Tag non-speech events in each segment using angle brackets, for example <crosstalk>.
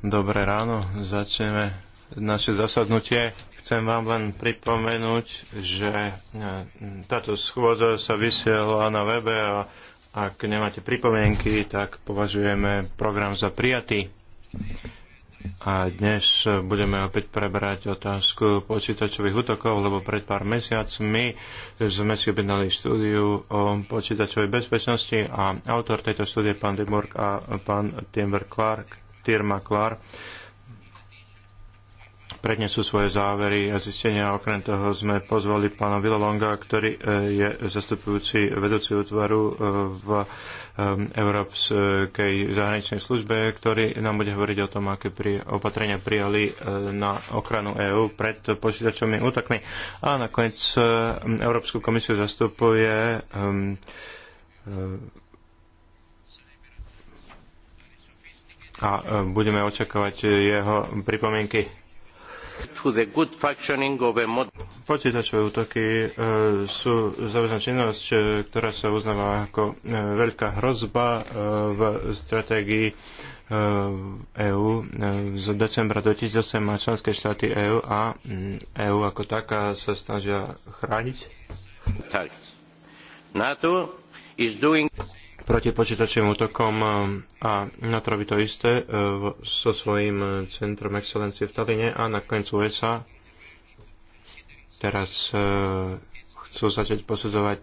Dobré ráno, začneme naše zasadnutie. Chcem vám len pripomenúť, že e, táto schôdza sa vysiela na webe a ak nemáte pripomienky, tak považujeme program za prijatý. A dnes budeme opäť preberať otázku počítačových útokov, lebo pred pár mesiacmi sme si objednali štúdiu o počítačovej bezpečnosti a autor tejto štúdie, pán Dimurk a pán Timber Clark, Tirma Clark, prednesú svoje závery a zistenia. Okrem toho sme pozvali pána Vila Longa, ktorý e, je zastupujúci vedúci útvaru e, v e, Európskej zahraničnej službe, ktorý nám bude hovoriť o tom, aké pri, opatrenia prijali na ochranu EÚ pred počítačovými útokmi. A nakoniec Európsku komisiu zastupuje a budeme očakávať jeho pripomienky. Počítačové útoky e, sú záväzná činnosť, e, ktorá sa uznáva ako e, veľká hrozba v stratégii EÚ z decembra 2008 a členské štáty EÚ a mm, EÚ ako taká sa snažia chrániť. NATO is doing proti počítačovým útokom um, a NATO robí to isté uh, so svojím uh, centrom excelencie v Taline a nakoniec USA teraz uh, chcú začať posudzovať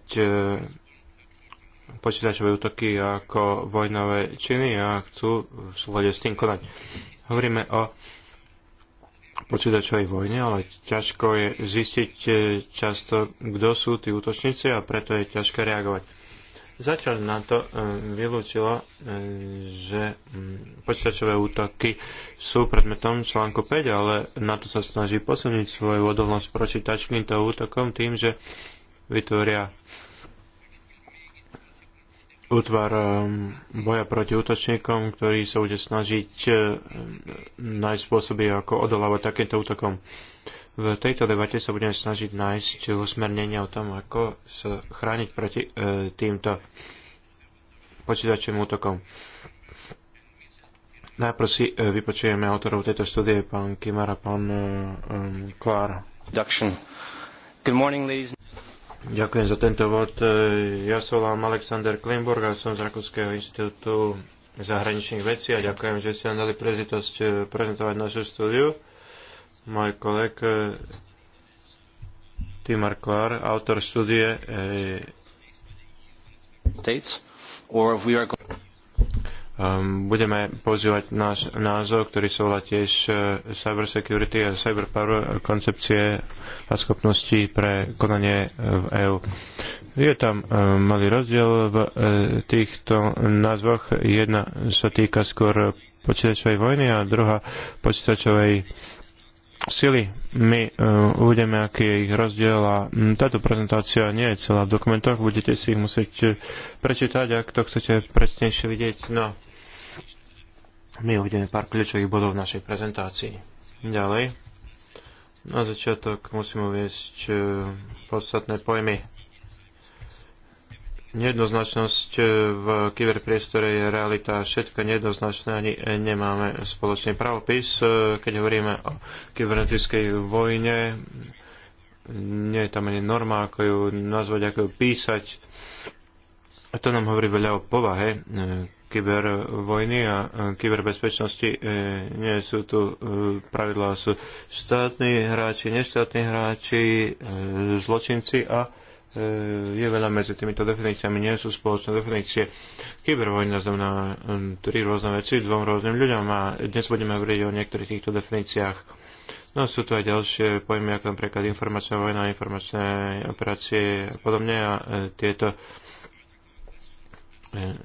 počítačové útoky ako vojnové činy a chcú v súhľade s tým konať. Hovoríme o počítačovej vojne, ale ťažko je zistiť často, kto sú tí útočníci a preto je ťažké reagovať. Zatiaľ na to eh, vylúčilo, eh, že mm, počítačové útoky sú predmetom článku 5, ale na to sa snaží posunúť svoju odolnosť proti takýmto útokom tým, že vytvoria útvar eh, boja proti útočníkom, ktorý sa bude snažiť nájsť spôsoby, ako odolávať takýmto útokom. V tejto debate sa budeme snažiť nájsť usmernenia o tom, ako sa chrániť proti e, týmto počítačovým útokom. Najprv si e, vypočujeme autorov tejto štúdie, pán Kimara, pán e, Klár. Good morning, ladies. Ďakujem za tento vod. E, ja som volám Alexander Klimburg a som z Rakúskeho inštitútu zahraničných vecí a ďakujem, že ste nám dali príležitosť prezentovať našu štúdiu môj kolega eh, Timar Klar, autor štúdie eh, States, or if we are going... Um, budeme používať náš názov, ktorý sa volá tiež uh, eh, Cyber Security a Cyber Power koncepcie a schopnosti pre konanie v EÚ. Je tam um, malý rozdiel v uh, týchto názvoch. Jedna sa týka skôr počítačovej vojny a druhá počítačovej sily. My e, uvidíme, aký je ich rozdiel a táto prezentácia nie je celá v dokumentoch, budete si ich musieť e, prečítať, ak to chcete presnejšie vidieť. No, my uvidíme pár kľúčových bodov v našej prezentácii. Ďalej. Na začiatok musím uviesť e, podstatné pojmy Nejednoznačnosť eh, v kyberpriestore je realita všetko nejednoznačné, ani eh, nemáme spoločný pravopis. Eh, keď hovoríme o kybernetickej vojne, nie je tam ani norma, ako ju nazvať, ako ju písať. A to nám hovorí veľa o povahe kybervojny a kyberbezpečnosti. Nie sú tu pravidlá, sú štátni hráči, neštátni hráči, zločinci a je veľa medzi týmito definíciami, nie sú spoločné definície. Kybervojna znamená hm, tri rôzne veci dvom rôznym ľuďom a dnes budeme hovoriť o niektorých týchto definíciách. No sú tu aj ďalšie pojmy, ako napríklad informačná vojna, informačné operácie a podobne a e, tieto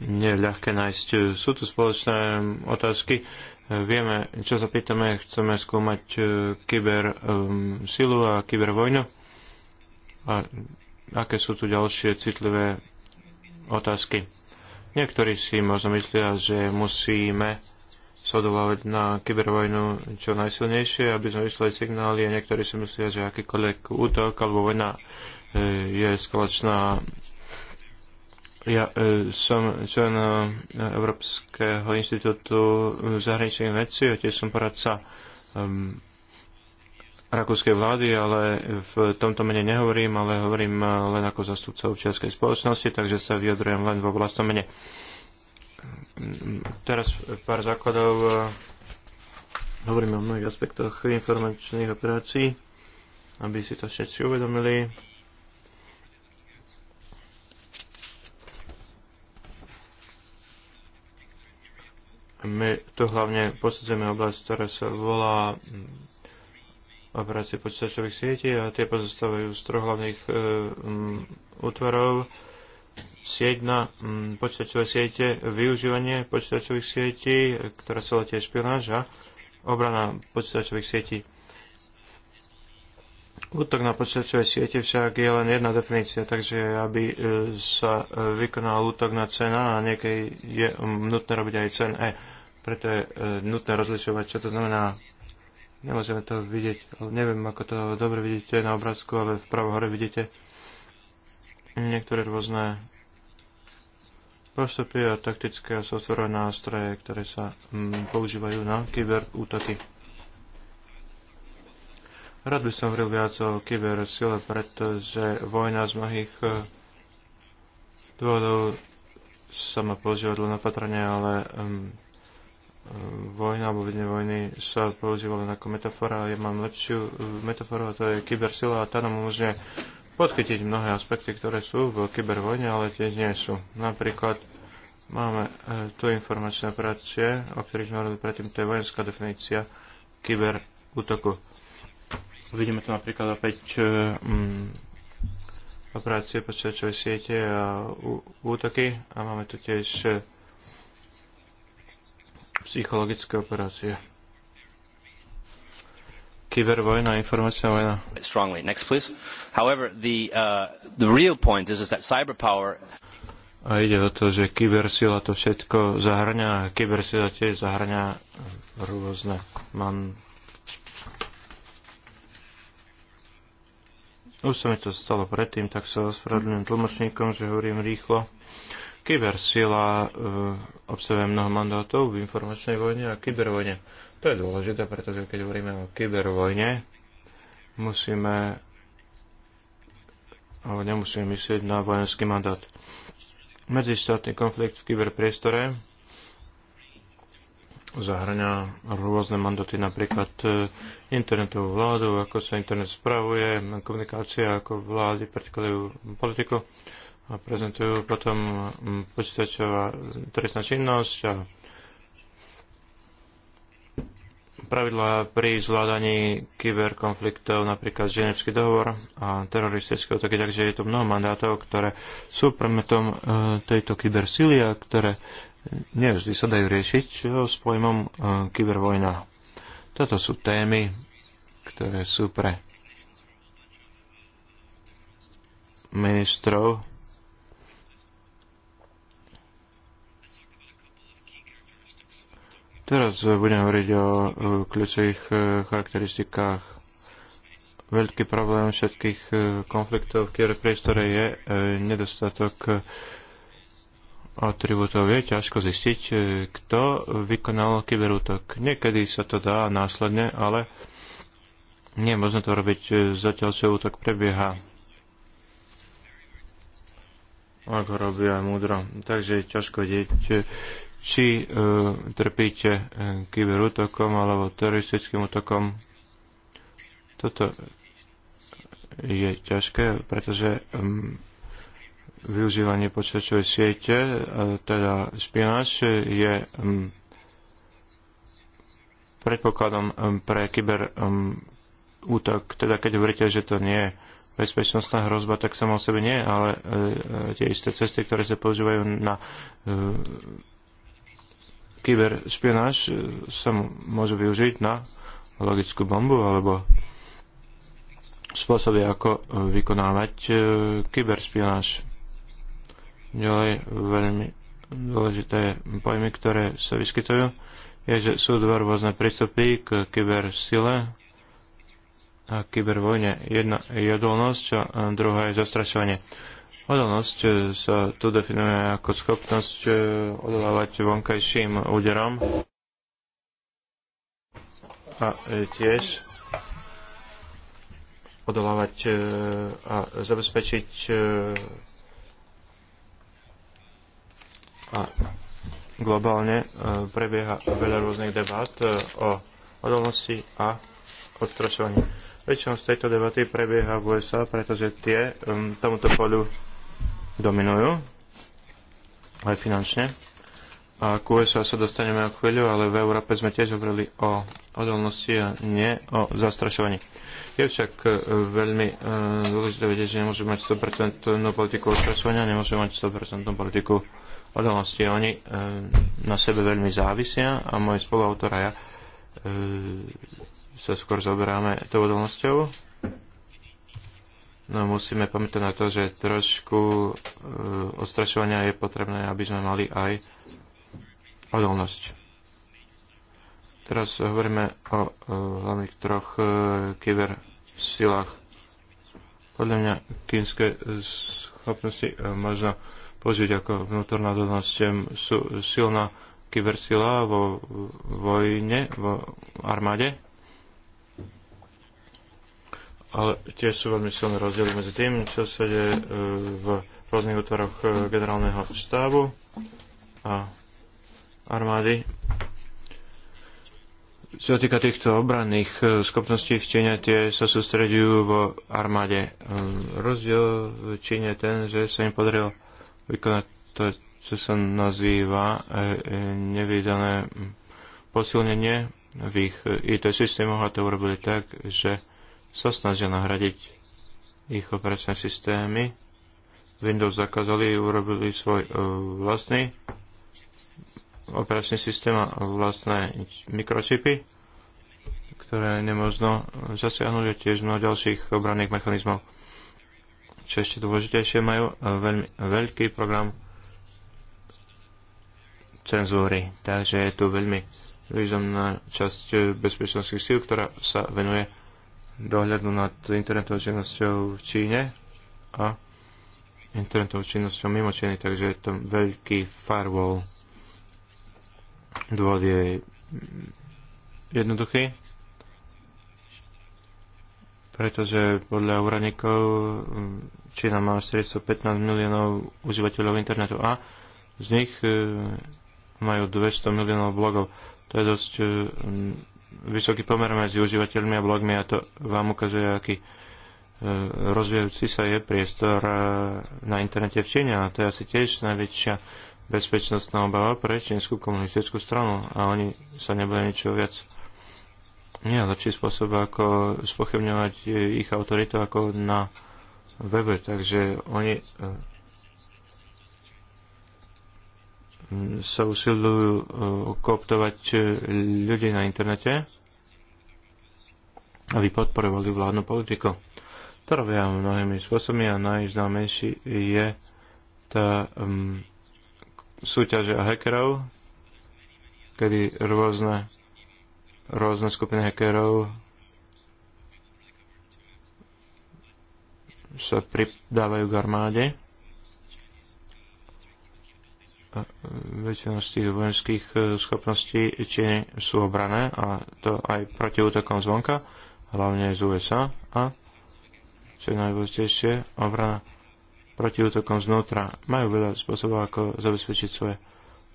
nie je ľahké nájsť. Sú tu spoločné otázky. Vieme, čo sa pýtame, chceme skúmať e, kyber um, silu a kybervojnu. A aké sú tu ďalšie citlivé otázky. Niektorí si možno myslia, že musíme sa odvolávať na kybervojnu čo najsilnejšie, aby sme vyslali signály a niektorí si myslia, že akýkoľvek útok alebo vojna e, je skalačná. Ja e, som člen e, Európskeho inštitútu zahraničných vecí, tiež som poradca rakúskej vlády, ale v tomto mene nehovorím, ale hovorím len ako zastupca občianskej spoločnosti, takže sa vyjadrujem len vo vlastnom mene. Teraz pár základov. Hovoríme o mnohých aspektoch informačných operácií, aby si to všetci uvedomili. My tu hlavne posledzujeme oblasť, ktorá sa volá operácie počítačových sietí a tie pozostávajú z troch hlavných e, m, útvarov. Sieť na m, počítačové siete, využívanie počítačových sietí, ktorá sa letie špionáž a obrana počítačových sietí. Útok na počítačové siete však je len jedna definícia, takže aby e, sa e, vykonal útok na cena a niekedy je nutné robiť aj cen E. Preto je e, nutné rozlišovať, čo to znamená Nemôžeme to vidieť, neviem ako to dobre vidíte na obrázku, ale v pravo hore vidíte niektoré rôzne postupy a taktické a softwarové nástroje, ktoré sa mm, používajú na kyberútoky. Rád by som hovoril viac o sile, pretože vojna z mnohých e, dôvodov sa má používať len opatrne, ale mm, vojna alebo vedenie vojny sa používa len ako metafora. Ja mám lepšiu e, metaforu a to je kybersila a tá nám umožňuje podchytiť mnohé aspekty, ktoré sú v kybervojne, ale tiež nie sú. Napríklad máme e, tu informačné operácie, o ktorých sme hovorili predtým, to je vojenská definícia kyberútoku. Vidíme tu napríklad opäť um, operácie počítačovej siete a útoky a máme tu tiež psychologické operácie. Kybervojna, informačná vojna. Strongly. Next, please. However, the, uh, the real point is, is that cyber power a ide o to, že kybersila to všetko zahrňa, kybersila tiež zahrňa rôzne man... Už sa mi to stalo predtým, tak sa ospravedlňujem tlmočníkom, že hovorím rýchlo. Kybersila e, obsahuje mnoho mandátov v informačnej vojne a kybervojne. To je dôležité, pretože keď hovoríme o kybervojne, musíme ale nemusíme myslieť na vojenský mandát. Medzištátny konflikt v kyberpriestore zahrňa rôzne mandaty, napríklad e, internetovú vládu, ako sa internet spravuje, komunikácia, ako vlády predkladajú politiku a prezentujú potom mm, počítačová trestná činnosť a pravidlá pri zvládaní kyberkonfliktov, napríklad Ženevský dohovor a teroristické otoky, takže je to mnoho mandátov, ktoré sú predmetom e, tejto kybersily a ktoré nevždy sa dajú riešiť s pojmom e, kybervojna. Toto sú témy, ktoré sú pre ministrov Teraz budem hovoriť o kľúčových e, charakteristikách. Veľký problém všetkých e, konfliktov v kyberpriestore je e, nedostatok atribútov. Je ťažko zistiť, kto vykonal kyberútok. Niekedy sa to dá následne, ale nie je možné to robiť zatiaľ, čo útok prebieha. Ak ho robia múdro. Takže ťažko vidieť, či e, trpíte e, kyberútokom alebo teroristickým útokom. Toto je ťažké, pretože um, využívanie počítačovej siete, e, teda špionáž, je um, predpokladom um, pre kyber um, útok. Teda keď hovoríte, že to nie je bezpečnostná hrozba, tak samo o sebe nie, ale e, e tie isté cesty, ktoré sa používajú na e, kyberšpionáž e, sa môžu využiť na logickú bombu alebo spôsoby, ako e, vykonávať e, kyberšpionáž. Ďalej veľmi dôležité pojmy, ktoré sa vyskytujú, je, že sú dva rôzne prístupy k kybersile a kybervojne. Jedna je odolnosť a druhá je zastrašovanie. Odolnosť e, sa tu definuje ako schopnosť e, odolávať vonkajším úderom a e, tiež odolávať a zabezpečiť a globálne prebieha veľa rôznych debát o odolnosti a odstrašovaní väčšinou z tejto debaty prebieha v USA, pretože tie um, tomuto polu dominujú, aj finančne. A k USA sa dostaneme o chvíľu, ale v Európe sme tiež hovorili o odolnosti a nie o zastrašovaní. Je však e, veľmi e, dôležité vedieť, že nemôžeme mať 100% politiku ostrašovania, nemôžeme mať 100% politiku odolnosti. Oni e, na sebe veľmi závisia a môj spoluautor a ja e, sa skôr zoberáme tou odolnosťou. No musíme pamätať na to, že trošku uh, odstrašovania je potrebné, aby sme mali aj odolnosť. Teraz hovoríme o uh, hlavných troch e, kyber silách. Podľa mňa kínske schopnosti uh, možno použiť ako vnútorná odolnosť sú silná kybersila vo vojne, vo armáde ale tiež sú veľmi silné rozdiely medzi tým, čo sa deje e, v rôznych útvaroch e, generálneho štábu a armády. Čo sa týka týchto obranných e, schopností v Číne, tie sa sústredujú v armáde. Rozdiel v Číne je ten, že sa im podarilo vykonať to, čo sa nazýva nevydané posilnenie v ich IT systémoch a to urobili tak, že sa snažia nahradiť ich operačné systémy. Windows zakázali, urobili svoj e, vlastný operačný systém a vlastné mikročipy, ktoré nemožno zasiahnuť a tiež mnoho ďalších obranných mechanizmov. Čo ešte dôležitejšie, majú e, veľmi veľký program cenzúry. Takže je tu veľmi významná časť e, bezpečnostných síl, ktorá sa venuje dohľadu nad internetovou činnosťou v Číne a internetovou činnosťou mimo Číny, takže je to veľký firewall. Dôvod je jednoduchý, pretože podľa úradníkov Čína má 415 miliónov užívateľov internetu a z nich e, majú 200 miliónov blogov. To je dosť e, vysoký pomer medzi užívateľmi a blogmi a to vám ukazuje, aký e, rozvíjajúci sa je priestor e, na internete v Číne a to je asi tiež najväčšia bezpečnostná obava pre čínsku komunistickú stranu a oni sa nebude ničo viac. Nie lepší spôsob, ako spochybňovať ich autoritu ako na webe, takže oni e, sa usilujú e, kooptovať e, ľudí na internete, aby podporovali vládnu politiku. To robia mnohými spôsobmi a najznámejší je tá um, súťaž hackerov, kedy rôzne, rôzne skupiny hackerov sa pridávajú k armáde E, väčšina z tých vojenských e, schopností či sú obrané a to aj proti útokom zvonka, hlavne z USA a čo je najdôležitejšie, obrana proti útokom znútra. Majú veľa spôsobov, ako zabezpečiť svoje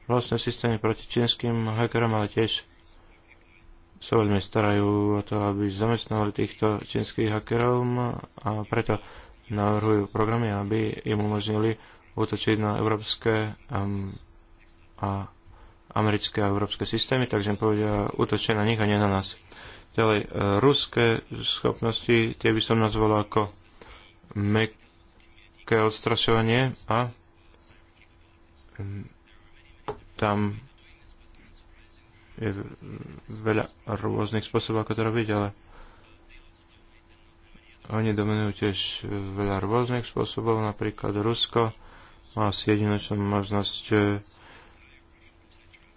vlastné systémy proti čínskym hackerom, ale tiež sa veľmi starajú o to, aby zamestnali týchto čínskych hackerov a preto navrhujú programy, aby im umožnili útočiť na európske um, a americké a európske systémy, takže im povedia útočiť na nich a nie na nás. Ďalej, uh, ruské schopnosti, tie by som nazval ako meké odstrašovanie a tam je veľa rôznych spôsobov, ako to robiť, ale oni dominujú tiež e, veľa rôznych spôsobov, napríklad Rusko asi jedinečnú možnosť e,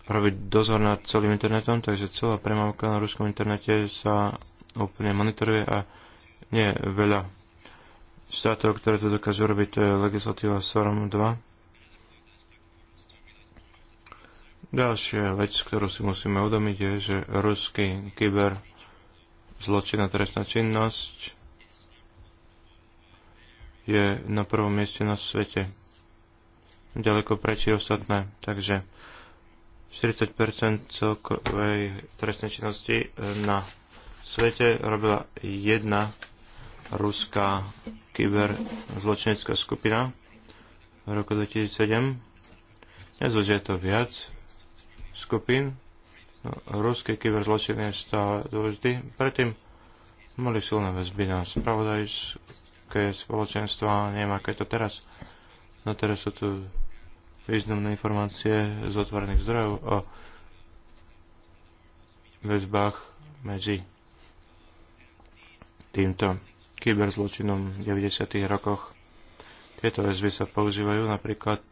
robiť dozor nad celým internetom, takže celá premávka na ruskom internete sa úplne monitoruje a nie je veľa štátov, ktoré to dokážu robiť, to je legislatíva SORM 2. Ďalšia vec, ktorú si musíme udomiť, je, že ruský kyber zločina trestná činnosť je na prvom mieste na svete ďaleko prečí ostatné. Takže 40 celkovej trestnej činnosti e, na svete robila jedna ruská kyberzločinecká skupina v roku 2007. Dnes už je to viac skupín. No, ruské kyberzločin je stále dôležitý. Predtým mali silné väzby na spravodajské spoločenstva, neviem aké to teraz. No teraz sú tu významné informácie z otvorených zdrojov o väzbách medzi týmto kyberzločinom v 90. rokoch. Tieto väzby sa používajú napríklad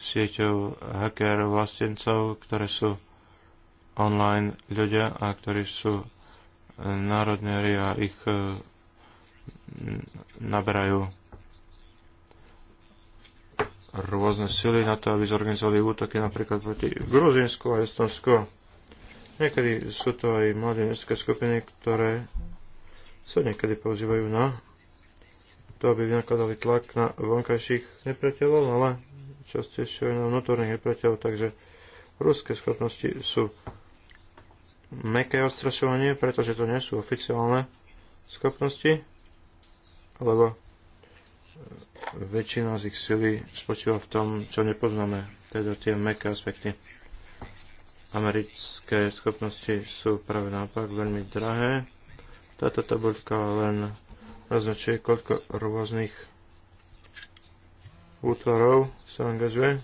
sieťou hackerov vlastencov, ktoré sú online ľudia a ktorí sú národnéri a ich eh, naberajú rôzne sily na to, aby zorganizovali útoky napríklad proti Gruzinsku a Estonsku. Niekedy sú to aj mladenecké skupiny, ktoré sa niekedy používajú na to, aby vynakladali tlak na vonkajších nepriateľov, ale častejšie aj na vnútorných nepriateľov, takže ruské schopnosti sú meké odstrašovanie, pretože to nie sú oficiálne schopnosti, lebo väčšina z ich sily spočíva v tom, čo nepoznáme, teda tie meké aspekty. Americké schopnosti sú práve naopak veľmi drahé. Táto tabuľka len naznačuje, koľko rôznych útvarov sa angažuje.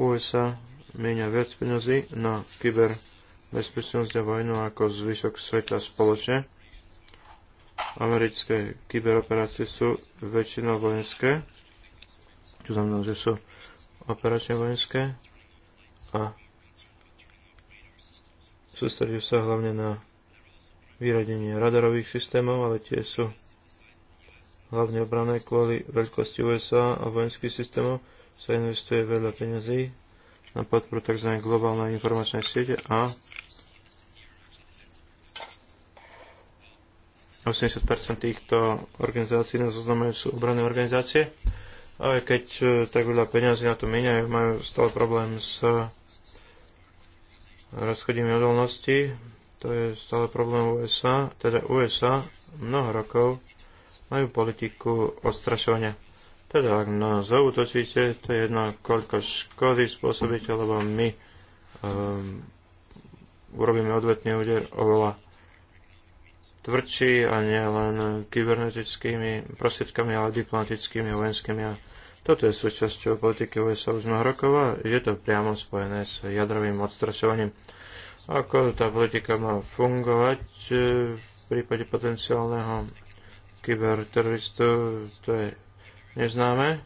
USA mienia viac peniazy na kyberbezpečnosť a vojnu ako zvyšok sveta spoločne americké kyberoperácie sú väčšinou vojenské, to znamená, že sú operačne vojenské a sústredujú sa hlavne na vyradenie radarových systémov, ale tie sú hlavne obrané kvôli veľkosti USA a vojenských systémov sa investuje veľa peniazy na podporu tzv. globálnej informačnej siete a 80% týchto organizácií na zozname sú obranné organizácie. Ale keď e, tak veľa peniazy na to míňajú, majú stále problém s e, rozchodím odolnosti. To je stále problém USA. Teda USA mnoho rokov majú politiku odstrašovania. Teda ak nás zautočíte, to je jedno, koľko škody spôsobíte, lebo my um, urobíme odvetný úder oveľa tvrdší a nie len kybernetickými prostriedkami, ale diplomatickými a vojenskými. A toto je súčasťou politiky USA už mnoho rokov a je to priamo spojené s jadrovým odstrašovaním. Ako tá politika má fungovať e, v prípade potenciálneho kyberteroristu, to je neznáme.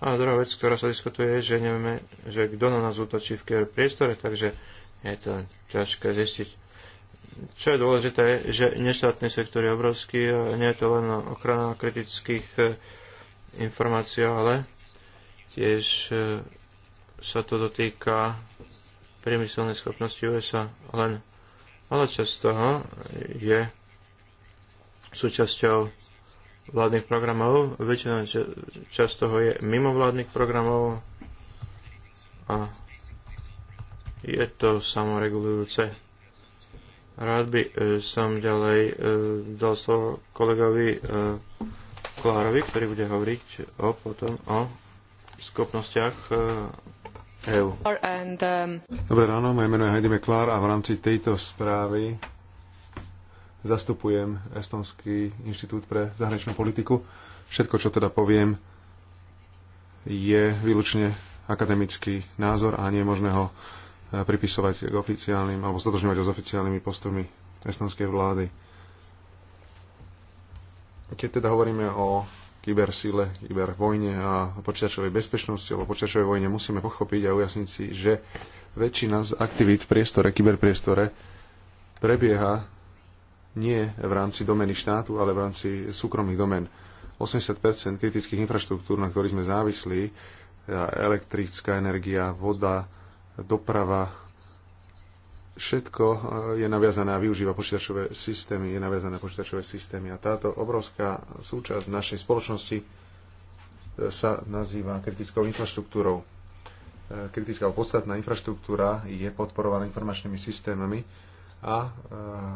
A druhá vec, ktorá sa diskutuje, je, že nevieme, že kto na nás útočí v priestore, takže je to ťažké zistiť čo je dôležité, že neštátny sektor je obrovský a nie je to len ochrana kritických e, informácií, ale tiež e, sa to dotýka priemyselnej schopnosti USA len ale časť toho je súčasťou vládnych programov, väčšina časť toho je mimo vládnych programov a je to samoregulujúce. Rád by e, som ďalej e, dal slovo kolegovi e, Klárovi, ktorý bude hovoriť o, potom o schopnostiach EÚ. Um, Dobré ráno, moje meno je Heidi Meklár a v rámci tejto správy zastupujem Estonský inštitút pre zahraničnú politiku. Všetko, čo teda poviem, je výlučne akademický názor a nie je možné ho pripisovať k oficiálnym alebo stotožňovať s oficiálnymi postojmi estonskej vlády. Keď teda hovoríme o kybersile, kybervojne a počítačovej bezpečnosti alebo počítačovej vojne, musíme pochopiť a ujasniť si, že väčšina z aktivít v priestore, kyberpriestore prebieha nie v rámci domeny štátu, ale v rámci súkromných domen. 80 kritických infraštruktúr, na ktorých sme závislí, elektrická energia, voda, doprava, všetko e, je naviazané a využíva počítačové systémy, je naviazané na počítačové systémy. A táto obrovská súčasť našej spoločnosti e, sa nazýva kritickou infraštruktúrou. E, kritická podstatná infraštruktúra je podporovaná informačnými systémami a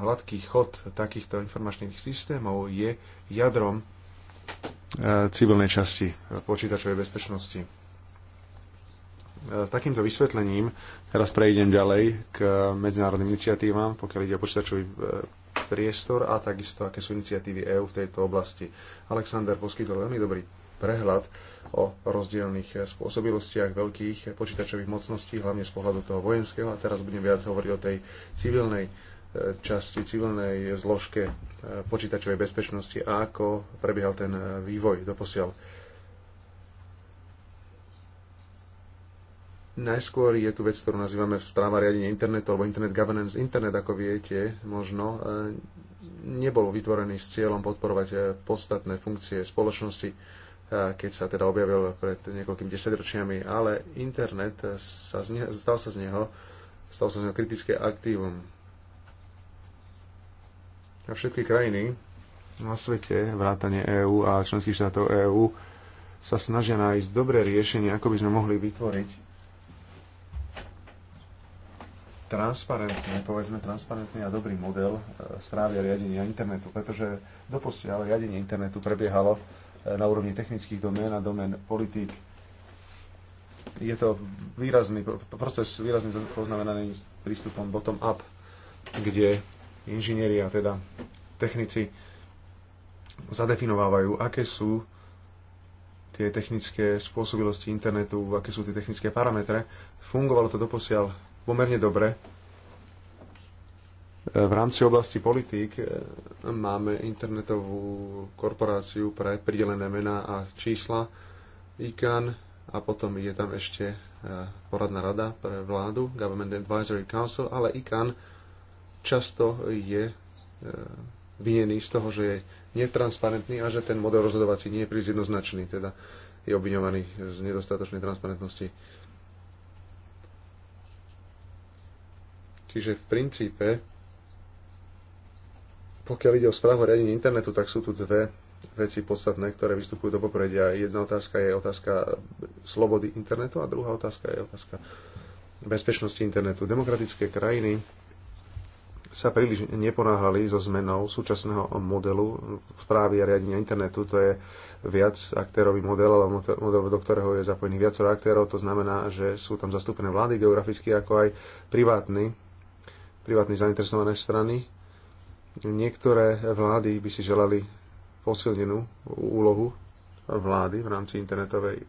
hladký chod takýchto informačných systémov je jadrom civilnej časti počítačovej bezpečnosti s takýmto vysvetlením teraz prejdem ďalej k medzinárodným iniciatívam, pokiaľ ide o počítačový e, priestor a takisto, aké sú iniciatívy EÚ v tejto oblasti. Alexander poskytol veľmi dobrý prehľad o rozdielných e, spôsobilostiach veľkých e, počítačových mocností, hlavne z pohľadu toho vojenského. A teraz budem viac hovoriť o tej civilnej časti, civilnej zložke počítačovej bezpečnosti a ako prebiehal ten vývoj doposiaľ. posiaľ Najskôr je tu vec, ktorú nazývame správa riadenie internetu alebo internet governance. Internet, ako viete, možno e, nebol vytvorený s cieľom podporovať e, podstatné funkcie spoločnosti, e, keď sa teda objavil pred niekoľkými desaťročiami, ale internet sa z neho, stal sa z neho, stal sa z neho kritické aktívum. A všetky krajiny na svete, vrátane EÚ a členských štátov EÚ, sa snažia nájsť dobré riešenie, ako by sme mohli vytvoriť transparentný, povedzme transparentný a dobrý model e, správy a riadenia internetu, pretože doposiaľ riadenie internetu prebiehalo e, na úrovni technických domén a domén politík. Je to výrazný proces, výrazne poznamenaný prístupom bottom-up, kde inžinieri a teda technici zadefinovávajú, aké sú tie technické spôsobilosti internetu, aké sú tie technické parametre. Fungovalo to doposiaľ pomerne dobre. V rámci oblasti politík eh, máme internetovú korporáciu pre pridelené mená a čísla, ICAN a potom je tam ešte eh, poradná rada pre vládu, Government Advisory Council, ale ICAN často je eh, vinený z toho, že je netransparentný a že ten model rozhodovací nie je príliš jednoznačný, teda je obviňovaný z nedostatočnej transparentnosti. Čiže v princípe, pokiaľ ide o správu riadenie internetu, tak sú tu dve veci podstatné, ktoré vystupujú do popredia. Jedna otázka je otázka slobody internetu a druhá otázka je otázka bezpečnosti internetu. Demokratické krajiny sa príliš neponáhali so zmenou súčasného modelu správy a riadenia internetu. To je viac aktérový model, alebo model, do ktorého je zapojený viacero aktérov. To znamená, že sú tam zastúpené vlády geograficky, ako aj privátni privátne zainteresované strany. Niektoré vlády by si želali posilnenú úlohu vlády v rámci internetovej,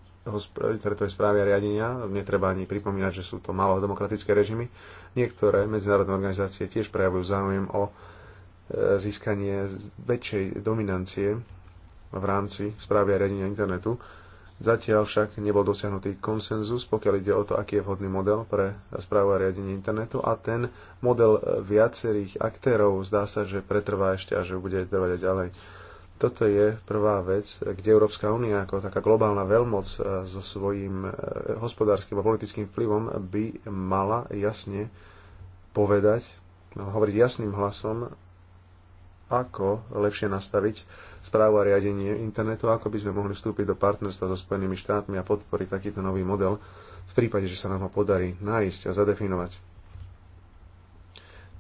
internetovej správy a riadenia. Netreba ani pripomínať, že sú to malo demokratické režimy. Niektoré medzinárodné organizácie tiež prejavujú záujem o e, získanie väčšej dominancie v rámci správy a riadenia internetu Zatiaľ však nebol dosiahnutý konsenzus, pokiaľ ide o to, aký je vhodný model pre správu a riadenie internetu a ten model e, viacerých aktérov zdá sa, že pretrvá ešte a že bude trvať aj ďalej. Toto je prvá vec, kde Európska únia ako taká globálna veľmoc e, so svojím e, hospodárskym a politickým vplyvom by mala jasne povedať, no, hovoriť jasným hlasom ako lepšie nastaviť správu a riadenie internetu, ako by sme mohli vstúpiť do partnerstva so Spojenými štátmi a podporiť takýto nový model v prípade, že sa nám ho podarí nájsť a zadefinovať.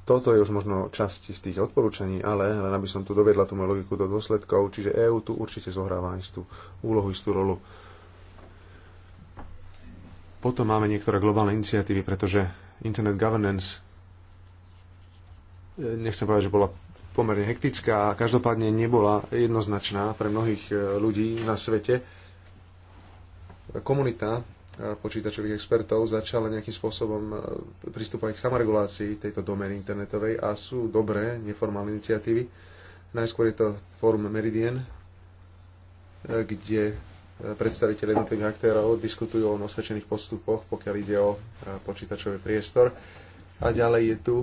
Toto je už možno časti z tých odporúčaní, ale len aby som tu dovedla tú moju logiku do dôsledkov, čiže EÚ tu určite zohráva istú úlohu, istú rolu. Potom máme niektoré globálne iniciatívy, pretože Internet Governance e, nechcem povedať, že bola pomerne hektická a každopádne nebola jednoznačná pre mnohých e, ľudí na svete. Komunita e, počítačových expertov začala nejakým spôsobom e, pristúpať k samoregulácii tejto domény internetovej a sú dobré neformálne iniciatívy. Najskôr je to fórum Meridian, kde predstaviteľ jednotlivých aktérov diskutujú o osvedčených postupoch, pokiaľ ide o počítačový priestor. A ďalej je tu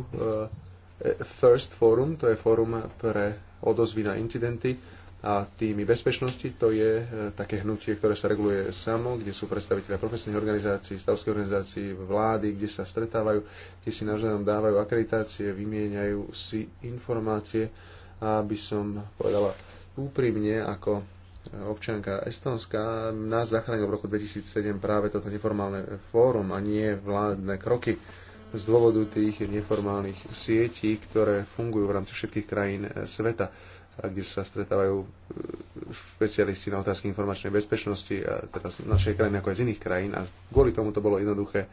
First Forum, to je fórum pre odozvy na incidenty a týmy bezpečnosti, to je e, také hnutie, ktoré sa reguluje samo, kde sú predstaviteľe profesných organizácií, stavských organizácií, vlády, kde sa stretávajú, kde si navzájom dávajú akreditácie, vymieňajú si informácie, aby som povedala úprimne, ako e, občianka Estonska, nás zachránil v roku 2007 práve toto neformálne fórum a nie vládne kroky z dôvodu tých neformálnych sietí, ktoré fungujú v rámci všetkých krajín e, sveta, kde sa stretávajú e, špecialisti na otázky informačnej bezpečnosti, a teda z našej krajiny ako aj z iných krajín. A kvôli tomu to bolo jednoduché e,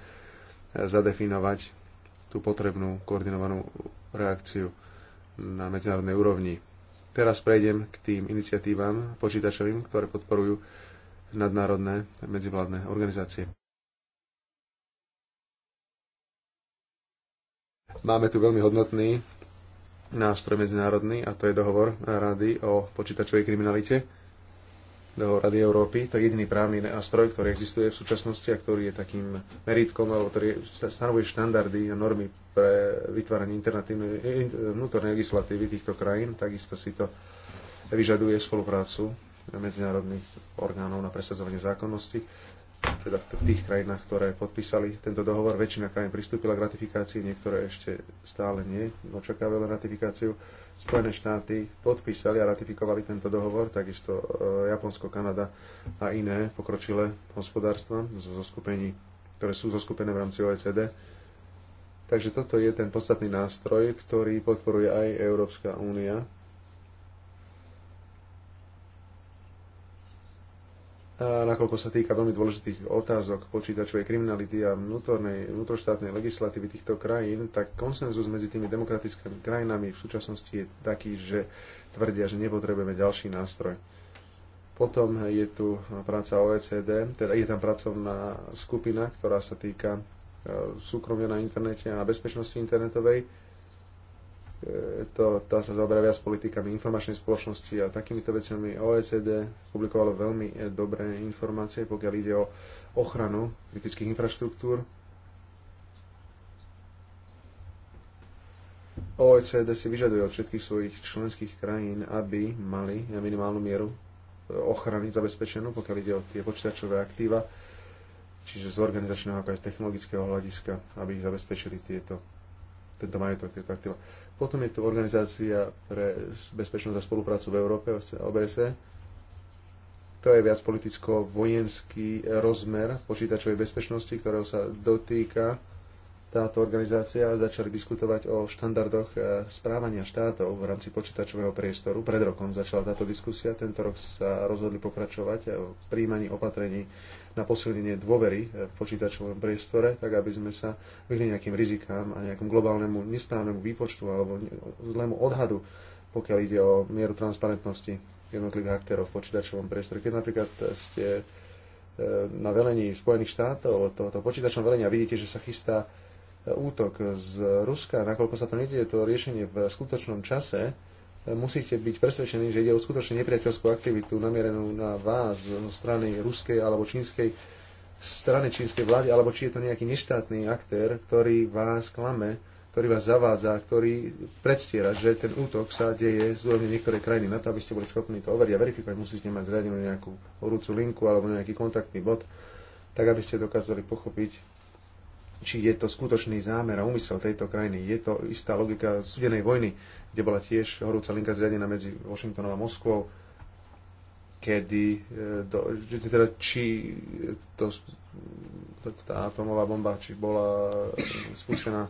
zadefinovať tú potrebnú koordinovanú reakciu na medzinárodnej úrovni. Teraz prejdem k tým iniciatívam počítačovým, ktoré podporujú nadnárodné medzivládne organizácie. Máme tu veľmi hodnotný nástroj medzinárodný a to je dohovor Rady o počítačovej kriminalite do Rady Európy, To je jediný právny nástroj, ktorý existuje v súčasnosti a ktorý je takým meritkom, alebo ktorý stanovuje štandardy a normy pre vytváranie vnútornej legislatívy týchto krajín, takisto si to vyžaduje spoluprácu medzinárodných orgánov na presadzovanie zákonnosti teda v tých krajinách, ktoré podpísali tento dohovor, väčšina krajín pristúpila k ratifikácii, niektoré ešte stále nie, očakávali ratifikáciu. Spojené štáty podpísali a ratifikovali tento dohovor, takisto e, Japonsko, Kanada a iné pokročilé hospodárstva zo skupení, ktoré sú zoskupené v rámci OECD. Takže toto je ten podstatný nástroj, ktorý podporuje aj Európska únia nakoľko sa týka veľmi dôležitých otázok počítačovej kriminality a vnútornej, vnútroštátnej legislatívy týchto krajín, tak konsenzus medzi tými demokratickými krajinami v súčasnosti je taký, že tvrdia, že nepotrebujeme ďalší nástroj. Potom je tu práca OECD, teda je tam pracovná skupina, ktorá sa týka e, súkromia na internete a bezpečnosti internetovej E, to, tá sa zaoberá viac politikami informačnej spoločnosti a takýmito vecami OECD publikovalo veľmi e, dobré informácie, pokiaľ ide o ochranu kritických infraštruktúr. OECD si vyžaduje od všetkých svojich členských krajín, aby mali minimálnu mieru e, ochrany zabezpečenú, pokiaľ ide o tie počítačové aktíva, čiže z organizačného ako aj z technologického hľadiska, aby ich zabezpečili tieto tento majetok, tieto aktíva. Potom je tu Organizácia pre bezpečnosť a spoluprácu v Európe, OBSE. To je viac politicko-vojenský rozmer počítačovej bezpečnosti, ktorého sa dotýka táto organizácia začali diskutovať o štandardoch e, správania štátov v rámci počítačového priestoru. Pred rokom začala táto diskusia, tento rok sa rozhodli pokračovať e, o príjmaní opatrení na posilnenie dôvery e, v počítačovom priestore, tak aby sme sa vyhli nejakým rizikám a nejakom globálnemu nesprávnemu výpočtu alebo zlému odhadu, pokiaľ ide o mieru transparentnosti jednotlivých aktérov v počítačovom priestore. Keď napríklad ste na velení Spojených štátov, tohoto počítačnom velenia vidíte, že sa chystá útok z Ruska, nakoľko sa to nedieje to riešenie v skutočnom čase, musíte byť presvedčení, že ide o skutočne nepriateľskú aktivitu namierenú na vás zo strany ruskej alebo čínskej strany čínskej vlády, alebo či je to nejaký neštátny aktér, ktorý vás klame, ktorý vás zavádza, ktorý predstiera, že ten útok sa deje z úrovne niektorej krajiny. Na to, aby ste boli schopní to overiť a verifikovať, musíte mať zriadenú nejakú horúcu linku alebo nejaký kontaktný bod, tak aby ste dokázali pochopiť, či je to skutočný zámer a úmysel tejto krajiny. Je to istá logika studenej vojny, kde bola tiež horúca linka zriadená medzi Washingtonom a Moskvou, kedy, e, do, teda, či to, tá atomová bomba, či bola e, spúšená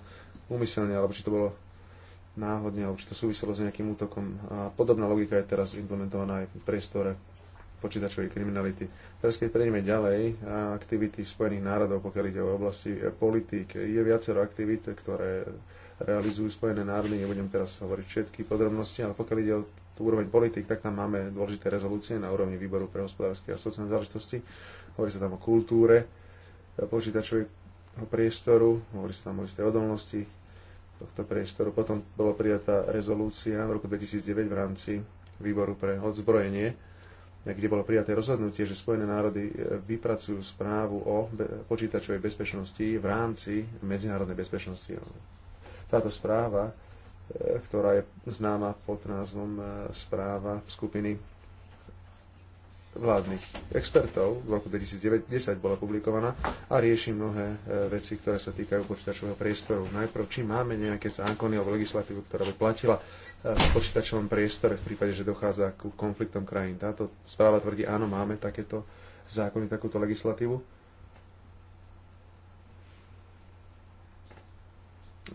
úmyselne, alebo či to bolo náhodne, alebo či to súviselo s nejakým útokom. A podobná logika je teraz implementovaná aj v priestore počítačovej kriminality. Teraz keď prejdeme ďalej, aktivity Spojených národov, pokiaľ ide o oblasti e, politík, je viacero aktivít, ktoré realizujú Spojené národy, nebudem teraz hovoriť všetky podrobnosti, ale pokiaľ ide o tú úroveň politik, tak tam máme dôležité rezolúcie na úrovni výboru pre hospodárske a sociálne záležitosti. Hovorí sa tam o kultúre e, počítačového priestoru, hovorí sa tam o istej odolnosti tohto priestoru. Potom bola prijatá rezolúcia v roku 2009 v rámci výboru pre odzbrojenie kde bolo prijaté rozhodnutie, že Spojené národy e, vypracujú správu o počítačovej bezpečnosti v rámci medzinárodnej bezpečnosti. Táto správa, e, ktorá je známa pod názvom e, správa skupiny vládnych expertov v roku 2010 bola publikovaná a rieši mnohé veci, ktoré sa týkajú počítačového priestoru. Najprv, či máme nejaké zákony alebo legislatívu, ktorá by platila v počítačovom priestore v prípade, že dochádza k konfliktom krajín. Táto správa tvrdí, áno, máme takéto zákony, takúto legislatívu.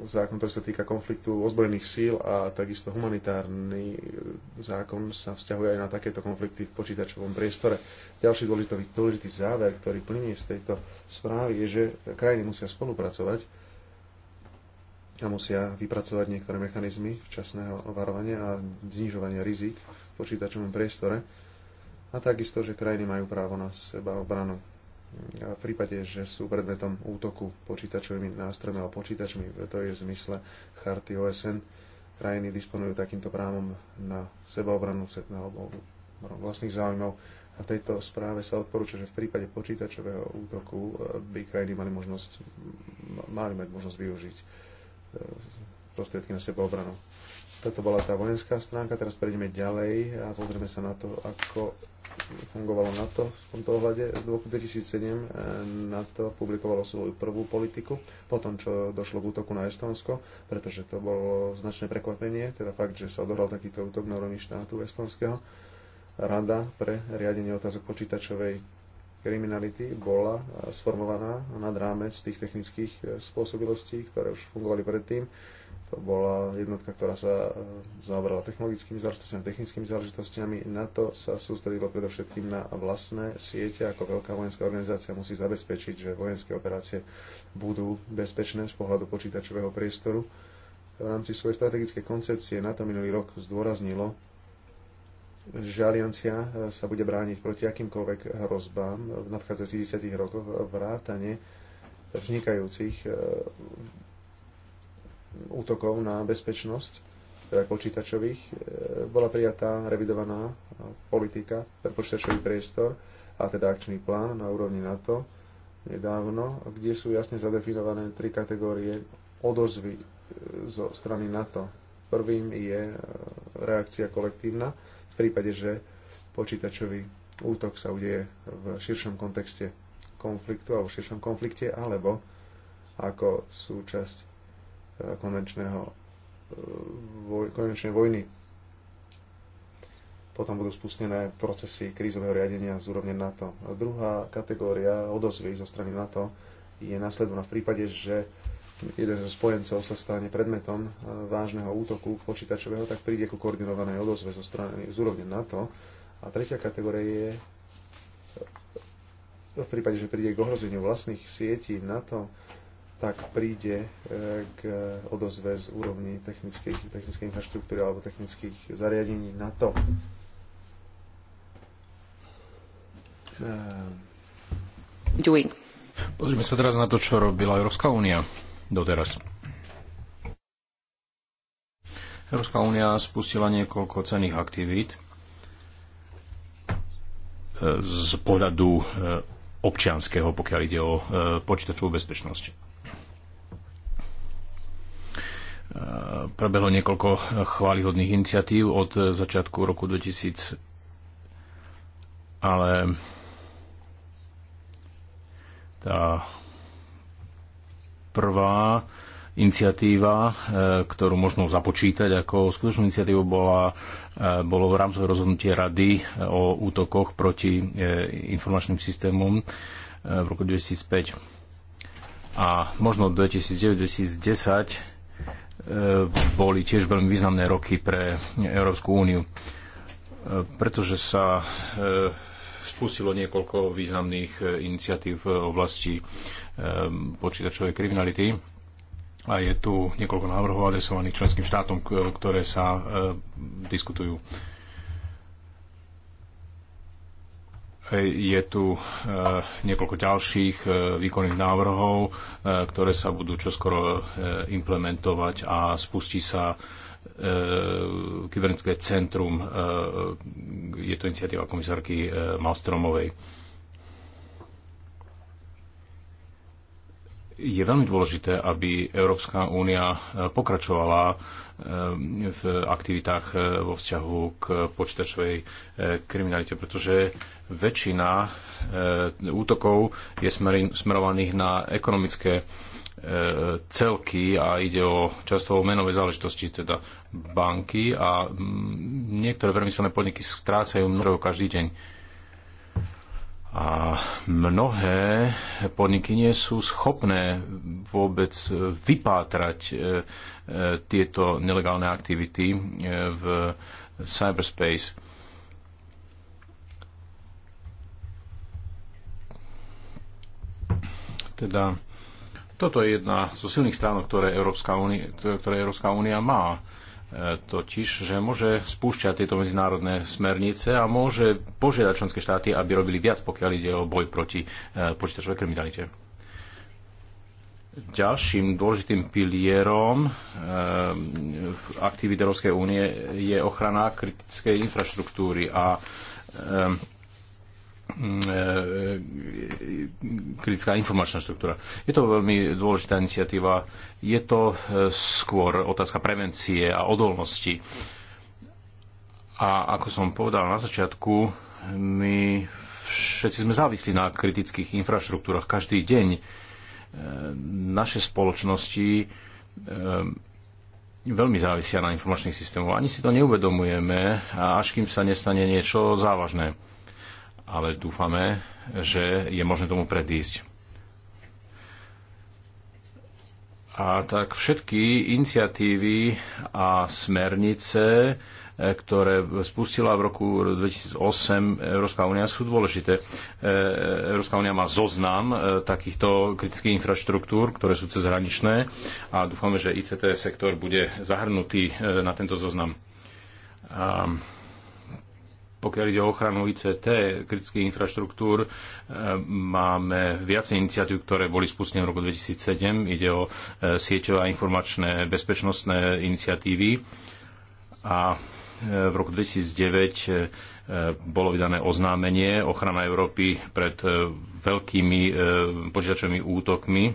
Zákon, ktorý sa týka konfliktu ozbrojených síl a takisto humanitárny e, zákon sa vzťahuje aj na takéto konflikty v počítačovom priestore. Ďalší dôležitý, dôležitý záver, ktorý plní z tejto správy, je, že krajiny musia spolupracovať a musia vypracovať niektoré mechanizmy včasného varovania a znižovania rizik v počítačovom priestore a takisto, že krajiny majú právo na seba obranu. A v prípade, že sú predmetom útoku počítačovými nástrojmi a počítačmi, to je v zmysle charty OSN, krajiny disponujú takýmto právom na sebaobranu, na obranu vlastných záujmov. A v tejto správe sa odporúča, že v prípade počítačového útoku eh, by krajiny mali, možnosť, mali mať možnosť využiť prostriedky na obranu. Toto bola tá vojenská stránka, teraz prejdeme ďalej a pozrieme sa na to, ako fungovalo NATO v tomto ohľade. V roku 2007 eh, NATO publikovalo svoju prvú politiku, po tom, čo došlo k útoku na Estonsko, pretože to bolo značné prekvapenie, teda fakt, že sa odohral takýto útok na úrovni štátu estonského. Rada pre riadenie otázok počítačovej kriminality bola e, sformovaná nad rámec tých technických e, spôsobilostí, ktoré už fungovali predtým. To bola jednotka, ktorá sa e, zaoberala technologickými záležitostiami, technickými záležitostiami. Na to sa sústredilo predovšetkým na vlastné siete, ako veľká vojenská organizácia musí zabezpečiť, že vojenské operácie budú bezpečné z pohľadu počítačového priestoru. V rámci svojej strategickej koncepcie na to minulý rok zdôraznilo že aliancia eh, sa bude brániť proti akýmkoľvek hrozbám v nadchádzajúcich 10 rokoch vrátane vznikajúcich eh, útokov na bezpečnosť, teda počítačových. Eh, bola prijatá revidovaná politika pre počítačový priestor a teda akčný plán na úrovni NATO nedávno, kde sú jasne zadefinované tri kategórie odozvy zo strany NATO. Prvým je reakcia kolektívna, v prípade, že počítačový útok sa udeje v širšom kontexte konfliktu alebo v širšom konflikte, alebo ako súčasť e, konvenčného e, voj, konvenčnej vojny. Potom budú spustené procesy krízového riadenia z úrovne NATO. A druhá kategória odozvy zo strany NATO je následovná v prípade, že jeden zo spojencov sa stane predmetom e, vážneho útoku počítačového, tak príde ku koordinovanej odozve zo strany z úrovne NATO. A tretia kategória je e, v prípade, že príde k ohrozeniu vlastných sietí NATO, tak príde e, k odozve z úrovni technickej, technickej infraštruktúry alebo technických zariadení NATO. Ehm. Doing. Pozrime sa teraz na to, čo robila Európska únia doteraz. Európska únia spustila niekoľko cených aktivít e, z pohľadu e, občianského, pokiaľ ide o e, počítačovú bezpečnosť. Prebehlo niekoľko chválihodných iniciatív od začiatku roku 2000, ale tá prvá iniciatíva, e, ktorú možno započítať ako skutočnú iniciatívu, bola, e, bolo v rámci rozhodnutie rady e, o útokoch proti informačným systémom v roku 2005. A možno 2009-2010 boli tiež veľmi významné roky pre Európsku úniu, pretože sa spustilo niekoľko významných e, iniciatív v oblasti e, počítačovej kriminality a je tu niekoľko návrhov adresovaných členským štátom, ktoré sa e, diskutujú. Je tu niekoľko ďalších výkonných návrhov, ktoré sa budú čoskoro implementovať a spustí sa E, kybernetické centrum. E, je to iniciatíva komisárky e, Malstromovej. Je veľmi dôležité, aby Európska únia pokračovala v aktivitách vo vzťahu k počítačovej kriminalite, pretože väčšina útokov je smerovaných na ekonomické celky a ide o často o menové záležitosti, teda banky a mm, niektoré premyselné podniky strácajú mnoho každý deň. A mnohé podniky nie sú schopné vôbec vypátrať e, e, tieto nelegálne aktivity e, v cyberspace. Teda toto je jedna zo silných stránok, ktoré Európska únia, ktoré Európska únia má e, totiž, že môže spúšťať tieto medzinárodné smernice a môže požiadať členské štáty, aby robili viac, pokiaľ ide o boj proti e, počítačovej kriminalite. Ďalším dôležitým pilierom e, aktivít Európskej únie je ochrana kritickej infraštruktúry a E, kritická informačná štruktúra. Je to veľmi dôležitá iniciatíva. Je to e, skôr otázka prevencie a odolnosti. A ako som povedal na začiatku, my všetci sme závislí na kritických infraštruktúrach. Každý deň e, naše spoločnosti veľmi závisia na informačných systémoch. Ani si to neuvedomujeme, až kým sa nestane niečo závažné ale dúfame, že je možné tomu predísť. A tak všetky iniciatívy a smernice, eh, ktoré spustila v roku 2008 Európska únia, sú dôležité. Eh, Európska únia má zoznam eh, takýchto kritických infraštruktúr, ktoré sú cezhraničné a dúfame, že ICT sektor bude zahrnutý na tento zoznam. Um, pokiaľ ide o ochranu ICT, kritických infraštruktúr, e, máme viac iniciatív, ktoré boli spustené v roku 2007. Ide o e, sieťové a informačné bezpečnostné iniciatívy. A e, v roku 2009 bolo vydané oznámenie ochrana Európy pred veľkými počítačovými útokmi,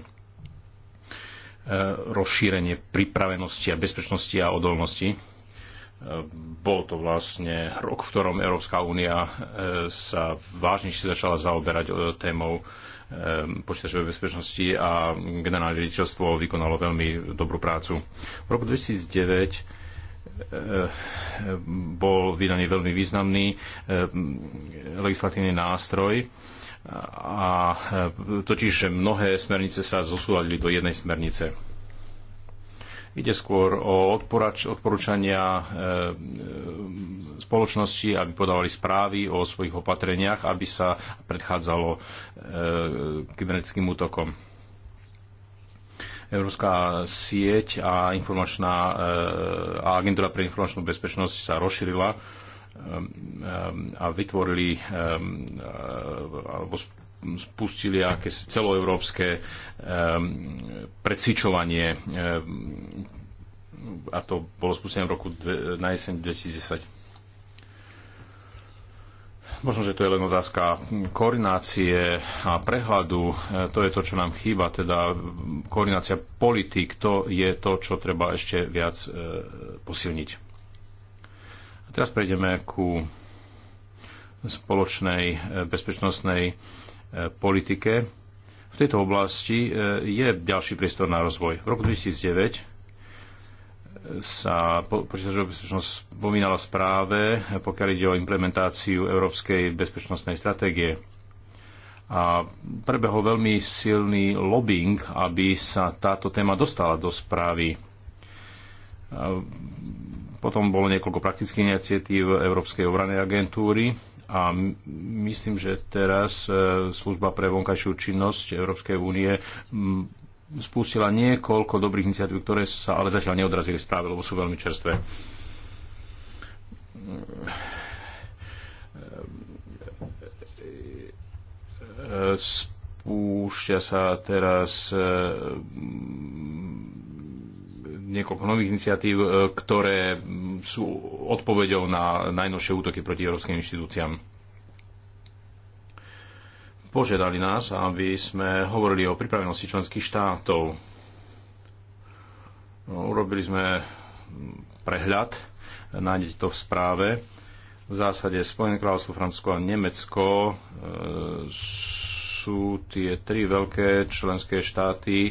rozšírenie pripravenosti a bezpečnosti a odolnosti bol to vlastne rok, v ktorom Európska únia e, sa vážnejšie začala zaoberať e, témou e, počítačovej bezpečnosti a generálne riaditeľstvo vykonalo veľmi dobrú prácu. V roku 2009 bol vydaný veľmi významný legislatívny nástroj a totiž mnohé smernice sa zosúladili do jednej smernice. Ide skôr o odporač, odporúčania e, e, spoločnosti, aby podávali správy o svojich opatreniach, aby sa predchádzalo e, kybernetickým útokom. Európska sieť a informačná a agentúra pre informačnú bezpečnosť sa rozšírila a vytvorili alebo spustili akési celoeurópske precvičovanie a to bolo spustené v roku na jeseň 2010. Možno, že to je len otázka koordinácie a prehľadu. E, to je to, čo nám chýba, teda koordinácia politik. To je to, čo treba ešte viac e, posilniť. A teraz prejdeme ku spoločnej e, bezpečnostnej E, politike. V tejto oblasti e, je ďalší priestor na rozvoj. V roku 2009 e, sa počítačová bezpečnosť spomínala v správe, pokiaľ ide o implementáciu Európskej bezpečnostnej stratégie. A prebehol veľmi silný lobbying, aby sa táto téma dostala do správy potom bolo niekoľko praktických iniciatív Európskej obranej agentúry a myslím, že teraz e, služba pre vonkajšiu činnosť Európskej únie spustila niekoľko dobrých iniciatív, ktoré sa ale zatiaľ neodrazili správe, lebo sú veľmi čerstvé. E, e, spúšťa sa teraz niekoľko nových iniciatív, e, ktoré sú odpovedou na najnovšie útoky proti európskym inštitúciám. Požiadali nás, aby sme hovorili o pripravenosti členských štátov. No, urobili sme prehľad, nájdete to v správe. V zásade Spojené kráľovstvo, Francúzsko a Nemecko e, sú tie tri veľké členské štáty,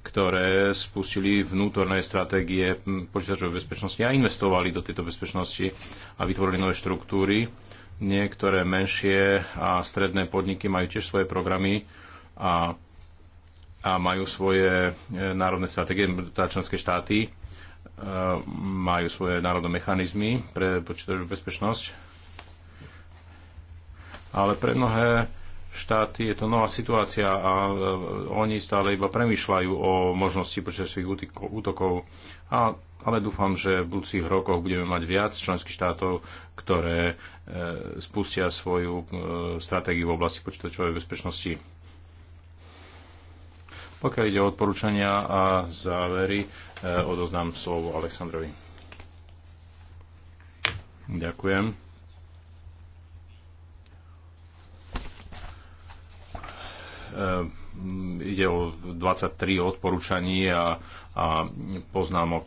ktoré spustili vnútorné stratégie počítačovej bezpečnosti a investovali do tejto bezpečnosti a vytvorili nové štruktúry. Niektoré menšie a stredné podniky majú tiež svoje programy a, a majú svoje e, národné stratégie, teda členské štáty e, majú svoje národné mechanizmy pre počítačovú bezpečnosť. Ale pre mnohé štáty je to nová situácia a e, oni stále iba premyšľajú o možnosti počasových útokov. A, ale dúfam, že v budúcich rokoch budeme mať viac členských štátov, ktoré e, spustia svoju e, stratégiu v oblasti počítačovej bezpečnosti. Pokiaľ ide o odporúčania a závery, e, odoznám slovo Aleksandrovi. Ďakujem. Ehm, ide o 23 odporúčaní a, a poznámok.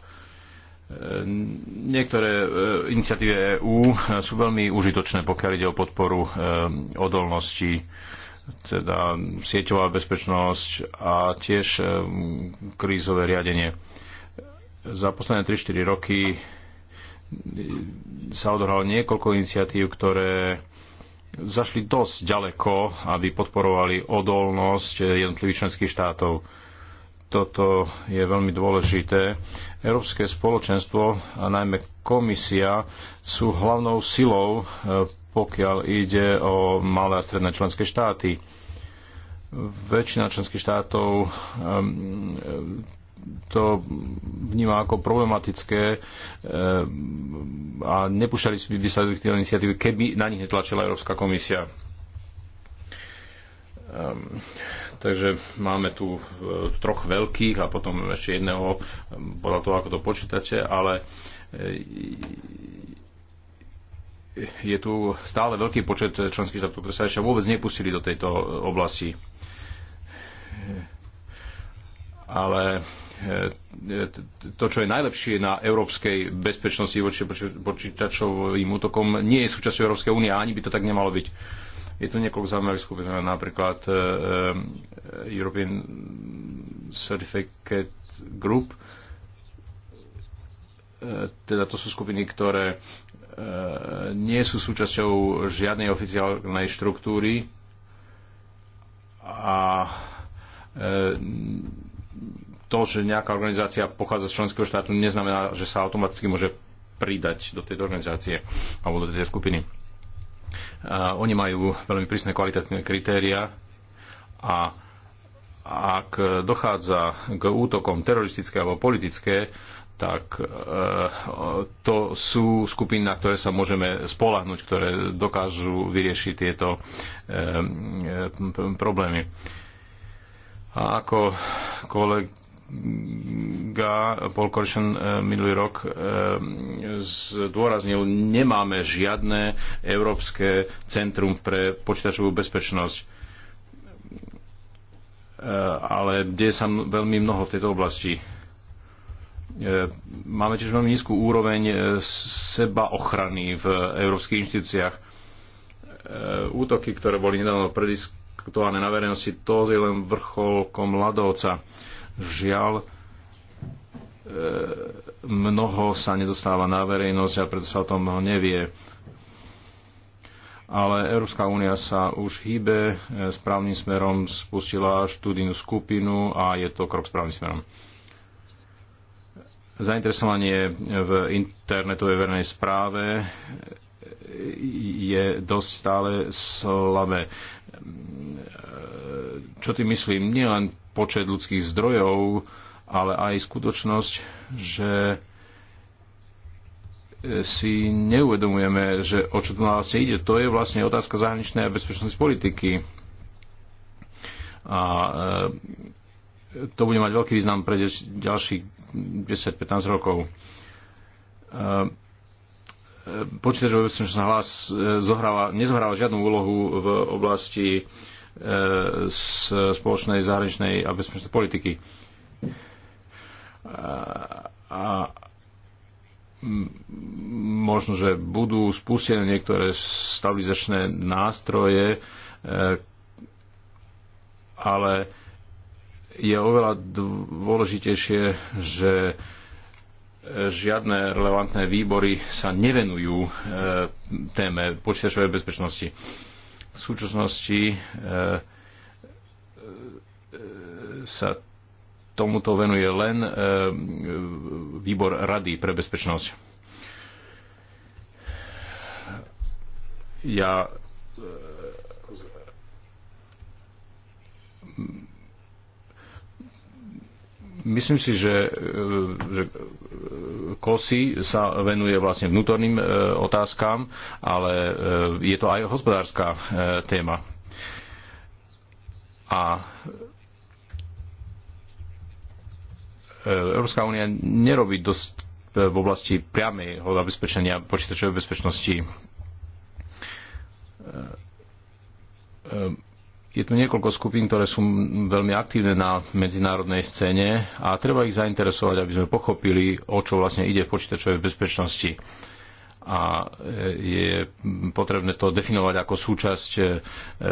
Ehm, niektoré e, iniciatívy EÚ e, sú veľmi užitočné, pokiaľ ide o podporu ehm, odolnosti, teda sieťová bezpečnosť a tiež krízové riadenie. Za posledné 3-4 roky sa odohralo niekoľko iniciatív, ktoré zašli dosť ďaleko, aby podporovali odolnosť jednotlivých členských štátov. Toto je veľmi dôležité. Európske spoločenstvo a najmä komisia sú hlavnou silou, e, pokiaľ ide o malé a stredné členské štáty. Väčšina členských štátov to vníma ako problematické e, a nepúšťali by sa do týchto iniciatívy, keby na nich netlačila Európska komisia. E, takže máme tu e, troch veľkých a potom ešte jedného, podľa toho, ako to počítate, ale je tu stále veľký počet členských štátov, ktoré sa ešte vôbec nepustili do tejto oblasti. Ale E, to, čo je najlepšie na európskej bezpečnosti voči počítačovým útokom, nie je súčasťou Európskej únie a ani by to tak nemalo byť. Je tu niekoľko zaujímavých skupín, napríklad e, e, European Certificate Group, teda to sú skupiny, ktoré nie sú súčasťou žiadnej oficiálnej štruktúry a to, že nejaká organizácia pochádza z členského štátu, neznamená, že sa automaticky môže pridať do tejto organizácie alebo do tejto skupiny. A oni majú veľmi prísne kvalitatívne kritéria a ak dochádza k útokom teroristické alebo politické, tak e, to sú skupiny, na ktoré sa môžeme spolahnuť, ktoré dokážu vyriešiť tieto e, e, problémy. A ako kolega kolega Paul Korsen eh, minulý rok eh, zdôraznil, nemáme žiadne Európske centrum pre počítačovú bezpečnosť eh, ale deje sa veľmi mnoho v tejto oblasti. Máme tiež veľmi nízku úroveň seba ochrany v európskych inštitúciách. Útoky, ktoré boli nedávno prediskutované na verejnosti, to je len vrcholkom ľadovca Žiaľ, e, mnoho sa nedostáva na verejnosť a preto sa o tom nevie. Ale Európska únia sa už hýbe e, správnym smerom, spustila štúdijnú skupinu a je to krok správnym smerom. Zainteresovanie v internetovej verejnej správe e, je dosť stále slabé. Čo tým myslím? Nie len počet ľudských zdrojov, ale aj skutočnosť, že e, si neuvedomujeme, že o čo tu vlastne ide. To je vlastne otázka zahraničnej a bezpečnosti politiky. A e, to bude mať veľký význam pre ďalších 10-15 rokov. E, e počítačová bezpečnosť hlas e, zohráva, nezohráva žiadnu úlohu v oblasti z spoločnej zahraničnej a bezpečnej politiky. A možno, že budú spustené niektoré stabilizačné nástroje, e, ale je oveľa dôležitejšie, že žiadne relevantné výbory sa nevenujú e, téme počítačovej bezpečnosti. V súčasnosti e, e, sa tomuto venuje len e, výbor Rady pre bezpečnosť. Ja e, Myslím si, že, e, že e, KOSI sa venuje vlastne vnútorným e, otázkam, ale je to aj hospodárska téma. A Európska únia nerobí dosť v oblasti priamého zabezpečenia počítačovej bezpečnosti. Je tu niekoľko skupín, ktoré sú veľmi aktívne na medzinárodnej scéne a treba ich zainteresovať, aby sme pochopili, o čo vlastne ide v počítačovej bezpečnosti. A e, je potrebné to definovať ako súčasť e,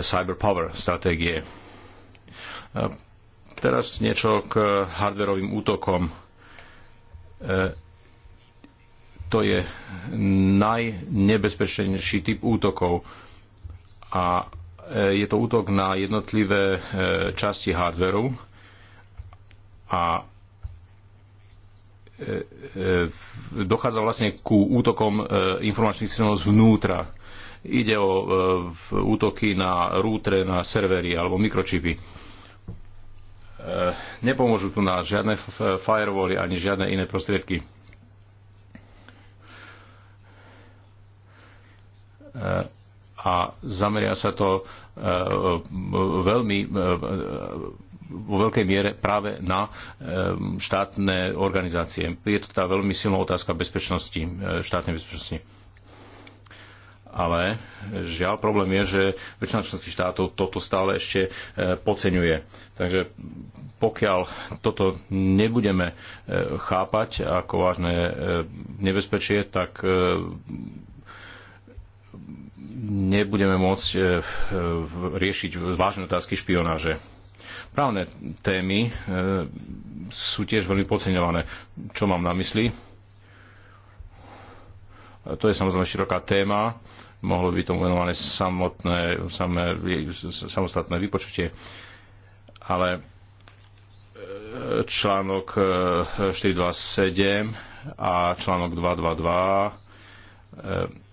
cyber power stratégie. E, teraz niečo k hardverovým útokom. To je najnebezpečnejší typ útokov a E, je to útok na jednotlivé e, časti hardveru a e, dochádza vlastne ku útokom informačných systémov zvnútra. Ide o útoky na rútre, na servery alebo mikročipy. Nepomôžu tu na žiadne firewally ani žiadne iné prostriedky. a zameria sa to E, e, veľmi e, vo veľkej miere práve na štátne organizácie. Je to tá veľmi silná otázka bezpečnosti, štátnej bezpečnosti. Ale žiaľ problém je, že väčšina členských štátov toto stále ešte poceňuje. Takže pokiaľ toto nebudeme chápať ako vážne nebezpečie, tak nebudeme môcť e, riešiť vážne otázky špionáže. Právne témy e, sú tiež veľmi podceňované. Čo mám na mysli? To je samozrejme široká téma. Mohlo by tomu venované samotné, samé, samostatné vypočutie. Ale e, článok 427 a článok 222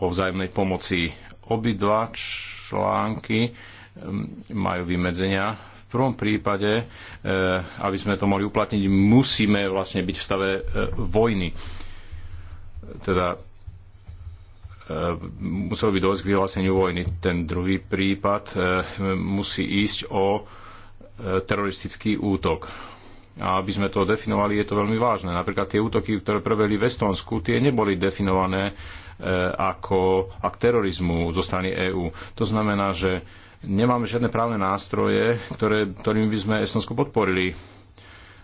o vzájomnej pomoci. Obidva články ehm, majú vymedzenia. V prvom prípade, eh, aby sme to mohli uplatniť, musíme vlastne byť v stave eh, vojny. Teda eh, muselo by dojsť k vyhláseniu vojny. Ten druhý prípad musí ísť o teroristický útok. A aby sme to definovali, je to veľmi vážne. Napríklad tie útoky, ktoré prebehli v Estonsku, tie neboli definované E, ako a k terorizmu zo strany EÚ. To znamená, že nemáme žiadne právne nástroje, ktoré, ktorými by sme Estonsko podporili.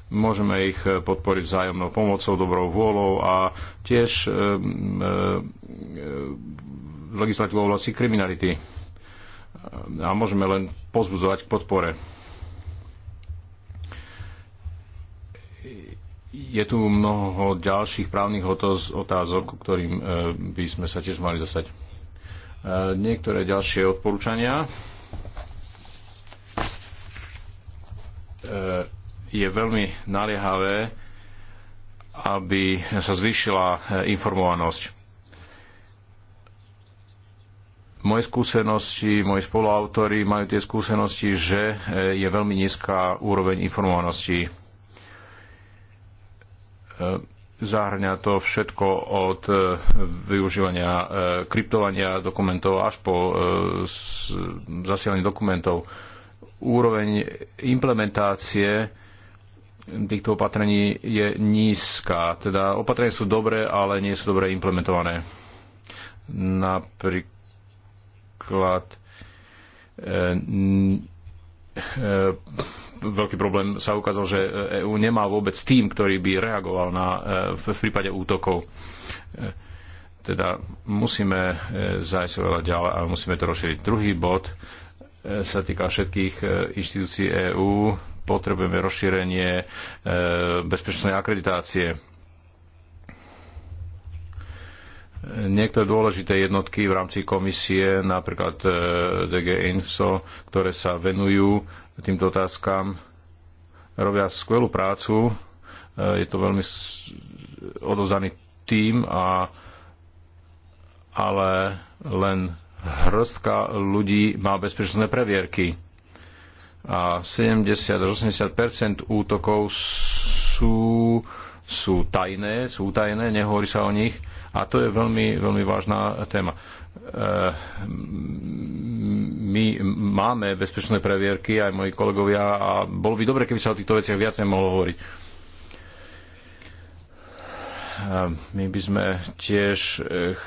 Môžeme ich podporiť vzájomnou pomocou, dobrou vôľou a tiež e, e, e legislatívou oblasti kriminality. A môžeme len pozbudzovať k podpore. je tu mnoho ďalších právnych otázok, ku ktorým e, by sme sa tiež mali dostať. E, niektoré ďalšie odporúčania. E, je veľmi naliehavé, aby sa zvýšila informovanosť. Moje skúsenosti, moji spoluautori majú tie skúsenosti, že je veľmi nízka úroveň informovanosti E, zahrňa to všetko od e, využívania e, kryptovania dokumentov až po zasielanie dokumentov. Úroveň implementácie týchto opatrení je nízka. Teda opatrenia sú dobré, ale nie sú dobre implementované. Napríklad e, e, veľký problém sa ukázal, že EÚ nemá vôbec tým, ktorý by reagoval na, e, v prípade útokov. E, teda musíme e, zajsť oveľa ďalej, ale musíme to rozšíriť. Druhý bod sa týka všetkých inštitúcií EÚ. Potrebujeme rozšírenie bezpečnostnej akreditácie. Niektoré dôležité jednotky v rámci komisie, napríklad DG Info, ktoré sa venujú týmto otázkam. Robia skvelú prácu, eh, je to veľmi odozaný tým, a, ale len hrstka ľudí má bezpečnostné previerky. A 70 80 útokov sú, sú tajné, sú tajné, nehovorí sa o nich. A to je veľmi, veľmi vážna téma. Eh, my máme bezpečné previerky, aj moji kolegovia, a bolo by dobre, keby sa o týchto veciach viacej mohlo hovoriť. Eh, my by sme tiež eh,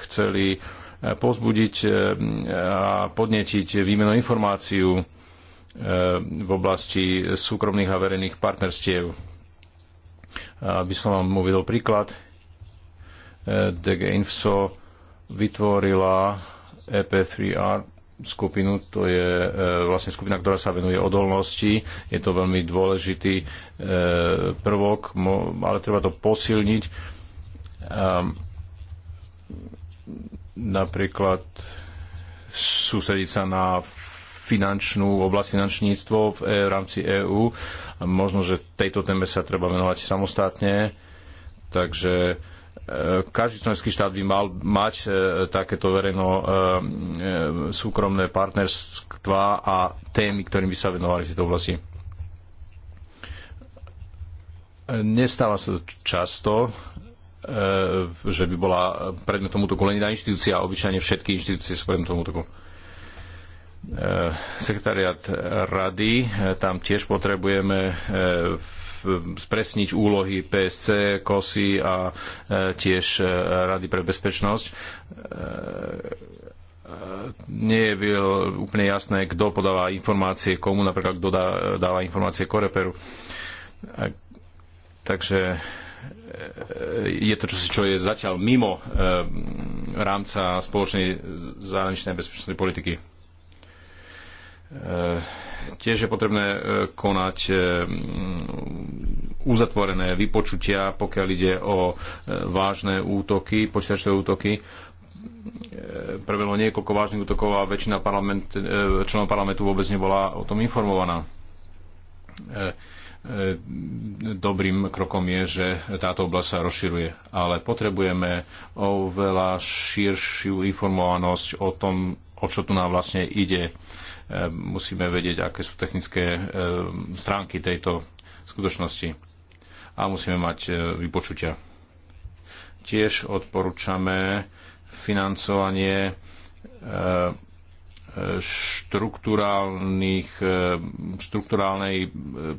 chceli pozbudiť a podnetiť výmenu informáciu v oblasti súkromných a verejných partnerstiev. Aby som vám uvedol príklad, DG Info vytvorila EP3R skupinu, to je e, vlastne skupina, ktorá sa venuje odolnosti. Je to veľmi dôležitý e, prvok, mo, ale treba to posilniť. Ehm, napríklad sústrediť sa na finančnú oblasť finančníctvo v, e, v rámci EÚ. Možno, že tejto téme sa treba venovať samostatne. Takže E, každý členský štát by mal mať e, takéto verejno e, súkromné partnerstva a témy, ktorým by sa venovali v tejto oblasti. Nestáva sa to často, že by bola predmetom útoku len jedna inštitúcia, obyčajne všetky inštitúcie sú predmetom útoku sekretariat rady, tam tiež potrebujeme spresniť úlohy PSC, KOSY a e, tiež e, Rady pre bezpečnosť. E, nie je úplne jasné, kto podáva informácie komu, napríklad kto dáva informácie Koreperu. Takže je to čosi, čo je zatiaľ mimo rámca spoločnej zahraničnej a bezpečnostnej politiky. E, tiež je potrebné e, konať e, uzatvorené vypočutia, pokiaľ ide o vážne útoky, počítačové útoky. Prebehlo niekoľko vážnych útokov a väčšina parlament, členov parlamentu vôbec nebola o tom informovaná. Dobrým krokom je, že táto oblasť sa rozširuje, ale potrebujeme oveľa širšiu informovanosť o tom, o čo tu nám vlastne ide Ehm, musíme vedieť, aké sú technické ehm, stránky tejto skutočnosti a musíme mať e, vypočutia. Tiež odporúčame financovanie e, e, štruktúrálnych, štruktúrálnej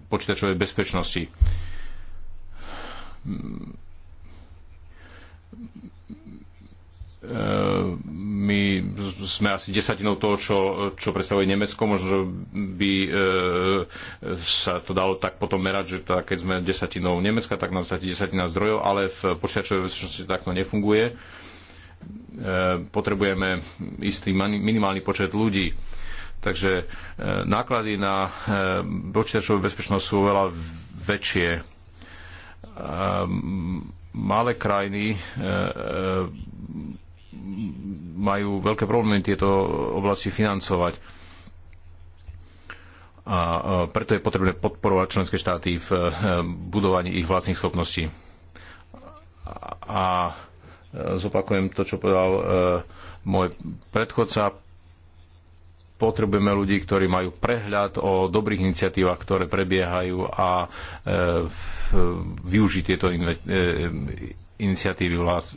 počítačovej bezpečnosti my sme asi desatinou toho, čo, čo predstavuje Nemecko. Možno, že by e, sa to dalo tak potom merať, že tá, keď sme desatinou Nemecka, tak nám stačí desatina zdrojov, ale v počítačovej bezpečnosti takto nefunguje. E, potrebujeme istý minimálny počet ľudí. Takže e, náklady na počítačovú bezpečnosť sú veľa väčšie. Malé krajiny majú veľké problémy tieto oblasti financovať. A preto je potrebné podporovať členské štáty v e, budovaní ich vlastných schopností. A zopakujem to, čo povedal e, môj predchodca. Potrebujeme ľudí, ktorí majú prehľad o dobrých iniciatívach, ktoré prebiehajú a e, využiť tieto iniciatívy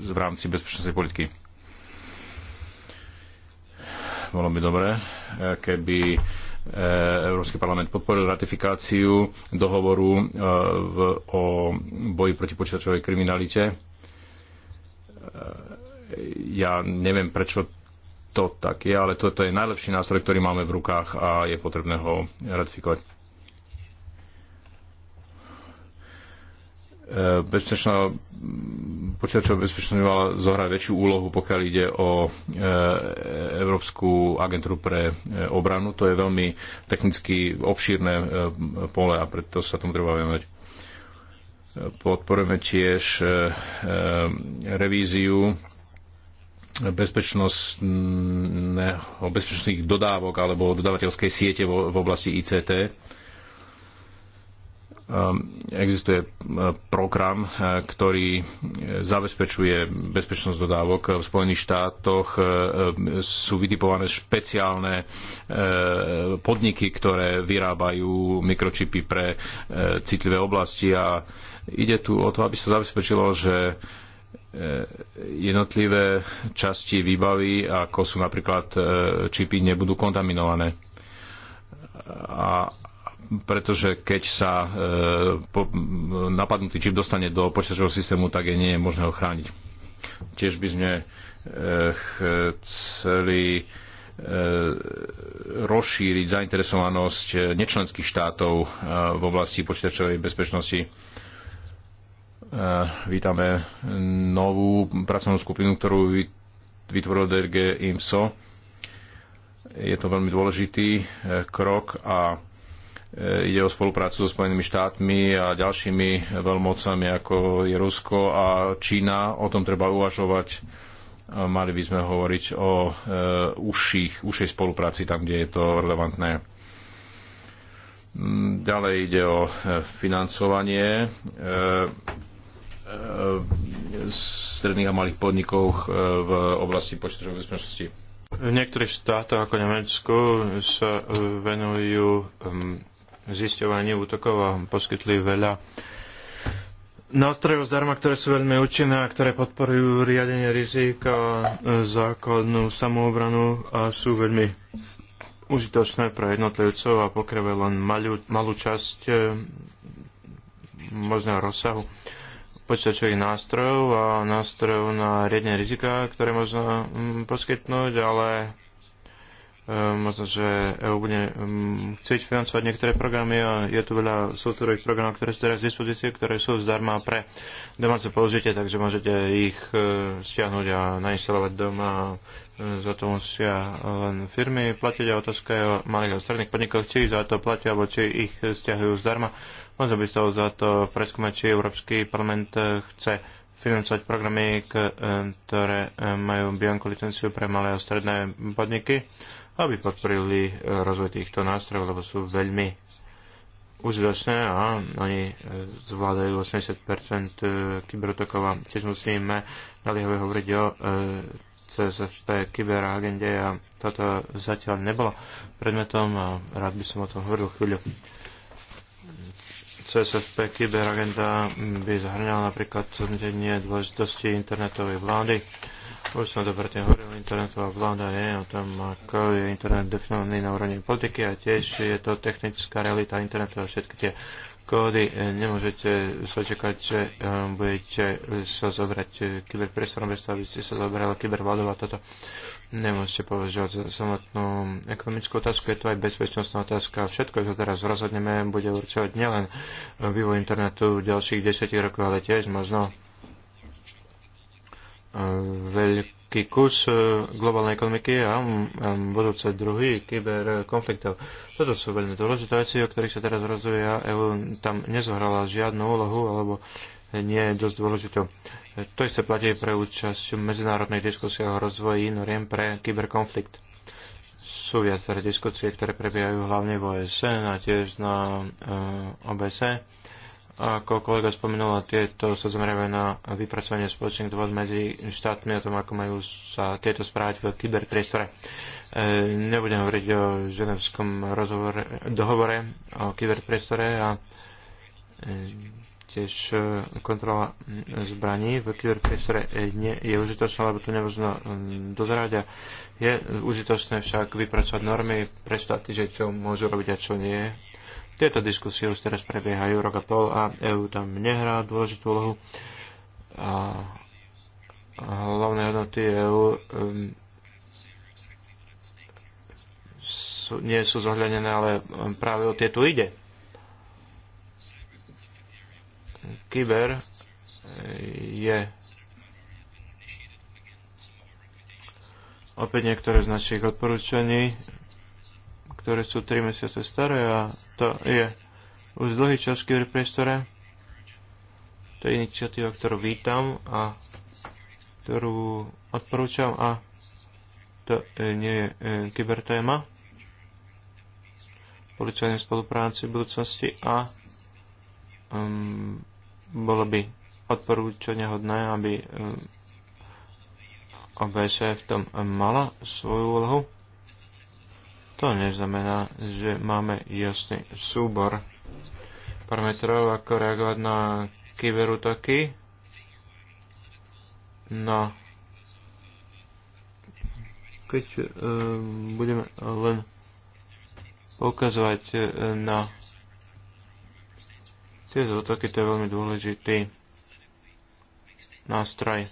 v rámci bezpečnostnej politiky bolo by dobré, eh, keby eh, Európsky parlament podporil ratifikáciu dohovoru eh, o boji proti počítačovej kriminalite. Ja neviem, prečo to tak je, ale toto je najlepší nástroj, ktorý máme v rukách a je potrebné ho ratifikovať. bezpečná, počítačová bezpečnosť mala zohrať väčšiu úlohu, pokiaľ ide o e, Európsku agentúru pre e, obranu. To je veľmi technicky obšírne e, pole a preto sa tomu treba venovať. Podporujeme tiež revíziu bezpečnostných dodávok alebo dodávateľskej siete v oblasti ICT Ehm, existuje e, program, e, ktorý e, zabezpečuje bezpečnosť dodávok v Spojených štátoch. Sú vytipované špeciálne podniky, ktoré vyrábajú mikročipy pre citlivé oblasti a ide tu o to, aby sa zabezpečilo, že jednotlivé časti výbavy, ako sú napríklad čipy, nebudú kontaminované. A pretože keď sa e, po, napadnutý čip dostane do počítačového systému, tak je nie je možné ho chrániť. Tiež by sme e, chceli e, rozšíriť zainteresovanosť nečlenských štátov e, v oblasti počítačovej bezpečnosti. E, vítame novú pracovnú skupinu, ktorú vytvoril DRG IMSO. Je to veľmi dôležitý e, krok a E, ide o spoluprácu so Spojenými štátmi a ďalšími veľmocami, ako je Rusko a Čína. O tom treba uvažovať. Mali by sme hovoriť o e, užších, užšej spolupráci tam, kde je to relevantné. Mm, ďalej ide o e, financovanie stredných a malých podnikov v oblasti počítačovej bezpečnosti. V niektorých štátoch ako Nemecku sa venujú zisťovanie útokov a poskytli veľa nástrojov zdarma, ktoré sú veľmi účinné a ktoré podporujú riadenie rizik a e, základnú samoobranu a sú veľmi užitočné pre jednotlivcov a pokrývajú len malú, malú časť e, možného rozsahu počítačových nástrojov a nástrojov na riadenie rizika, ktoré možno mm, poskytnúť, ale Ehm, možno, že EU bude ehm, chcieť financovať niektoré programy a je tu veľa softwarových programov, ktoré sú teraz v dispozícii, ktoré sú zdarma pre domáce použitie, takže môžete ich e, stiahnuť a nainštalovať doma. E, za to musia len firmy platiť a otázka je o malých a stredných podnikoch, či za to platia, alebo či ich stiahujú zdarma. Možno by sa za to preskúmať, či Európsky parlament e, chce financovať programy, ktoré majú bianku licenciu pre malé a stredné podniky aby podporili e, rozvoj týchto nástrojov, lebo sú veľmi úžasné a oni e, zvládajú 80% e, kyberotokov a tiež musíme naliehavé hovoriť o CSFP kyberagende a toto zatiaľ nebolo predmetom a rád by som o tom hovoril chvíľu. CSFP kyberagenda by zahrňala napríklad hodnotenie dôležitosti internetovej vlády, už som dobre hovoril, internetová vláda je o tom, ako je internet definovaný na úrovni politiky a tiež je to technická realita internetu a všetky tie kódy. E, nemôžete sa čakať, že um, budete sa zobrať e, kyberpriestorom bez toho, aby ste sa zobrali kybervládou a toto nemôžete považovať za samotnú ekonomickú otázku. Je to aj bezpečnostná otázka. Všetko, čo teraz rozhodneme, bude určovať nielen vývoj internetu v ďalších 10 rokov, ale tiež možno veľký kus e, globálnej ekonomiky a budúce druhy kyberkonfliktov. Toto sú veľmi dôležité veci, o ktorých sa teraz a EU tam nezohrala žiadnu úlohu alebo nie je dosť dôležitú. To isté platí pre účasť v medzinárodnej diskusie o rozvoji noriem pre kyberkonflikt. Sú viaceré diskusie, ktoré prebiehajú hlavne v OSN a tiež na uh, ako kolega spomenula, tieto sa zameriavajú na vypracovanie spoločných dôvod medzi štátmi o tom, ako majú sa tieto správať v kyberpriestore. E, nebudem hovoriť o ženevskom rozhovore, dohovore o kyberpriestore a e, tiež e, kontrola mm, zbraní v kyberpriestore e, nie je užitočná, lebo to nemôžno e, dozerať a je užitočné však vypracovať normy pre štáty, že čo môžu robiť a čo nie tieto diskusie už teraz prebiehajú rok a pol a EU tam nehrá dôležitú úlohu. A hlavné hodnoty EU um, sú, nie sú zohľadené, ale um, práve o tieto ide. Kyber eh, je opäť niektoré z našich odporúčaní ktoré sú 3 mesiace staré a to je už dlhý čas v priestore. To je iniciatíva, ktorú vítam a ktorú odporúčam a to e, nie je e, kybertéma Policajné spolupráci v budúcnosti a um, bolo by odporúčania hodné, aby um, OBS e v tom mala svoju úlohu to neznamená, že máme jasný súbor parametrov, ako reagovať na kyberútoky. No, keď uh, budeme len poukazovať uh, e, na tieto útoky, to je veľmi dôležitý nástroj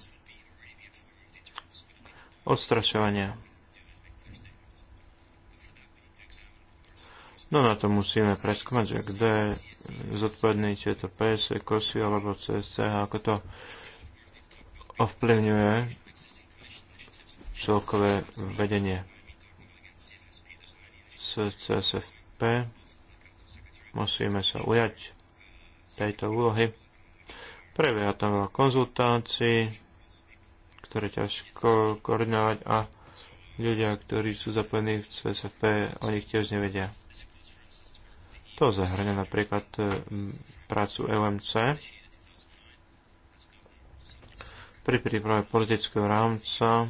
odstrašovania. No na to musíme preskúmať, že kto je zodpovedný, či je to PS, kosy alebo CSC, ako to ovplyvňuje celkové vedenie. S CSFP musíme sa ujať tejto úlohy. Prebieha tam veľa konzultácií, ktoré ťažko koordinovať a ľudia, ktorí sú zapojení v CSFP, o nich tiež nevedia. To zahrňa napríklad e, prácu EUMC pri príprave politického rámca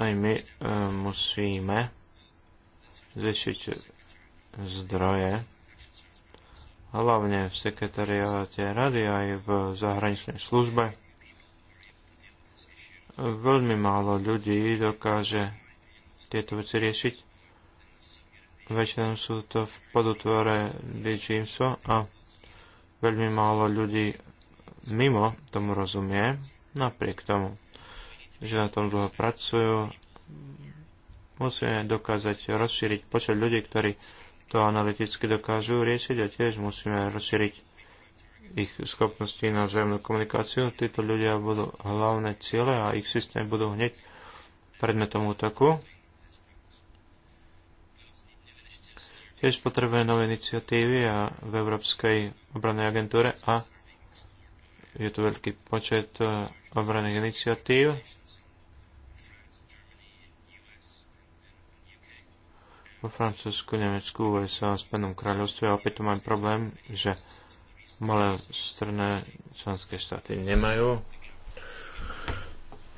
aj my e, musíme zvyšiť zdroje, hlavne v sekretariáte rady aj v zahraničnej službe. Veľmi málo ľudí dokáže tieto veci riešiť. Väčšinou sú to v podotvore DigiImso a veľmi málo ľudí mimo tomu rozumie, napriek tomu, že na tom dlho pracujú, musíme dokázať rozšíriť počet ľudí, ktorí to analyticky dokážu riešiť a tiež musíme rozšíriť ich schopností na vzájomnú komunikáciu. Títo ľudia budú hlavné ciele a ich systém budú hneď predmetom útoku. Tiež potrebujeme nové iniciatívy a v Európskej obranej agentúre a je tu veľký počet e, obranných iniciatív. vo Francúzsku, Nemecku, USA a Spenom kráľovstve a opäť tu mám problém, že Malé strné členské štáty nemajú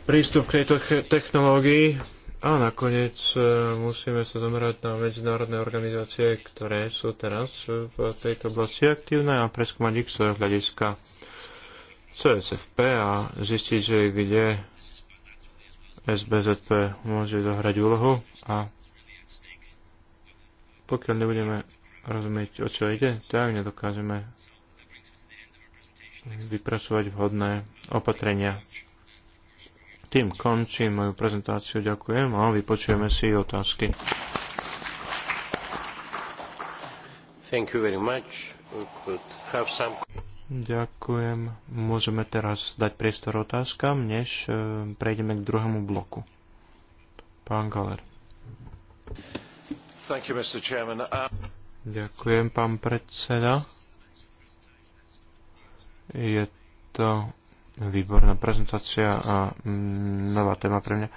prístup k tejto technológii a nakoniec e, musíme sa zamerať na medzinárodné organizácie, ktoré sú teraz v tejto oblasti aktívne a preskúmať ich svoje hľadiska CSFP a zistiť, že kde SBZP môže zahrať úlohu a pokiaľ nebudeme rozumieť, o čo ide, tak nedokážeme vypracovať vhodné opatrenia. Tým končím moju prezentáciu. Ďakujem a vypočujeme si otázky. Thank you very much. We could have some... Ďakujem. Môžeme teraz dať priestor otázkam, než e, prejdeme k druhému bloku. Pán Galer. Thank you, Mr. Chairman. Uh... Ďakujem, pán predseda. Je to výborná prezentácia a mm, nová téma pre mňa.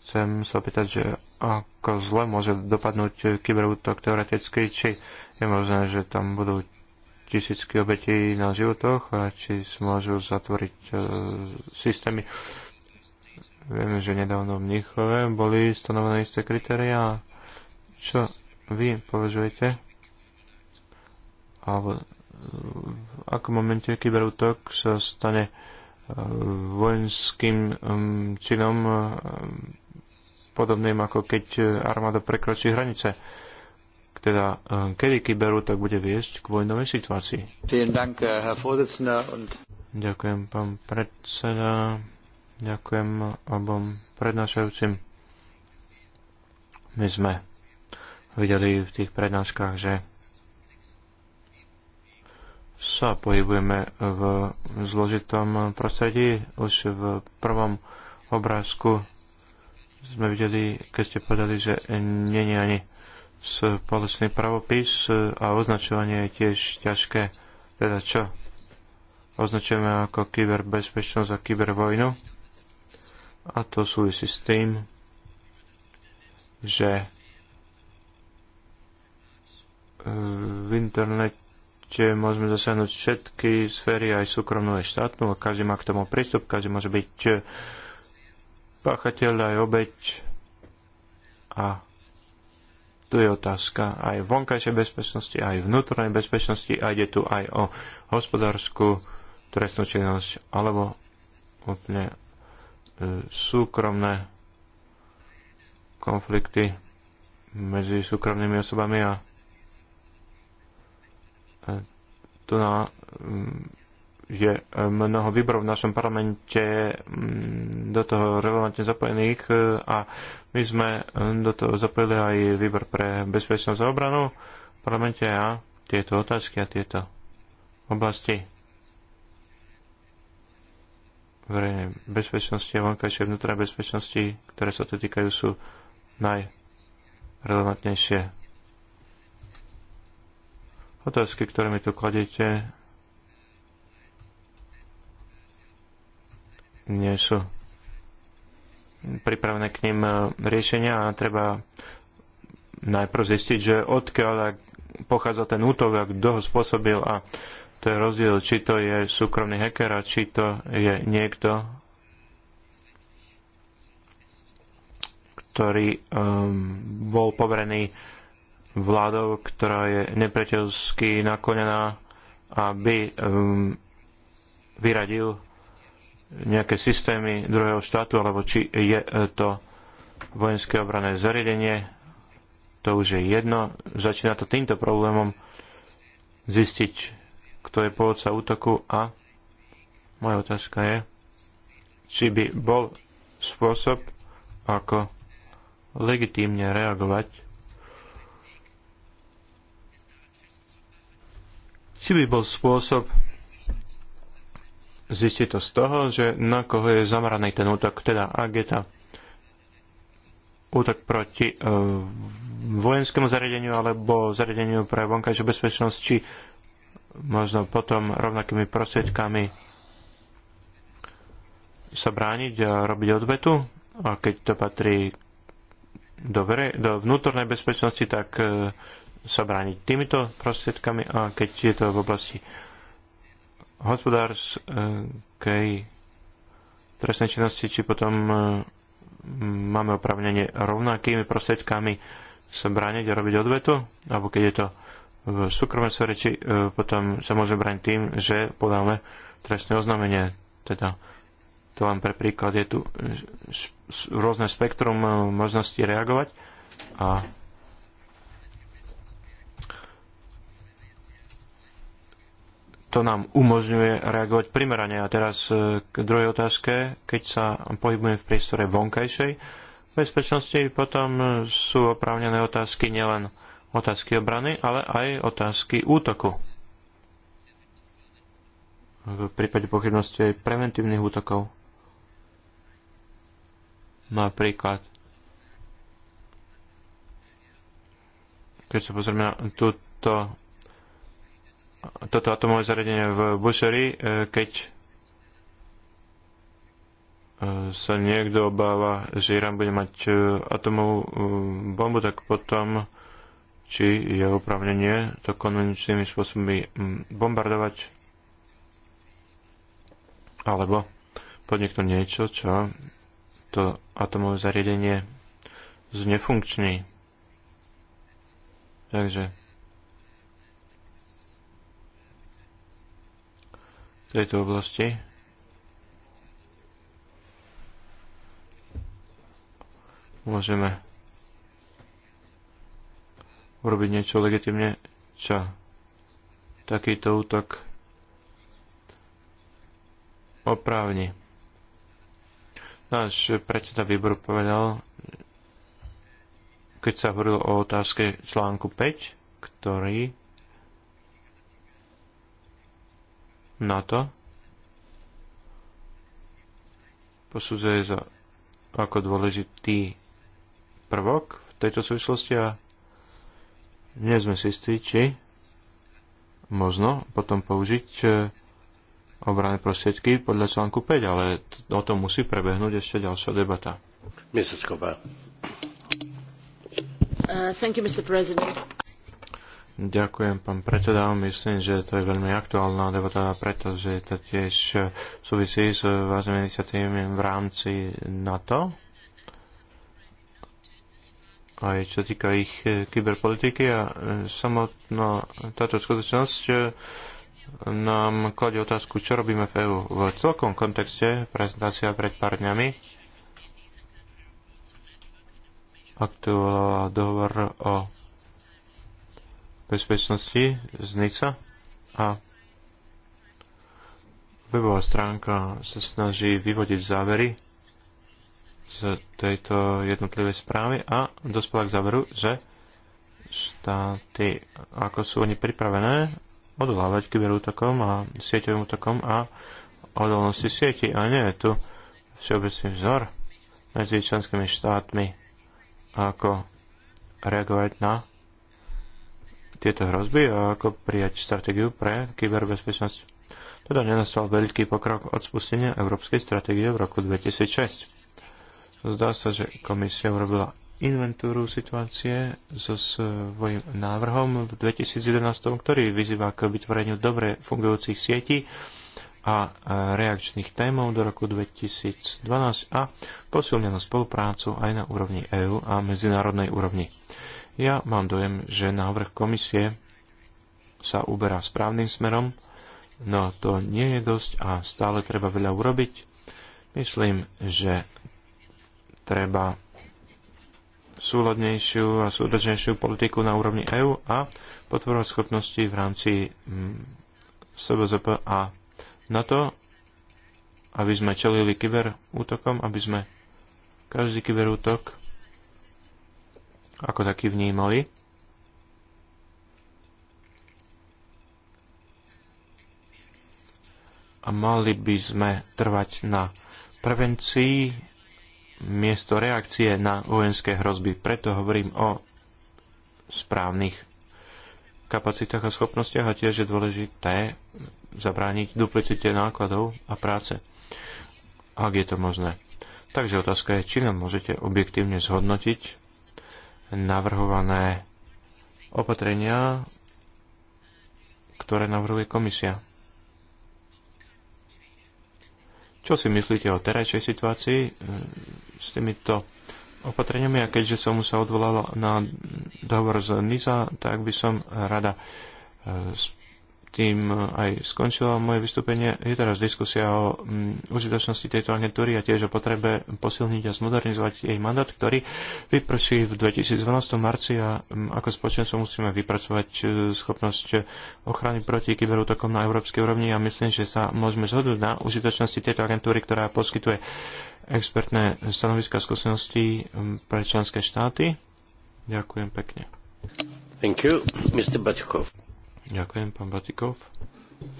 Chcem sa opýtať, že ako zle môže dopadnúť kyberútok teoreticky, či je možné, že tam budú tisícky obetí na životoch a či môžu zatvoriť e, systémy. Vieme, že nedávno v nich boli stanovené isté kritéria. Čo vy považujete? Alebo v akom momente kyberútok sa stane e, vojenským činom e, podobným ako keď e, armáda prekročí hranice. Teda, kedy kyberútok bude viesť k vojnovej situácii? Äh, Ďakujem, pán predseda. Ďakujem obom prednášajúcim. My sme videli v tých prednáškach, že sa pohybujeme v zložitom prostredí. Už v prvom obrázku sme videli, keď ste povedali, že nie je ani spoločný pravopis a označovanie je tiež ťažké. Teda čo? Označujeme ako kyberbezpečnosť a kybervojnu. A to súvisí s tým, že v internete kde môžeme zasiahnuť všetky sféry, aj súkromnú, aj štátnu, a každý má k tomu prístup, každý môže byť eh, páchateľ, aj obeď. A tu je otázka aj vonkajšej bezpečnosti, aj vnútornej bezpečnosti, a ide tu aj o hospodárskú trestnú činnosť, alebo úplne eh, súkromné konflikty medzi súkromnými osobami a E, tu na, mm, je e, mnoho výborov v našom parlamente mm, do toho relevantne zapojených e, a my sme do toho zapojili aj výbor pre bezpečnosť a obranu v parlamente a tieto otázky a tieto oblasti verejnej bezpečnosti a vonkajšej vnútra bezpečnosti, ktoré sa to týkajú, sú najrelevantnejšie. Otázky, ktoré mi tu kladete, nie sú pripravené k ním e, riešenia a treba najprv zistiť, že odkiaľ pochádza ten útok a kto ho spôsobil a to je rozdiel, či to je súkromný hacker a či to je niekto, ktorý um, bol poverený vládou, ktorá je nepriateľsky naklonená, aby um, vyradil nejaké systémy druhého štátu, alebo či je e, to vojenské obrané zariadenie, to už je jedno. Začína to týmto problémom zistiť, kto je pôvodca útoku a moja otázka je, či by bol spôsob, ako legitímne reagovať Či by bol spôsob zistiť to z toho, že na koho je zameraný ten útok, teda ak je to útok proti e, vojenskému zariadeniu alebo zariadeniu pre vonkajšiu bezpečnosť, či možno potom rovnakými prostriedkami sa brániť a robiť odvetu. A keď to patrí do, vere, do vnútornej bezpečnosti, tak e, sa brániť týmito prostriedkami a keď je to v oblasti hospodárskej trestnej činnosti, či potom e, máme opravnenie rovnakými prostriedkami sa brániť a robiť odvetu, alebo keď je to v súkromnej sfere, či e, potom sa môže brániť tým, že podáme trestné oznámenie. Teda to len pre príklad je tu rôzne spektrum e, možností reagovať a to nám umožňuje reagovať primerane. A teraz e, k druhej otázke, keď sa pohybujem v priestore vonkajšej bezpečnosti, potom e, sú oprávnené otázky nielen otázky obrany, ale aj otázky útoku. V prípade pochybnosti aj preventívnych útokov. Napríklad keď sa pozrieme na túto toto atomové zariadenie v Bušeri, e, keď e, sa niekto obáva, že Irán bude mať e, atomovú bombu, tak potom či je oprávnenie to konvenčnými spôsobmi bombardovať alebo podniknúť niečo, čo to atomové zariadenie znefunkční. Takže v tejto oblasti. Môžeme urobiť niečo legitimne, čo takýto útok oprávni. Náš predseda výboru povedal, keď sa hovoril o otázke článku 5, ktorý na to posudzuje za ako dôležitý prvok v tejto súvislosti a nie sme si istí, či možno potom použiť e, obrané prostriedky podľa článku 5, ale o tom musí prebehnúť ešte ďalšia debata. Mrs. Uh, thank you, Mr. President. Ďakujem, pán predseda. Myslím, že to je veľmi aktuálna debata, pretože to tiež súvisí s vážnymi iniciatívami v rámci NATO. Aj čo týka ich eh, kyberpolitiky a eh, samotná táto skutočnosť eh, nám kladie otázku, čo robíme v EU V celkom kontexte prezentácia pred pár dňami aktuálna dohovor o bezpečnosti z NICA a webová stránka sa snaží vyvodiť závery z tejto jednotlivej správy a dospela k záveru, že štáty, ako sú oni pripravené odolávať kyberútokom a sieťovým útokom a odolnosti sieti. A nie je tu všeobecný vzor medzi členskými štátmi, ako reagovať na tieto hrozby a ako prijať stratégiu pre kyberbezpečnosť. Teda nenastal veľký pokrok od spustenia Európskej stratégie v roku 2006. Zdá sa, že komisia urobila inventúru situácie so svojím návrhom v 2011, ktorý vyzýva k vytvoreniu dobre fungujúcich sietí a reakčných témov do roku 2012 a posilnenú spoluprácu aj na úrovni EÚ a medzinárodnej úrovni. Ja mám dojem, že návrh komisie sa uberá správnym smerom, no to nie je dosť a stále treba veľa urobiť. Myslím, že treba súladnejšiu a súdržnejšiu politiku na úrovni EÚ a podporovať schopnosti v rámci mm, SBZP a NATO, aby sme čelili kyberútokom, aby sme každý kyberútok ako taký vnímali. A mali by sme trvať na prevencii miesto reakcie na vojenské hrozby. Preto hovorím o správnych kapacitách a schopnostiach a tiež je dôležité zabrániť duplicite nákladov a práce, ak je to možné. Takže otázka je, či nám môžete objektívne zhodnotiť, navrhované opatrenia, ktoré navrhuje komisia. Čo si myslíte o terajšej situácii eh, s týmito opatreniami? A keďže som sa odvolal na dohovor z NISA, tak by som rada eh, tým e, aj skončilo moje vystúpenie. Je teraz diskusia o mm, užitočnosti tejto agentúry a tiež o potrebe posilniť a zmodernizovať jej mandát, ktorý vyprší v 2012 marci a mm, ako spoločenstvo musíme vypracovať e, schopnosť ochrany proti kyberútokom na európskej úrovni a myslím, že sa môžeme zhodnúť na užitočnosti tejto agentúry, ktorá poskytuje expertné stanoviska skúsenosti mm, pre členské štáty. Ďakujem pekne. Thank you, Mr. Baťkov. Ďakujem, pán Batikov.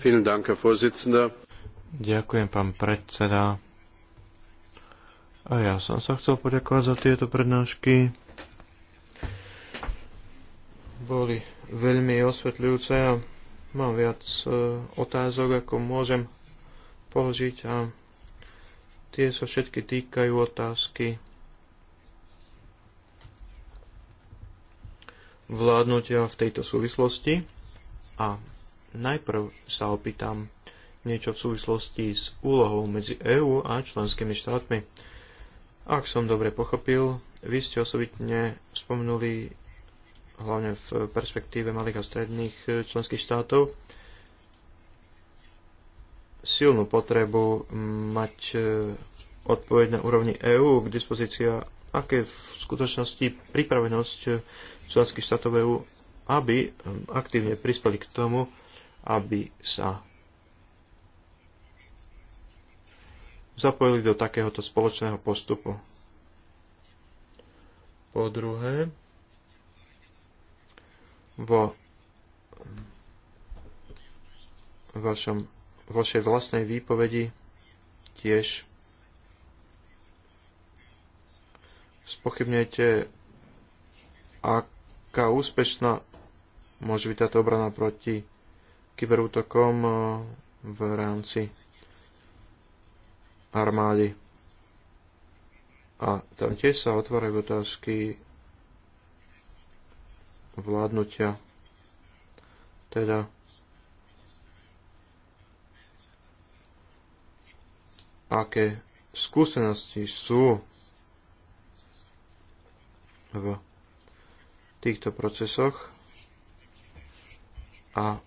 Vielen Dank, Herr Vorsitzender. Ďakujem, pán predseda. A ja som sa chcel poďakovať za tieto prednášky. Boli veľmi osvetľujúce a mám viac e, otázok, ako môžem položiť a tie sa všetky týkajú otázky vládnutia v tejto súvislosti. A najprv sa opýtam niečo v súvislosti s úlohou medzi EÚ a členskými štátmi. Ak som dobre pochopil, vy ste osobitne spomenuli hlavne v perspektíve malých a stredných e, členských štátov silnú potrebu mať e, odpoveď na úrovni EÚ k dispozícii, aké v skutočnosti pripravenosť e, členských štátov EÚ aby eh, aktívne prispeli k tomu, aby sa zapojili do takéhoto spoločného postupu. Po druhé, vo vašom, vašej vlastnej výpovedi tiež spochybnete, aká úspešná môže byť táto obrana proti kyberútokom e, v rámci armády. A tam tiež sa otvárajú otázky vládnutia. Teda aké skúsenosti sú v týchto procesoch a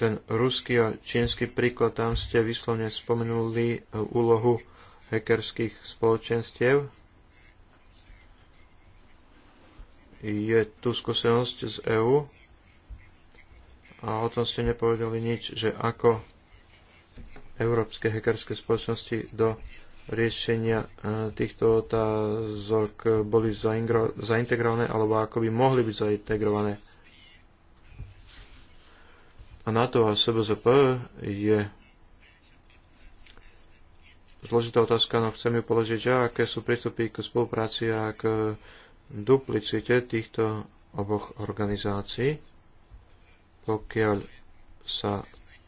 ten ruský a čínsky príklad, tam ste vyslovne spomenuli e, úlohu hackerských spoločenstiev. Je tu skúsenosť z EÚ a o tom ste nepovedali nič, že ako európske hackerské spoločnosti do riešenia e, týchto otázok boli zaintegrované alebo ako by mohli byť zaintegrované NATO a SBZP je zložitá otázka, no chcem ju položiť, že aké sú prístupy k spolupráci a k duplicite týchto oboch organizácií, pokiaľ sa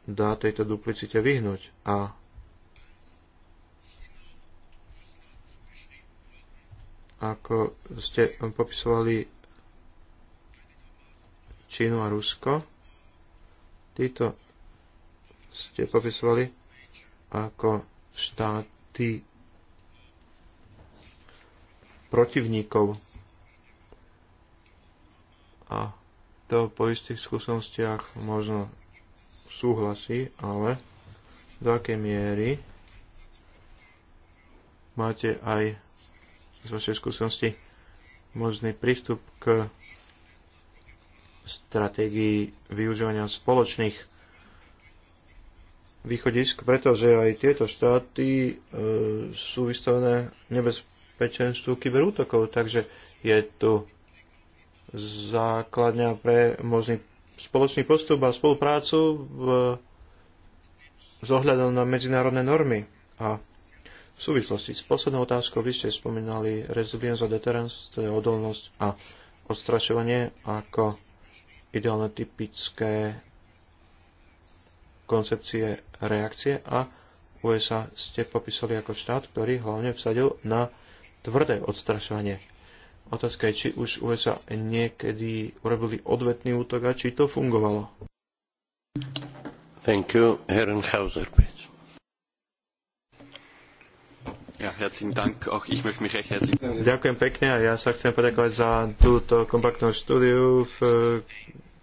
dá tejto duplicite vyhnúť. A ako ste popisovali Čínu a Rusko, Títo ste popisovali ako štáty protivníkov. A to po istých skúsenostiach možno súhlasí, ale do akej miery máte aj z vašej skúsenosti možný prístup k stratégii využívania spoločných východisk, pretože aj tieto štáty e, sú vystavené nebezpečenstvu kyberútokov, takže je tu základňa pre možný spoločný postup a spoluprácu v, s ohľadom na medzinárodné normy. A v súvislosti s poslednou otázkou vy ste spomínali resilience a deterrence, to je odolnosť a odstrašovanie ako ideálne typické koncepcie reakcie a USA ste popísali ako štát, ktorý hlavne vsadil na tvrdé odstrašovanie. Otázka je, či už USA niekedy urobili odvetný útok a či to fungovalo. Thank you. Herrenhauser, please. Ja, herzlichen Dank. Auch ich möchte mich recht herzlich... Ďakujem pekne a ja sa chcem poďakovať za túto kompaktnú štúdiu v,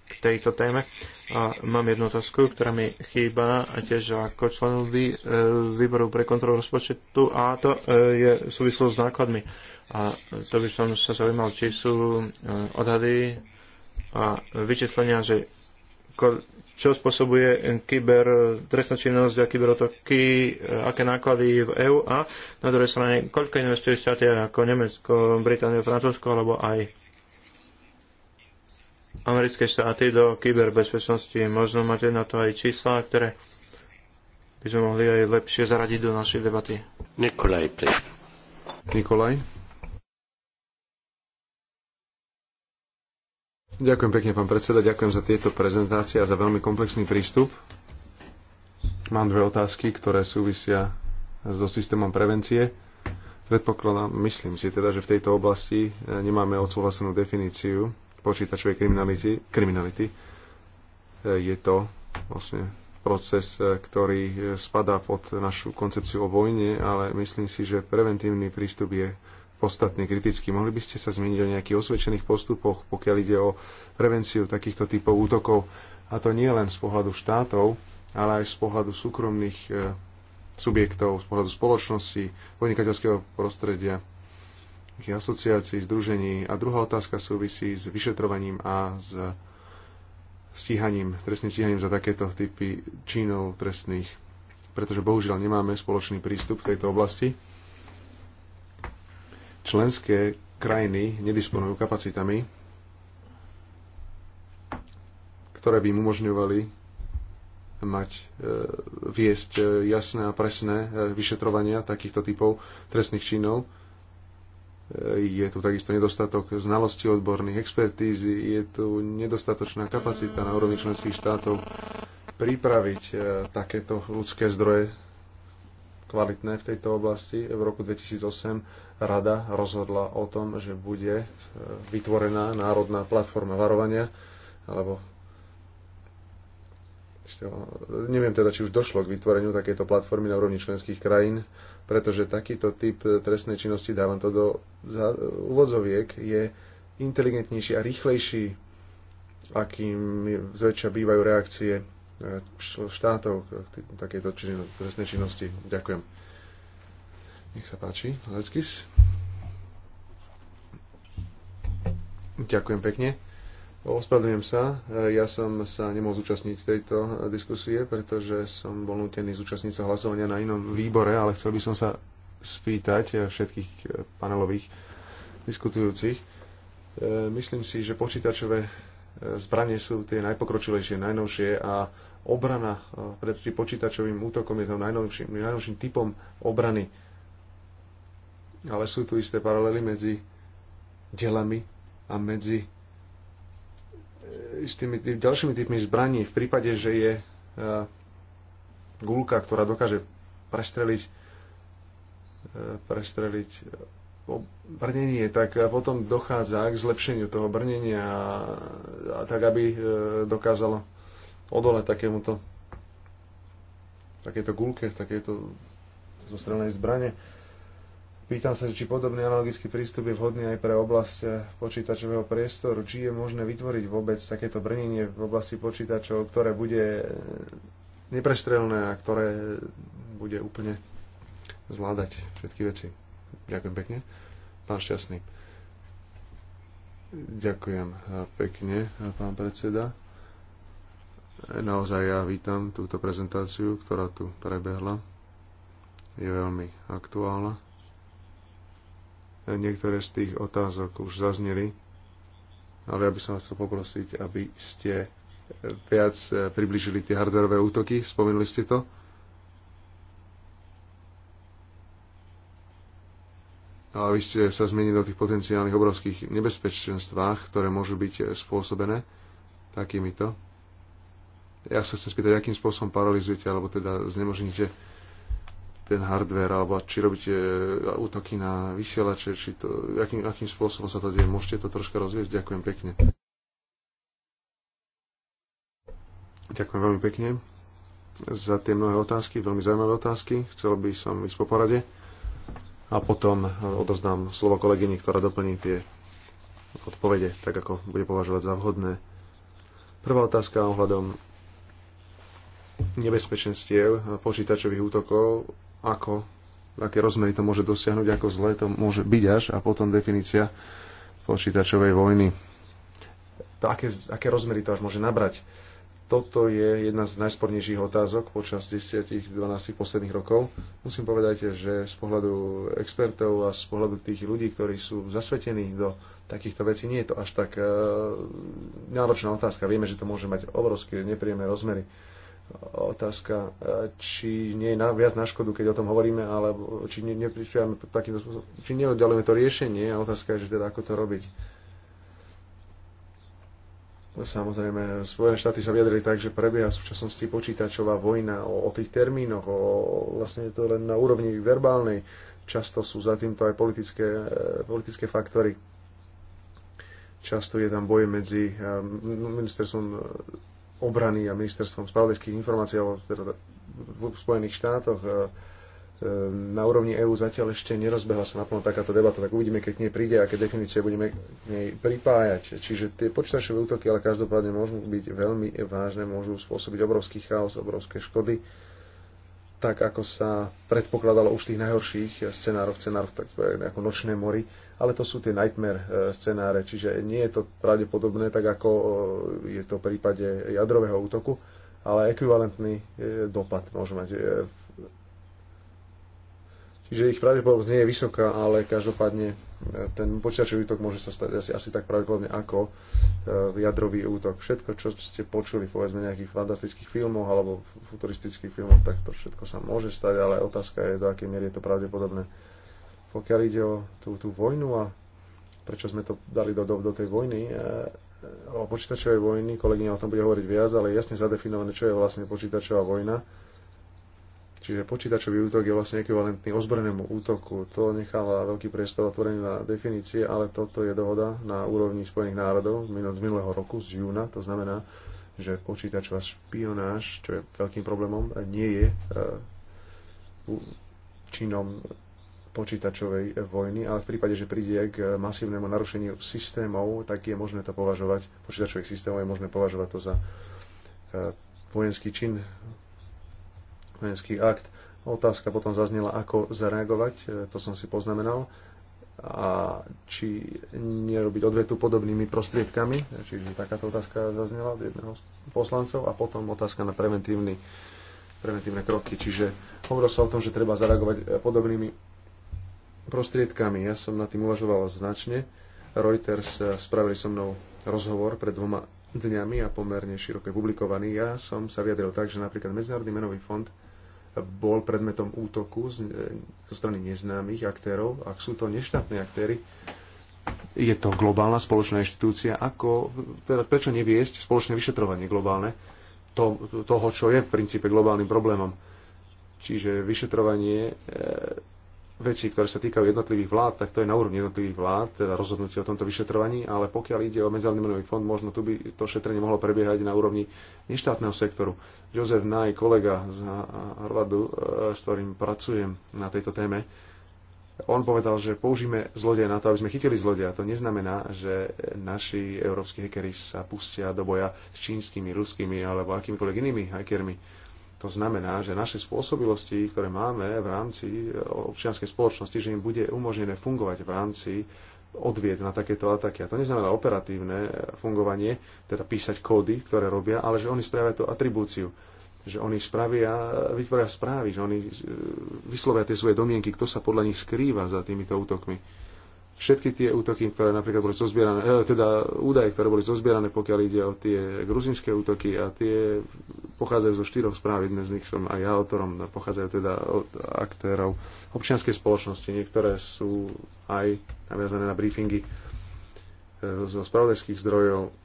k tejto téme. A mám jednu otázku, ktorá mi chýba a tiež ako členovi e, výboru pre kontrolu rozpočtu a to e, je súvislo s nákladmi. A to by som sa zaujímal, či sú e, odhady a vyčíslenia, že čo spôsobuje trestná činnosť a kyberotoky, aké náklady v EÚ a na druhej strane, koľko investujú štáty ako Nemecko, Británia, Francúzsko alebo aj americké štáty do kyberbezpečnosti. Možno máte na to aj čísla, ktoré by sme mohli aj lepšie zaradiť do našej debaty. Nikolaj, please. Nikolaj. Ďakujem pekne, pán predseda. Ďakujem za tieto prezentácie a za veľmi komplexný prístup. Mám dve otázky, ktoré súvisia so systémom prevencie. Predpokladám, myslím si teda, že v tejto oblasti e, nemáme odsúhlasenú definíciu počítačovej kriminality. kriminality. E, je to vlastne proces, e, ktorý spadá pod našu koncepciu o vojne, ale myslím si, že preventívny prístup je podstatný kriticky. Mohli by ste sa zmeniť o nejakých osvedčených postupoch, pokiaľ ide o prevenciu takýchto typov útokov, a to nie len z pohľadu štátov, ale aj z pohľadu súkromných e, subjektov, z pohľadu spoločnosti, podnikateľského prostredia, asociácií, združení. A druhá otázka súvisí s vyšetrovaním a s stíhaním, trestným stíhaním za takéto typy činov trestných, pretože bohužiaľ nemáme spoločný prístup v tejto oblasti členské krajiny nedisponujú kapacitami, ktoré by im umožňovali mať, e, viesť e, jasné a presné e, vyšetrovania takýchto typov trestných činov. Je tu takisto nedostatok znalostí odborných expertízy, je tu nedostatočná kapacita na úrovni členských štátov pripraviť takéto ľudské zdroje kvalitné v tejto oblasti. V roku 2008 rada rozhodla o tom, že bude e, vytvorená národná platforma varovania, alebo e, neviem teda, či už došlo k vytvoreniu takejto platformy na úrovni členských krajín, pretože takýto typ e, trestnej činnosti, dávam to do úvodzoviek, je inteligentnejší a rýchlejší, akým zväčša bývajú reakcie štátov k takejto trestnej činnosti. Ďakujem. Nech sa páči. Leckis. Ďakujem pekne. Ospravedlňujem sa. E, ja som sa nemohol zúčastniť tejto e, diskusie, pretože som bol nutený zúčastniť sa hlasovania na inom výbore, ale chcel by som sa spýtať e, všetkých panelových diskutujúcich. Myslím si, že počítačové zbranie sú tie najpokročilejšie, najnovšie a obrana e, pred počítačovým útokom je tým najnovším, najnovším typom obrany. Ale sú tu isté paralely medzi delami a medzi e, s tými ďalšími typmi zbraní. V prípade, že je uh, gulka, ktorá dokáže prestreliť, prestreliť brnenie, tak potom dochádza k zlepšeniu toho brnenia, a, tak aby dokázalo odolať takémuto takéto gulke, takéto zostrelnej zbrane. Pýtam sa, či podobný analogický prístup je vhodný aj pre oblasť počítačového priestoru. Či je možné vytvoriť vôbec takéto brnenie v oblasti počítačov, ktoré bude neprestrelné a ktoré bude úplne zvládať všetky veci. Ďakujem pekne. Pán Šťastný. Ďakujem pekne, pán predseda. Naozaj ja vítam túto prezentáciu, ktorá tu prebehla. Je veľmi aktuálna. Niektoré z tých otázok už zazneli, ale ja by som vás chcel poprosiť, aby ste viac eh, približili tie hardwareové útoky. Spomenuli ste to? A vy ste sa zmenili o tých potenciálnych obrovských nebezpečenstvách, ktoré môžu byť eh, spôsobené takýmito ja sa chcem spýtať, akým spôsobom paralizujete alebo teda znemožníte ten hardware, alebo či robíte e, útoky na vysielače, či to, akým, akým spôsobom sa to deje. Môžete to troška rozviesť? Ďakujem pekne. Ďakujem veľmi pekne za tie mnohé otázky, veľmi zaujímavé otázky. Chcel by som ísť po porade a potom e, odoznám slovo kolegyni, ktorá doplní tie odpovede, tak ako bude považovať za vhodné. Prvá otázka ohľadom nebezpečenstiev eh, počítačových útokov, ako, aké rozmery to môže dosiahnuť, ako zle to môže byť až a potom definícia počítačovej vojny. Aké, aké rozmery to až môže nabrať? Toto je jedna z najspornejších otázok počas 10-12 posledných rokov. Musím povedať, že z pohľadu expertov a z pohľadu tých ľudí, ktorí sú zasvetení do takýchto vecí, nie je to až tak eh, náročná otázka. Vieme, že to môže mať obrovské nepríjemné rozmery otázka, e, či nie je na, viac na škodu, keď o tom hovoríme, alebo či ne, neprispievame takýmto spôsobom, či neoddialujeme to riešenie a otázka je, že teda ako to robiť. No, samozrejme, Spojené štáty sa vyjadrili tak, že prebieha v súčasnosti počítačová vojna o, o tých termínoch, o, vlastne je to len na úrovni verbálnej. Často sú za týmto aj politické, e, politické faktory. Často je tam boj medzi e, ministerstvom obrany a ministerstvom spravodajských informácií alebo teda v Spojených štátoch e, e, na úrovni EÚ zatiaľ ešte nerozbehla sa naplno takáto debata, tak uvidíme, keď k nej príde, aké definície budeme k nej pripájať. Čiže tie počítačové útoky, ale každopádne môžu byť veľmi vážne, môžu spôsobiť obrovský chaos, obrovské škody, tak ako sa predpokladalo už v tých najhorších scenároch, scenároch tak ako nočné mori, ale to sú tie nightmare e, scenáre, čiže nie je to pravdepodobné tak, ako e, je to v prípade jadrového útoku, ale ekvivalentný e, dopad môže mať. Čiže ich pravdepodobnosť nie je vysoká, ale každopádne ten počítačový útok môže sa stať asi, asi tak pravdepodobne ako jadrový útok. Všetko, čo ste počuli, povedzme, nejakých fantastických filmov alebo futuristických filmov, tak to všetko sa môže stať, ale otázka je, do akej miery je to pravdepodobné. Pokiaľ ide o tú, tú vojnu a prečo sme to dali do, do, do tej vojny, e, e, o počítačovej vojny, kolegyňa o tom bude hovoriť viac, ale jasne zadefinované, čo je vlastne počítačová vojna. Čiže počítačový útok je vlastne ekvivalentný ozbrojenému útoku. To necháva veľký priestor otvorený na definície, ale toto je dohoda na úrovni Spojených národov z minulého roku, z júna. To znamená, že počítačová špionáž, čo je veľkým problémom, nie je e, činom počítačovej vojny, ale v prípade, že príde k masívnemu narušeniu systémov, tak je možné to považovať, počítačových systémov je možné považovať to za e, vojenský čin, vojenský akt. Otázka potom zaznela, ako zareagovať, e, to som si poznamenal, a či nerobiť odvetu podobnými prostriedkami, čiže takáto otázka zaznela od jedného z poslancov a potom otázka na preventívny preventívne kroky. Čiže hovorilo sa o tom, že treba zareagovať e, podobnými prostriedkami. Ja som nad tým uvažoval značne. Reuters eh, spravili so mnou rozhovor pred dvoma dňami a pomerne široko publikovaný. Ja som sa vyjadril tak, že napríklad Medzinárodný menový fond bol predmetom útoku eh, zo strany neznámych aktérov. Ak sú to neštátne aktéry, je to globálna spoločná inštitúcia. Ako, teda prečo neviesť spoločné vyšetrovanie globálne to, toho, čo je v princípe globálnym problémom? Čiže vyšetrovanie eh, veci, ktoré sa týkajú jednotlivých vlád, tak to je na úrovni jednotlivých vlád, teda rozhodnutie o tomto vyšetrovaní, ale pokiaľ ide o Medzinárodný menový fond, možno tu by to šetrenie mohlo prebiehať na úrovni neštátneho sektoru. Jozef Naj, kolega z Harvardu, eh, s ktorým pracujem na tejto téme, on povedal, že použíme zlodej na to, aby sme chytili a To neznamená, že naši európsky hekery sa pustia do boja s čínskymi, ruskými alebo akýmikoľvek inými hackermi to znamená, že naše spôsobilosti, ktoré máme v rámci eh, občianskej spoločnosti, že im bude umožnené fungovať v rámci odvied na takéto ataky. A to neznamená operatívne eh, fungovanie, teda písať kódy, ktoré robia, ale že oni spravia tú atribúciu. Že oni spravia, eh, vytvoria správy, že oni vyslovia tie svoje domienky, kto sa podľa nich skrýva za týmito útokmi všetky tie útoky, ktoré napríklad boli zozbierané, eh, teda údaje, ktoré boli zozbierané, pokiaľ ide o tie gruzinské útoky a tie pochádzajú zo štyroch správ, jedné z nich som aj ja autorom, pochádzajú teda od aktérov občianskej spoločnosti, niektoré sú aj naviazané na briefingy eh, zo spravodajských zdrojov,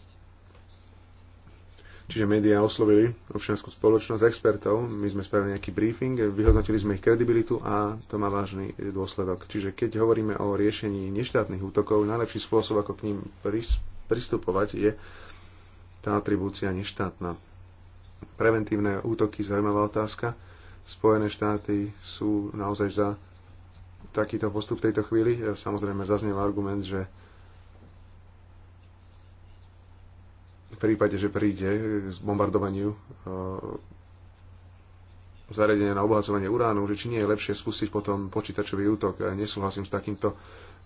Čiže médiá oslovili občianskú spoločnosť, expertov, my sme spravili nejaký briefing, vyhodnotili sme ich kredibilitu a to má vážny dôsledok. Čiže keď hovoríme o riešení neštátnych útokov, najlepší spôsob, ako k ním pristupovať, je tá atribúcia neštátna. Preventívne útoky, zaujímavá otázka. Spojené štáty sú naozaj za takýto postup v tejto chvíli. Samozrejme zaznieva argument, že v prípade, že príde k bombardovaniu e, zariadenia na obohacovanie uránu, že či nie je lepšie spustiť potom počítačový útok. Ja nesúhlasím s takýmto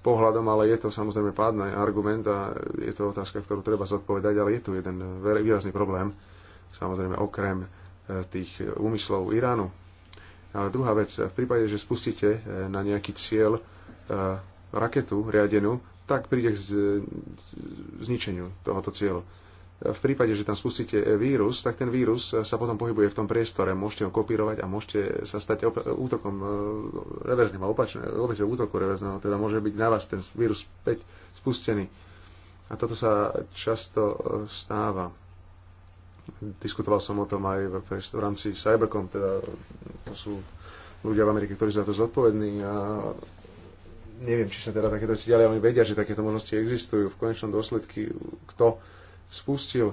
pohľadom, ale je to samozrejme pádny argument a je to otázka, ktorú treba zodpovedať, ale je tu jeden výrazný problém, samozrejme okrem e, tých úmyslov Iránu. Ale druhá vec, v prípade, že spustíte e, na nejaký cieľ raketu riadenú, tak príde k zničeniu tohoto cieľu v prípade, že tam spustíte vírus, tak ten vírus sa potom pohybuje v tom priestore. Môžete ho kopírovať a môžete sa stať útokom e, reverzným a opačne, útoku reverzného. Teda môže byť na vás ten vírus späť spustený. A toto sa často e, stáva. Diskutoval som o tom aj v, v rámci Cybercom, teda to sú ľudia v Amerike, ktorí sú za to zodpovední a neviem, či sa teda takéto si ďalej oni vedia, že takéto možnosti existujú. V konečnom dôsledku, kto spustil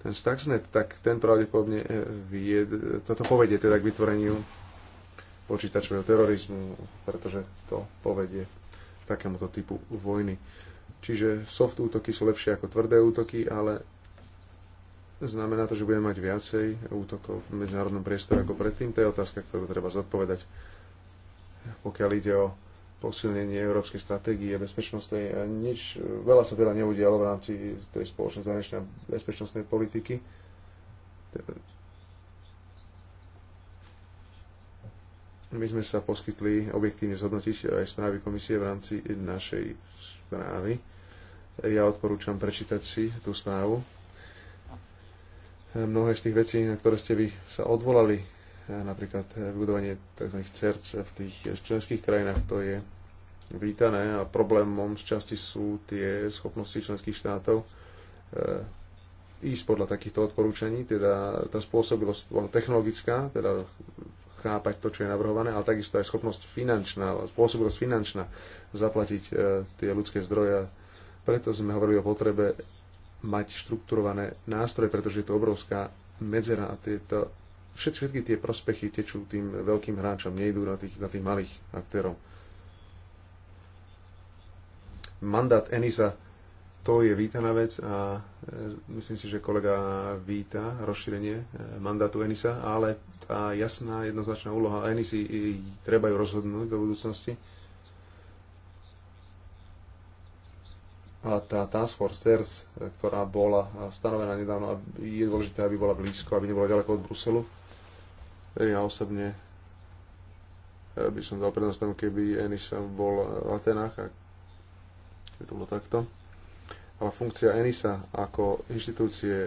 ten Stuxnet, tak ten pravdepodobne e, vie, toto povedie teda k vytvoreniu počítačového terorizmu, pretože to povedie k takémuto typu vojny. Čiže soft útoky sú lepšie ako tvrdé útoky, ale znamená to, že budeme mať viacej útokov v medzinárodnom priestore ako predtým. To je otázka, ktorú treba zodpovedať. Pokiaľ ide o posilnenie európskej stratégie bezpečnostnej. Nič, veľa sa teda neudialo v rámci tej spoločnej zahraničnej bezpečnostnej politiky. My sme sa poskytli objektívne zhodnotiť aj správy komisie v rámci našej správy. Ja odporúčam prečítať si tú správu. Mnohé z tých vecí, na ktoré ste vy sa odvolali, napríklad eh, budovanie tzv. CERC v tých členských krajinách, to je vítané a problémom z časti sú tie schopnosti členských štátov eh, ísť podľa takýchto odporúčaní, teda tá spôsobilosť technologická, teda chápať to, čo je navrhované, ale takisto aj schopnosť finančná, spôsobilosť finančná zaplatiť eh, tie ľudské zdroje. Preto sme hovorili o potrebe mať štrukturované nástroje, pretože je to obrovská medzera a tieto všetky, všetky tie prospechy tečú tým veľkým hráčom, nejdú na tých, na tých malých aktérov. Mandát Enisa, to je vítaná vec a e, myslím si, že kolega víta rozšírenie e, mandátu Enisa, ale tá jasná, jednoznačná úloha Enisy e, treba ju rozhodnúť do budúcnosti. a tá Task Force CERS, ktorá bola stanovená nedávno, je dôležité, aby bola blízko, aby nebola ďaleko od Bruselu. Ja osobne eh, by som dal prednosť tomu, keby Enisa bol v Atenách, a by to bolo takto. Ale funkcia Enisa ako inštitúcie,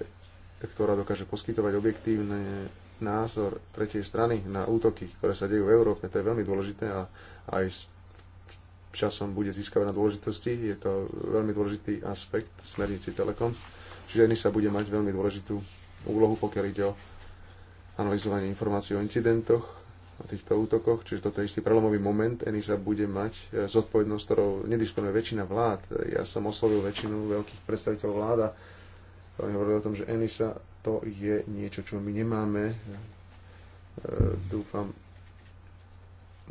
ktorá dokáže poskytovať objektívne názor tretej strany na útoky, ktoré sa dejú v Európe, to je veľmi dôležité a aj s časom bude získavať na dôležitosti. Je to veľmi dôležitý aspekt smernici Telekom. Čiže ENISA bude mať veľmi dôležitú úlohu, pokiaľ ide o analyzovanie informácií o incidentoch o týchto útokoch, čiže toto je istý prelomový moment. ENISA bude mať e, zodpovednosť, ktorou nedisponuje väčšina vlád. Ja som oslovil väčšinu veľkých predstaviteľov vláda, ktorí hovorili o tom, že ENISA to je niečo, čo my nemáme. E, dúfam,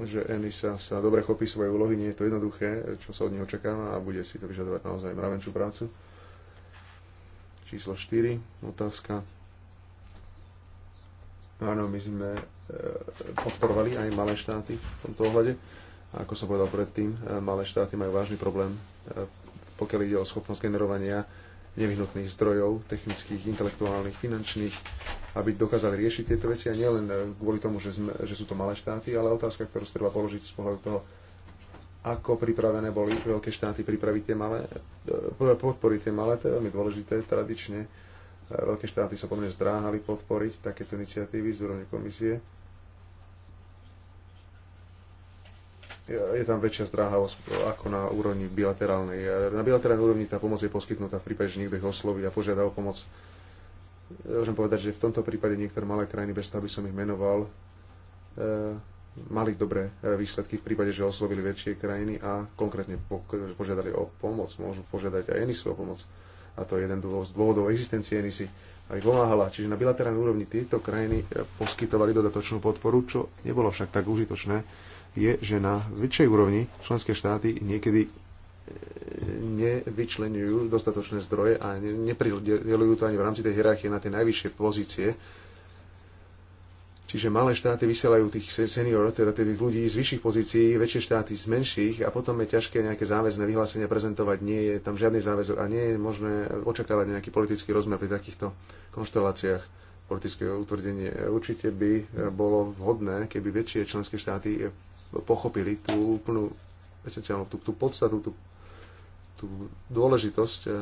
že Enisa sa dobre chopí svoje úlohy, nie je to jednoduché, čo sa od neho očakáva a bude si to vyžadovať naozaj mravenčú prácu. Číslo 4, otázka Áno, my sme e, podporovali aj malé štáty v tomto ohľade. A ako som povedal predtým, e, malé štáty majú vážny problém, e, pokiaľ ide o schopnosť generovania nevyhnutných zdrojov, technických, intelektuálnych, finančných, aby dokázali riešiť tieto veci a nielen kvôli tomu, že, sme, že sú to malé štáty, ale otázka, ktorú si treba položiť z pohľadu toho, ako pripravené boli veľké štáty pripraviť tie malé, podporiť tie malé, to je veľmi dôležité tradične Veľké štáty sa podľa mňa zdráhali podporiť takéto iniciatívy z úrovne komisie. Je tam väčšia zdráhavosť ako na úrovni bilaterálnej. Na bilaterálnej úrovni tá pomoc je poskytnutá v prípade, že niekto ich osloví a požiada o pomoc. Môžem povedať, že v tomto prípade niektoré malé krajiny, bez toho by som ich menoval, e, mali dobré e, výsledky v prípade, že oslovili väčšie krajiny a konkrétne požiadali o pomoc. Môžu požiadať aj ENISu o pomoc a to je jeden dôvod, z dôvodov existencie NISI, aby pomáhala. Čiže na bilaterálnej úrovni tieto krajiny e, poskytovali dodatočnú podporu, čo nebolo však tak užitočné, je, že na zvyššej úrovni členské štáty niekedy e, nevyčlenujú dostatočné zdroje a nepridelujú to ani v rámci tej hierarchie na tie najvyššie pozície Čiže malé štáty vysielajú tých seniorov, teda tých ľudí z vyšších pozícií, väčšie štáty z menších a potom je ťažké nejaké záväzné vyhlásenia prezentovať. Nie je tam žiadny záväzok a nie je možné očakávať nejaký politický rozmer pri takýchto konšteláciách politické utvrdenie. Určite by eh, bolo vhodné, keby väčšie členské štáty eh, pochopili tú úplnú tú, tú podstatu, tú tú dôležitosť eh,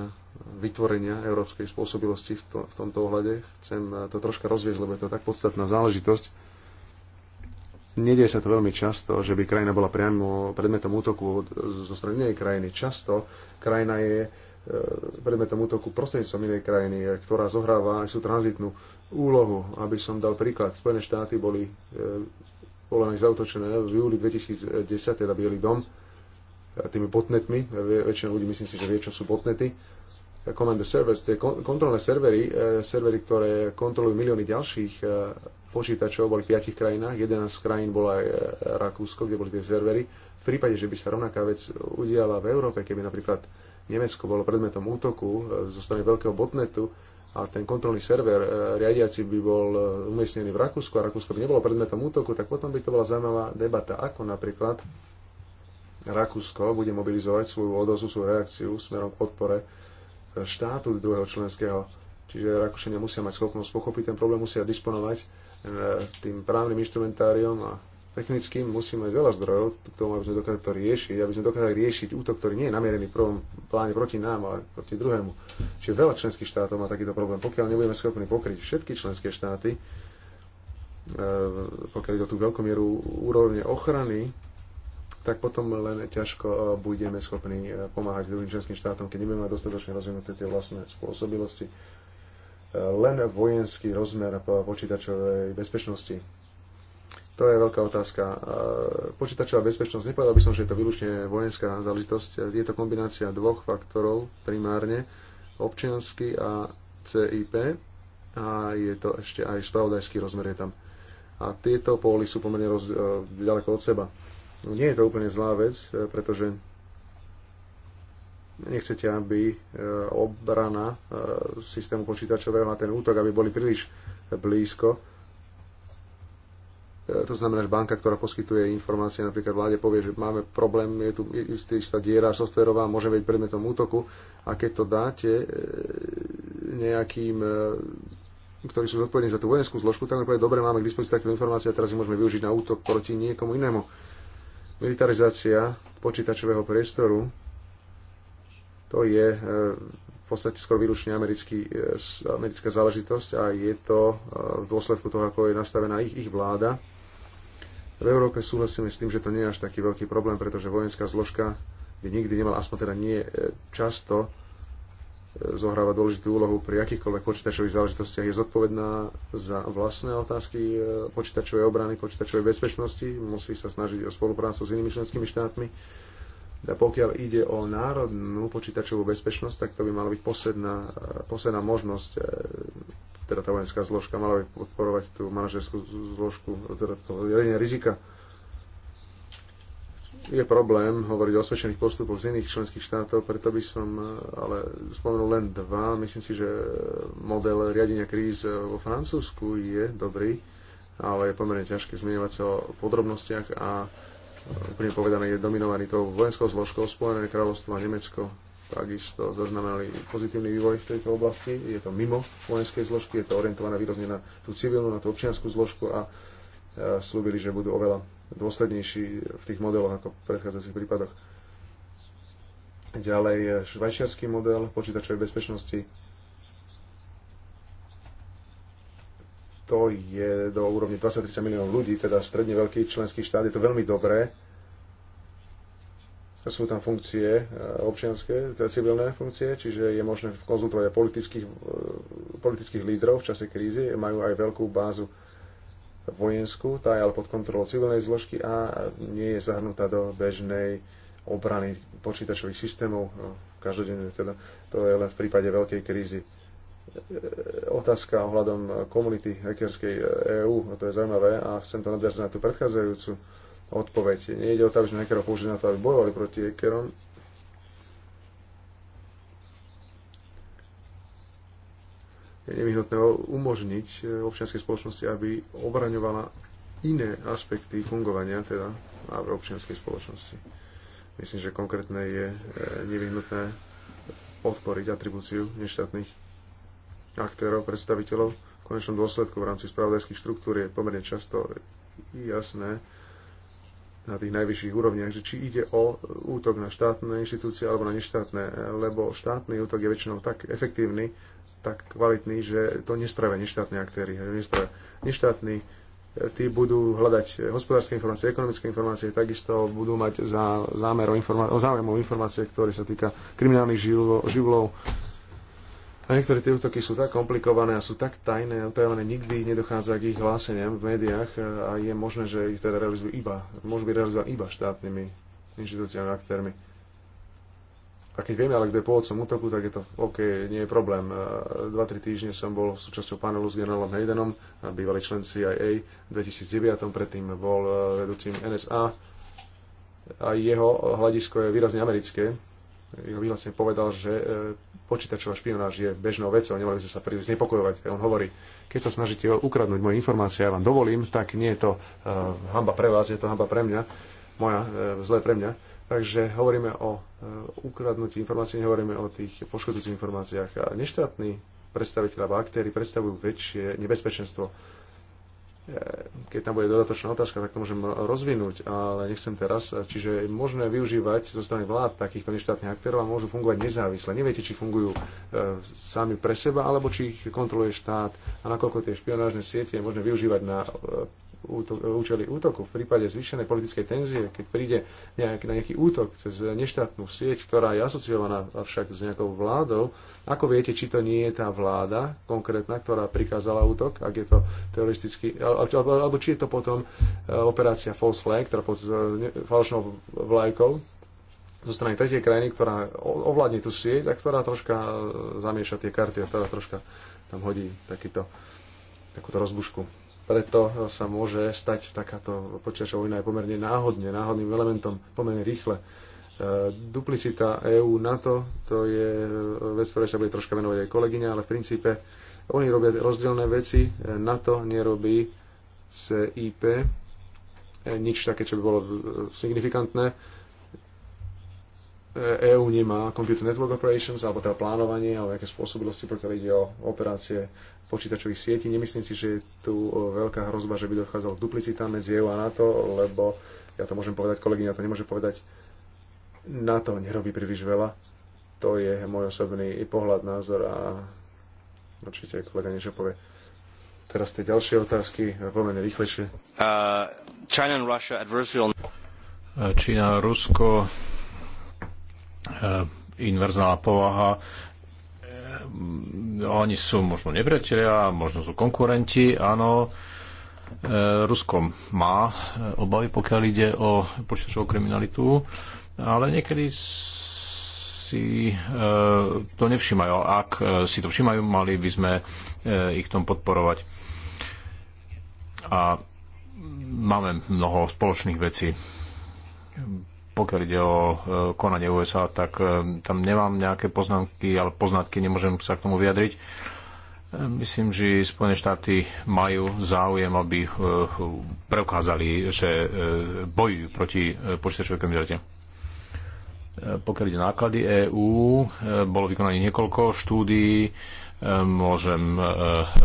vytvorenia európskej spôsobilosti v, to, v tomto ohľade. Chcem eh, to troška rozviezť, lebo je to tak podstatná záležitosť. Nedie sa to veľmi často, že by krajina bola priamo predmetom útoku zo strany inej krajiny. Často krajina je eh, predmetom útoku prostredníctvom inej krajiny, ktorá zohráva aj sú tranzitnú úlohu. Aby som dal príklad, Spojené štáty boli, boli zautočené v júli 2010, teda Bielý dom, tými botnetmi. Väčšina ľudí myslím si, že vie, čo sú botnety. Command the servers, tie kontrolné servery, e, servery, ktoré kontrolujú milióny ďalších e, počítačov, boli v piatich krajinách. z krajín bola aj e, Rakúsko, kde boli tie servery. V prípade, že by sa rovnaká vec udiala v Európe, keby napríklad Nemecko bolo predmetom útoku zo strany veľkého botnetu, a ten kontrolný server riadiaci by bol umiestnený v Rakúsku a Rakúsko by nebolo predmetom útoku, tak potom by to bola zaujímavá debata, ako napríklad Rakúsko bude mobilizovať svoju odozvu, svoju reakciu smerom k podpore e, štátu druhého členského. Čiže Rakúšania musia mať schopnosť pochopiť ten problém, musia disponovať e, tým právnym instrumentáriom a technickým musí mať veľa zdrojov k tomu, aby sme dokázali to riešiť, aby sme dokázali riešiť útok, ktorý nie je namierený v prvom pláne proti nám, ale proti druhému. Čiže veľa členských štátov má takýto problém. Pokiaľ nebudeme schopní pokryť všetky členské štáty, e, pokiaľ je to tú veľkomieru úrovne ochrany tak potom len ťažko e, budeme schopní e, pomáhať druhým členským štátom, keď nebudeme mať dostatočne rozvinuté tie vlastné spôsobilosti. E, len vojenský rozmer počítačovej bezpečnosti. To je veľká otázka. Počítačová bezpečnosť, nepovedal by som, že je to výlučne vojenská záležitosť. Je to kombinácia dvoch faktorov primárne, občiansky a CIP, a je to ešte aj spravodajský rozmer je tam. A tieto póly sú pomerne roz, ďaleko od seba. No nie je to úplne zlá vec, e, pretože nechcete, aby e, obrana e, systému počítačového a ten útok, aby boli príliš blízko. To znamená, že banka, ktorá poskytuje informácie napríklad vláde, povie, že máme problém, je tu istý, istá diera softverová, môže byť predmetom útoku a keď to dáte nejakým ktorí sú zodpovední za tú vojenskú zložku, tak povedia, dobre, máme k dispozícii takéto informácie a teraz ich môžeme využiť na útok proti niekomu inému Militarizácia počítačového priestoru to je e, v podstate skoro výlučne americký, e, americká záležitosť a je to e, v dôsledku toho, ako je nastavená ich, ich vláda. V Európe súhlasíme s tým, že to nie je až taký veľký problém, pretože vojenská zložka by nikdy nemala, aspoň teda nie často, zohráva dôležitú úlohu pri akýchkoľvek počítačových záležitostiach. Je zodpovedná za vlastné otázky e, počítačovej obrany, počítačovej bezpečnosti, musí sa snažiť o spoluprácu s inými členskými štátmi. A pokiaľ ide o národnú počítačovú bezpečnosť, tak to by mala byť posledná, e, posledná možnosť, e, teda tá vojenská zložka mala by podporovať tú manažerskú zložku, teda to riadenie rizika je problém hovoriť o osvedčených postupoch z iných členských štátov, preto by som eh, ale spomenul len dva. Myslím si, že model riadenia kríz eh, vo Francúzsku je dobrý, ale je pomerne ťažké zmieňovať sa o podrobnostiach a eh, úplne povedané je dominovaný tou vojenskou zložkou Spojené kráľovstvo a Nemecko takisto zaznamenali pozitívny vývoj v tejto oblasti. Je to mimo vojenskej zložky, je to orientované výrazne na tú civilnú, na tú občianskú zložku a slúbili, že budú oveľa dôslednejší v tých modeloch ako v predchádzajúcich prípadoch. Ďalej švajčiarsky model počítačovej bezpečnosti. To je do úrovne 20-30 miliónov ľudí, teda stredne veľký členský štát. Je to veľmi dobré. Sú tam funkcie e, občianské, teda civilné funkcie, čiže je možné konzultovať aj politických, e, politických lídrov v čase krízy. Majú aj veľkú bázu vojenskú, tá je ale pod kontrolou civilnej zložky a nie je zahrnutá do bežnej obrany počítačových systémov, no, každodenne teda, to je len v prípade veľkej krízy. E, otázka ohľadom komunity hackerskej EÚ, e no, to je zaujímavé a chcem to nadviazať na tú predchádzajúcu odpoveď. Nejde o to, aby sme hackerov použili na to, aby bojovali proti hackerom, je nevyhnutné umožniť e, občianskej spoločnosti, aby obraňovala iné aspekty fungovania teda v občianskej spoločnosti. Myslím, že konkrétne je e, nevyhnutné podporiť atribúciu neštátnych aktérov, predstaviteľov. V konečnom dôsledku v rámci spravodajských štruktúr je pomerne často jasné na tých najvyšších úrovniach, že či ide o útok na štátne inštitúcie alebo na neštátne, lebo štátny útok je väčšinou tak efektívny, tak kvalitný, že to nespravia neštátni aktéry. Nespravia. Neštátni e, tí budú hľadať hospodárske informácie, ekonomické informácie, takisto budú mať za zámer o, informá- o záujem o informácie, ktoré sa týka kriminálnych živlov, živlov. A niektoré tie útoky sú tak komplikované a sú tak tajné, utajované, nikdy nedochádza k ich hláseniam v médiách e, a je možné, že ich teda realizujú iba, môžu byť realizované iba štátnymi inštitúciami, aktérmi a keď vieme ale, kde je pôvodcom útoku, tak je to OK, nie je problém. 2-3 e, týždne som bol súčasťou panelu s generálom Haydenom, bývalý člen CIA v 2009, predtým bol e, vedúcim NSA. A jeho hľadisko je výrazne americké. Jeho vlastne povedal, že e, počítačová špionáž je bežnou vecou, nemali by sme sa príliš znepokojovať. On hovorí, keď sa snažíte ukradnúť moje informácie, ja vám dovolím, tak nie je to hamba pre vás, je to hamba pre mňa, moja, zle pre mňa Takže hovoríme o e, ukradnutí informácií, nehovoríme o tých poškodujúcich informáciách. A neštátni predstaviteľ alebo aktéry predstavujú väčšie nebezpečenstvo. E, keď tam bude dodatočná otázka, tak to môžem rozvinúť, ale nechcem teraz. Čiže je možné využívať zo strany vlád takýchto neštátnych aktérov a môžu fungovať nezávisle. Neviete, či fungujú e, sami pre seba, alebo či ich kontroluje štát a nakoľko tie špionážne siete je možné využívať na účely útoku. V prípade zvýšenej politickej tenzie, keď príde nejak, na nejaký útok cez neštátnu sieť, ktorá je asociovaná avšak s nejakou vládou, ako viete, či to nie je tá vláda konkrétna, ktorá prikázala útok, ak je to teroristický, alebo, alebo či je to potom e, operácia false flag, ktorá pod e, falošnou vlajkou zo strany tretej krajiny, ktorá ovládne tú sieť a ktorá troška e, zamieša tie karty a ktorá troška tam hodí takýto, takúto rozbušku preto sa môže stať takáto počítačová vojna aj pomerne náhodne, náhodným elementom, pomerne rýchle. E, duplicita EÚ NATO, to je vec, ktorej sa bude troška venovať aj kolegyňa, ale v princípe oni robia rozdielne veci, NATO nerobí CIP, e, nič také, čo by bolo signifikantné EÚ e nemá Computer Network Operations, alebo teda plánovanie, alebo nejaké spôsobilosti, pokiaľ ide o operácie počítačových sietí. Nemyslím si, že je tu e, veľká hrozba, že by dochádzalo k duplicitám medzi EÚ a NATO, lebo ja to môžem povedať, kolegyňa to nemôže povedať, NATO nerobí príliš veľa. To je môj osobný pohľad, názor a určite kolega niečo povie. Teraz tie ďalšie otázky, veľmi rýchlejšie. Uh, China and Russia adversarial... Čína a Rusko Eh, inverzná povaha. Eh, oni sú možno nepriatelia, možno sú konkurenti, áno. Eh, Rusko má obavy, pokiaľ ide o počítačovú kriminalitu, ale niekedy si to nevšímajú. Ak si to všímajú, mali by sme ich tom podporovať. A máme mnoho spoločných vecí pokiaľ ide o e, konanie USA, tak e, tam nemám nejaké poznámky, ale poznatky nemôžem sa k tomu vyjadriť. E, myslím, že Spojené štáty majú záujem, aby preukázali, že bojujú proti počítačovej kriminalite. Pokiaľ ide náklady EÚ, bolo vykonaných niekoľko štúdií, môžem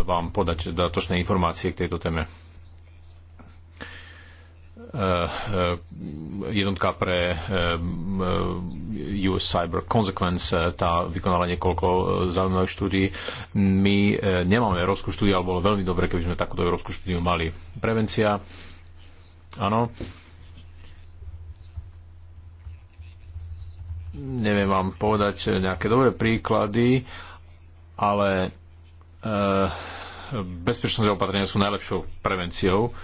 vám podať datočné informácie k tejto téme. Eh, eh, jednotka pre eh, US Cyber Consequence, tá vykonala niekoľko zaujímavých štúdí. My nemáme európsku štúdiu, ale bolo veľmi dobre, keby sme takúto európsku štúdiu mali. Prevencia, áno. Neviem vám povedať nejaké dobré príklady, ale bezpečnostné opatrenia sú najlepšou prevenciou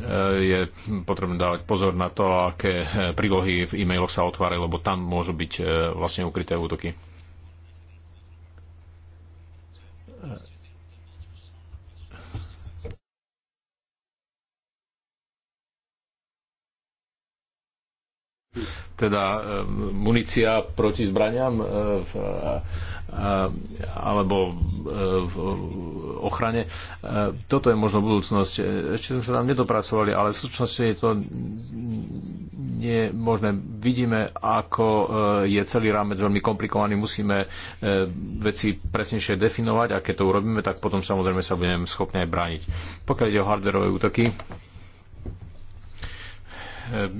Eh, je potrebné dávať pozor na to, aké eh, prílohy v e-mailoch sa otvárajú, lebo tam môžu byť eh, vlastne ukryté útoky teda e, munícia proti zbraniam e, e, alebo v ochrane. Toto je možno budúcnosť. Ešte sme sa tam nedopracovali, ale v súčasnosti je to nie možné. Vidíme, ako je celý rámec veľmi komplikovaný. Musíme veci presnejšie definovať a keď to urobíme, tak potom samozrejme sa budeme schopni aj brániť. Pokiaľ ide o hardwareové útoky,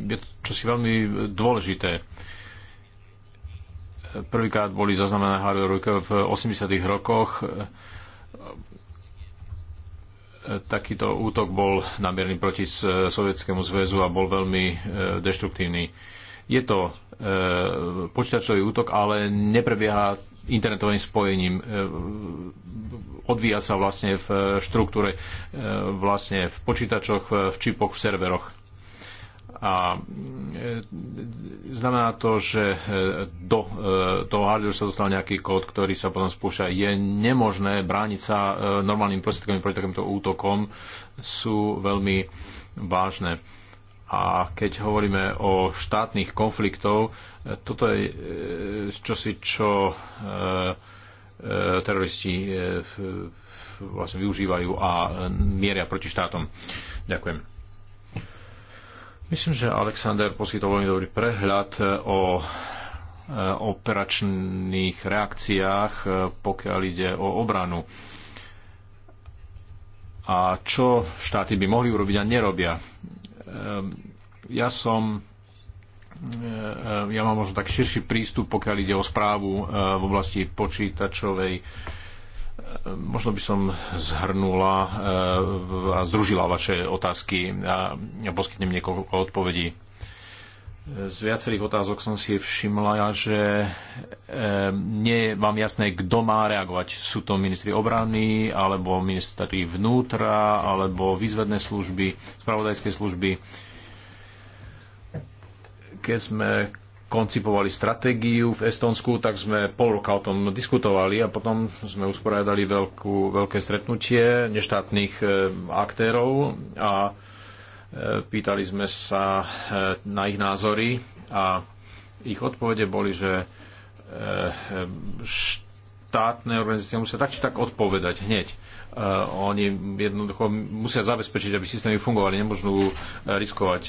je to čosi veľmi dôležité. Prvýkrát boli zaznamené hardware v 80. rokoch. Takýto útok bol namierný proti Sovietskému zväzu a bol veľmi e, deštruktívny. Je to e, počítačový útok, ale neprebieha internetovým spojením. E, odvíja sa vlastne v štruktúre, vlastne v počítačoch, v čipoch, v serveroch a e, znamená to, že e, do e, toho hardwareu sa dostal nejaký kód, ktorý sa potom spúšťa. Je nemožné brániť sa normálnym prostriedkom proti takýmto útokom. Sú veľmi vážne. A keď hovoríme o štátnych konfliktov, toto je čosi, čo teroristi vlastne využívajú a mieria proti štátom. Ďakujem. Myslím, že Alexander poskytol veľmi dobrý prehľad e, o e, operačných reakciách, e, pokiaľ ide o obranu. A čo štáty by mohli urobiť a nerobia. Ja som ja mám možno tak širší prístup, pokiaľ ide o správu v oblasti počítačovej Možno by som zhrnula e, a združila vaše otázky a ja poskytnem niekoľko odpovedí. Z viacerých otázok som si všimla, že e, nie je vám jasné, kto má reagovať. Sú to ministri obrany, alebo ministri vnútra, alebo výzvedné služby, spravodajské služby. Keď sme koncipovali stratégiu v Estonsku, tak sme pol roka o tom diskutovali a potom sme usporiadali veľkú, veľké stretnutie neštátnych e, aktérov a e, pýtali sme sa e, na ich názory a ich odpovede boli, že štátne organizácie musia tak či tak odpovedať hneď. Oni jednoducho musia zabezpečiť, aby systémy fungovali, nemôžu riskovať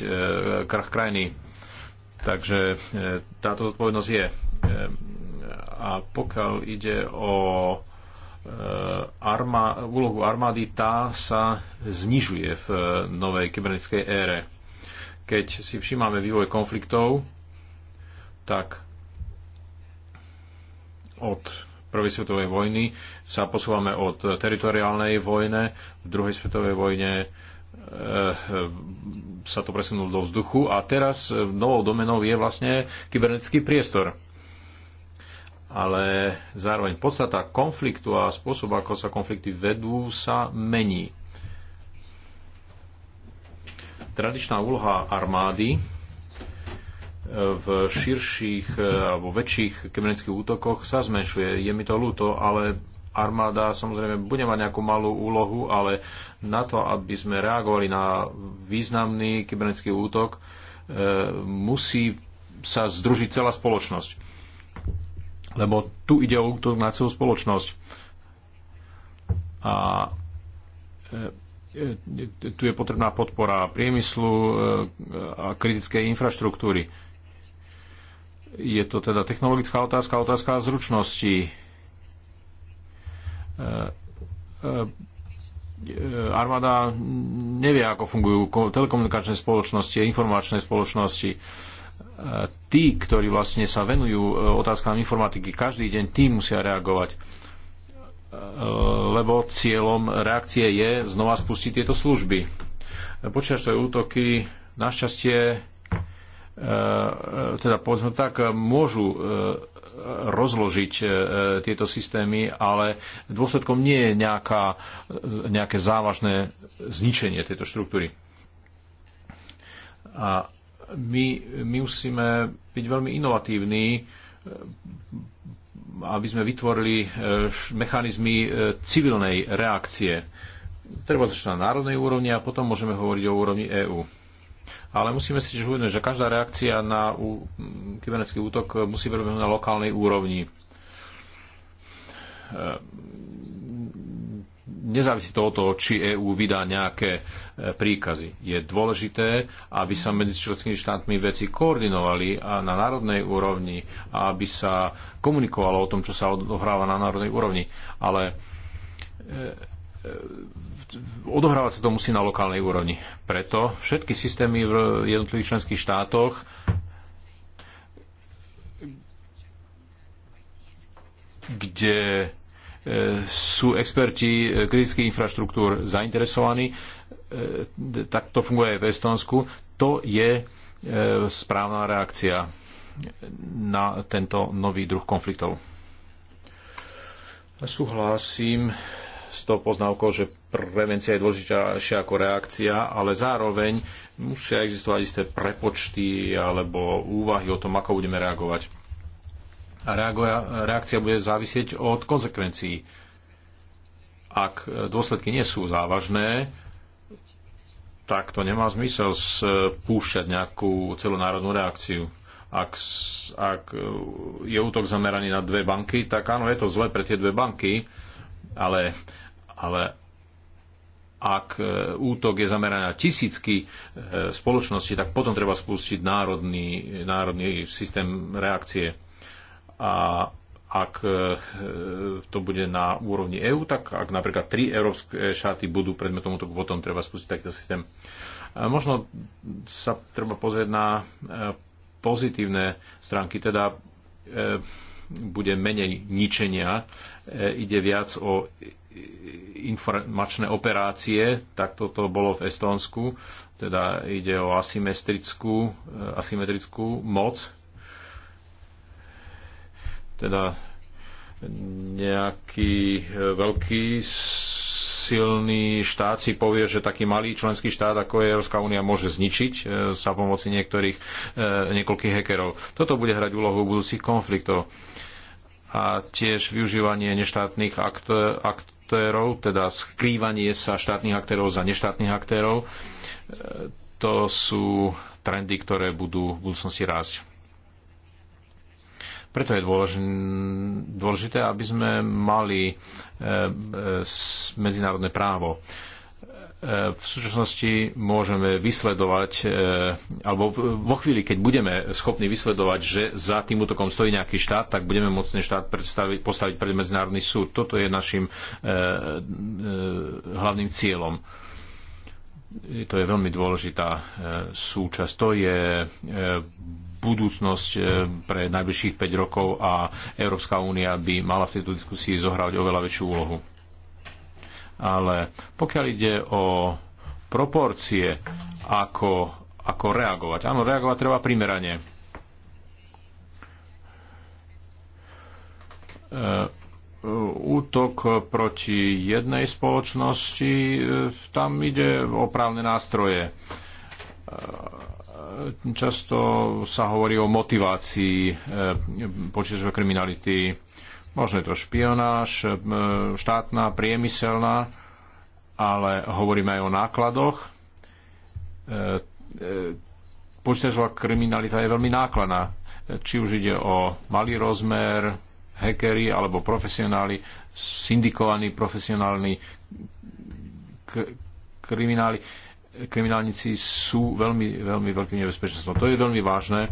krach krajiny Takže e, táto zodpovednosť je. E, a pokiaľ ide o e, armá, úlohu armády, tá sa znižuje v novej kybernetickej ére. Keď si všímame vývoj konfliktov, tak od prvej svetovej vojny sa posúvame od teritoriálnej vojne v druhej svetovej vojne Eh, sa to presunulo do vzduchu a teraz eh, novou domenou je vlastne kybernetický priestor. Ale zároveň podstata konfliktu a spôsob, ako sa konflikty vedú, sa mení. Tradičná úloha armády eh, v širších alebo väčších kybernetických útokoch sa zmenšuje. Je mi to ľúto, ale armáda samozrejme bude mať nejakú malú úlohu, ale na to, aby sme reagovali na významný kybernetický útok, e, musí sa združiť celá spoločnosť. Lebo tu ide o útok na celú spoločnosť. A e, e, tu je potrebná podpora priemyslu a kritickej infraštruktúry. Je to teda technologická otázka, otázka zručnosti E, e, e, armáda nevie, ako fungujú telekomunikačné spoločnosti, informačné spoločnosti. Tí, ktorí vlastne sa venujú otázkam informatiky každý deň, tí musia reagovať. Lebo cieľom reakcie je znova spustiť tieto služby. Počiaštové útoky našťastie teda povedzme tak, môžu rozložiť e, tieto systémy, ale dôsledkom nie je nejaká, nejaké závažné zničenie tejto štruktúry. A my, my musíme byť veľmi inovatívni, e, aby sme vytvorili e, mechanizmy civilnej reakcie. Treba začať na národnej úrovni a potom môžeme hovoriť o úrovni EÚ ale musíme si tiež uvedomiť, že každá reakcia na kybernetický útok musí prebehnúť na lokálnej úrovni. E, nezávisí to od toho, či EÚ vydá nejaké e, príkazy. Je dôležité, aby sa medzi členskými štátmi veci koordinovali a na národnej úrovni, a aby sa komunikovalo o tom, čo sa odohráva na národnej úrovni. Ale e, odohráva sa to musí na lokálnej úrovni. Preto všetky systémy v jednotlivých členských štátoch kde e, sú experti e, kritických infraštruktúr zainteresovaní, e, tak to funguje aj v Estonsku, to je správna reakcia na tento nový druh konfliktov. Súhlasím s tou poznávkou, že prevencia je dôležitejšia ako reakcia, ale zároveň musia existovať isté prepočty alebo úvahy o tom, ako budeme reagovať. A reakcia bude závisieť od konsekvencií. Ak dôsledky nie sú závažné, tak to nemá zmysel spúšťať nejakú celonárodnú reakciu ak, ak je útok zameraný na dve banky, tak áno, je to zle pre tie dve banky, ale ale ak e, útok je zameraný na tisícky e, spoločnosti, tak potom treba spustiť národný, národný systém reakcie. A ak e, to bude na úrovni EÚ, tak ak napríklad tri európske štáty budú predmetom útoku, potom treba spustiť takýto systém. Možno sa treba pozrieť na pozitívne stránky, teda bude menej ničenia, ide viac o informačné operácie, tak toto bolo v Estónsku, teda ide o asymetrickú, e, asymetrickú moc, teda nejaký e, veľký silný štát si povie, že taký malý členský štát, ako je Európska únia, môže zničiť e, sa pomoci niektorých, niekoľkých hekerov. Toto bude hrať úlohu budúcich konfliktov. A tiež využívanie neštátnych akt, akt, aktérov, teda skrývanie sa štátnych aktérov za neštátnych aktérov. E, to sú trendy, ktoré budú v budúcnosti rásť. Preto je dôležité, aby sme mali e, e, medzinárodné právo v súčasnosti môžeme vysledovať, e, alebo vo chvíli, keď budeme schopní vysledovať, že za tým útokom stojí nejaký štát, tak budeme môcť ten štát postaviť pred Medzinárodný súd. Toto je našim e, e, hlavným cieľom. To je veľmi dôležitá súčasť. To je budúcnosť pre najbližších 5 rokov a Európska únia by mala v tejto diskusii zohrať oveľa väčšiu úlohu. Ale pokiaľ ide o proporcie, ako, ako reagovať. Áno, reagovať treba primerane. E útok proti jednej spoločnosti, e, tam ide o právne nástroje. E, často sa hovorí o motivácii e, počítačovej kriminality. Možno je to špionáž, e, štátna, priemyselná, ale hovoríme aj o nákladoch. E, e, počítačová kriminalita je veľmi nákladná. Či už ide o malý rozmer, hackery alebo profesionáli, syndikovaní profesionálni kriminali, kriminálnici sú veľmi, veľmi veľkým nebezpečenstvom. To je veľmi vážne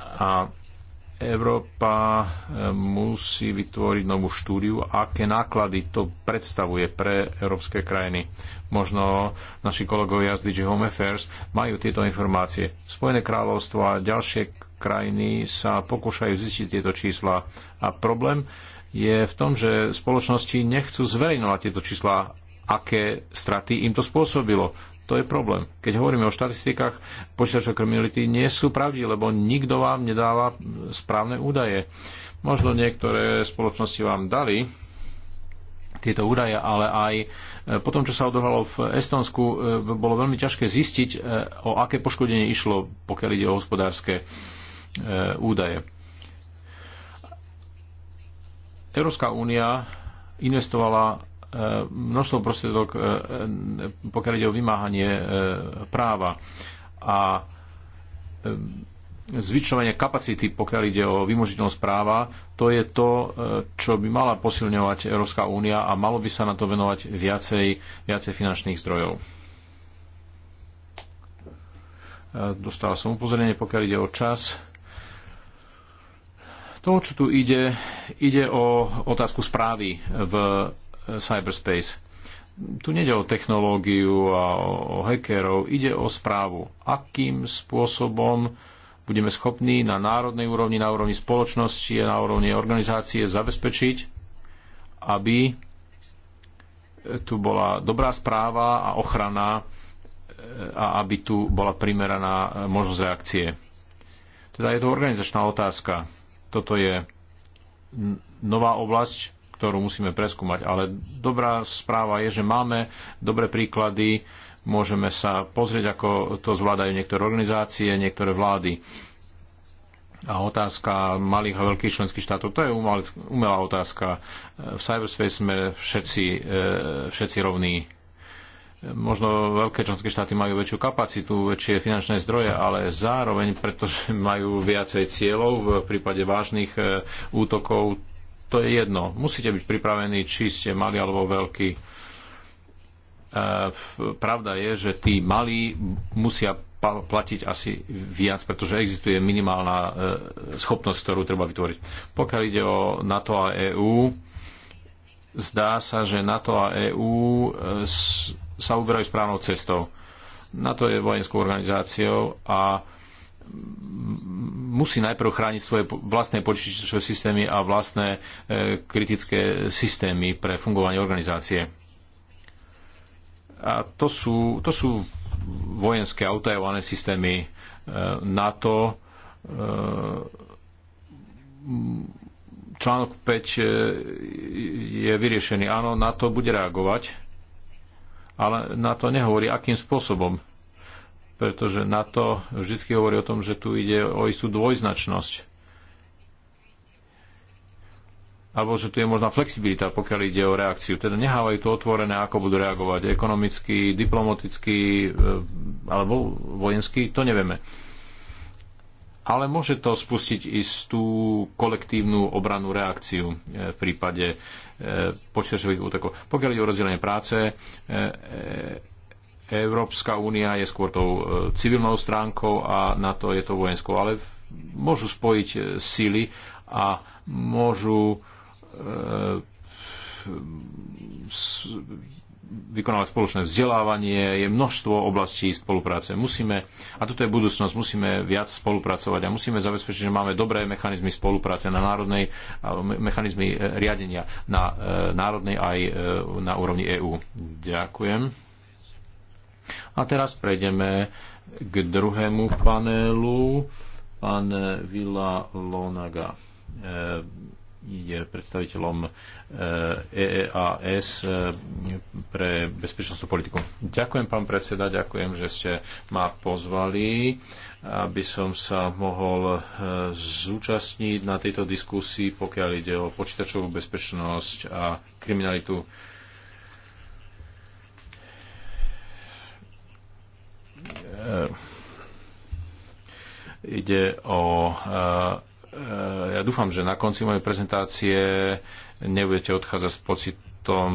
a Európa e, musí vytvoriť novú štúdiu, aké náklady to predstavuje pre európske krajiny. Možno naši kolegovia z DG Home Affairs majú tieto informácie. Spojené kráľovstvo a ďalšie krajiny sa pokúšajú zistiť tieto čísla. A problém je v tom, že spoločnosti nechcú zverejnovať tieto čísla, aké straty im to spôsobilo. To je problém. Keď hovoríme o štatistikách, počítačové kriminality nie sú pravdí, lebo nikto vám nedáva správne údaje. Možno niektoré spoločnosti vám dali tieto údaje, ale aj e, po tom, čo sa odohralo v Estonsku, e, bolo veľmi ťažké zistiť, e, o aké poškodenie išlo, pokiaľ ide o hospodárske údaje. Európska únia investovala E, množstvo prostriedok, e, e, pokiaľ ide o vymáhanie práva a zvyčovanie kapacity, pokiaľ ide o vymožiteľnosť práva, to je to, čo by mala posilňovať Európska únia a malo by sa na to venovať viacej, viacej finančných zdrojov. Dostal som upozornenie, pokiaľ ide o čas. To, čo tu ide, ide o otázku správy v cyberspace. Tu nede o technológiu a o hackerov, ide o správu, akým spôsobom budeme schopní na národnej úrovni, na úrovni spoločnosti a na úrovni organizácie zabezpečiť, aby tu bola dobrá správa a ochrana e, a aby tu bola primeraná e, možnosť reakcie. Teda je to organizačná otázka. Toto je nová oblasť, ktorú musíme preskúmať. Ale dobrá správa je, že máme dobré príklady, môžeme sa pozrieť, ako to zvládajú niektoré organizácie, niektoré vlády. A otázka malých a veľkých členských štátov, to je umelá otázka. V cyberspace sme všetci, e, všetci rovní. Možno veľké členské štáty majú väčšiu kapacitu, väčšie finančné zdroje, ale zároveň, pretože majú viacej cieľov v prípade vážnych e, útokov, to je jedno. Musíte byť pripravení, či ste mali alebo veľký. E, pravda je, že tí malí musia platiť asi viac, pretože existuje minimálna e, schopnosť, ktorú treba vytvoriť. Pokiaľ ide o NATO a EÚ, zdá sa, že NATO a EÚ e, sa uberajú správnou cestou. NATO je vojenskou organizáciou a musí najprv chrániť svoje vlastné počítačové systémy a vlastné e, kritické systémy pre fungovanie organizácie. A to sú, to sú vojenské autajované systémy e, NATO. E, článok 5 je vyriešený. Áno, NATO bude reagovať, ale NATO nehovorí, akým spôsobom pretože NATO vždy hovorí o tom, že tu ide o istú dvojznačnosť. Alebo že tu je možná flexibilita, pokiaľ ide o reakciu. Teda nehávajú to otvorené, ako budú reagovať. Ekonomicky, diplomaticky eh, alebo vojensky, to nevieme. Ale môže to spustiť istú kolektívnu obranú reakciu eh, v prípade eh, počítačových útokov. Pokiaľ ide o rozdelenie práce, Európska únia je skôr tou e, civilnou stránkou a na to je to vojenskou, ale môžu spojiť e, síly a môžu e, vykonávať spoločné vzdelávanie, je množstvo oblastí spolupráce. Musíme, a toto je budúcnosť, musíme viac spolupracovať a musíme zabezpečiť, že máme dobré mechanizmy spolupráce na národnej, mechanizmy riadenia na národnej aj na úrovni EÚ. Ďakujem. A teraz prejdeme k druhému panelu. Pán Vila Lonaga eh, je predstaviteľom EEAS eh, e eh, pre bezpečnostnú politiku. Ďakujem, pán predseda, ďakujem, že ste ma pozvali, aby som sa mohol zúčastniť na tejto diskusii, pokiaľ ide o počítačovú bezpečnosť a kriminalitu Eh, ide o... Eh, ja dúfam, že na konci mojej prezentácie nebudete odchádzať s pocitom,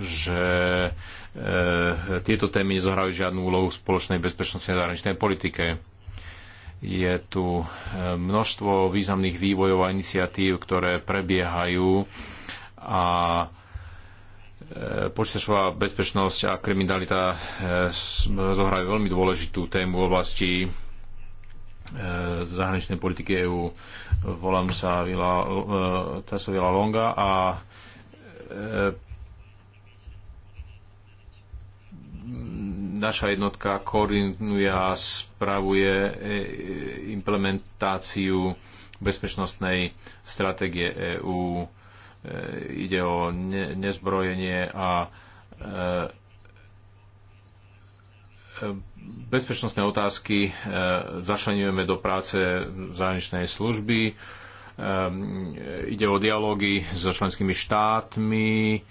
že eh, tieto témy nezohrajú žiadnu úlohu v spoločnej bezpečnosti a zahraničnej politike. Je tu množstvo významných vývojov a iniciatív, ktoré prebiehajú a počítačová bezpečnosť a kriminalita e, zohrajú veľmi dôležitú tému v oblasti e, zahraničnej politiky EÚ. Volám sa Vila, e, Tasovila Longa a naša jednotka koordinuje a spravuje implementáciu bezpečnostnej stratégie EÚ E, ide o ne, nezbrojenie a e, bezpečnostné otázky e, začlenujeme do práce zahraničnej služby. Ide o dialógy so členskými štátmi,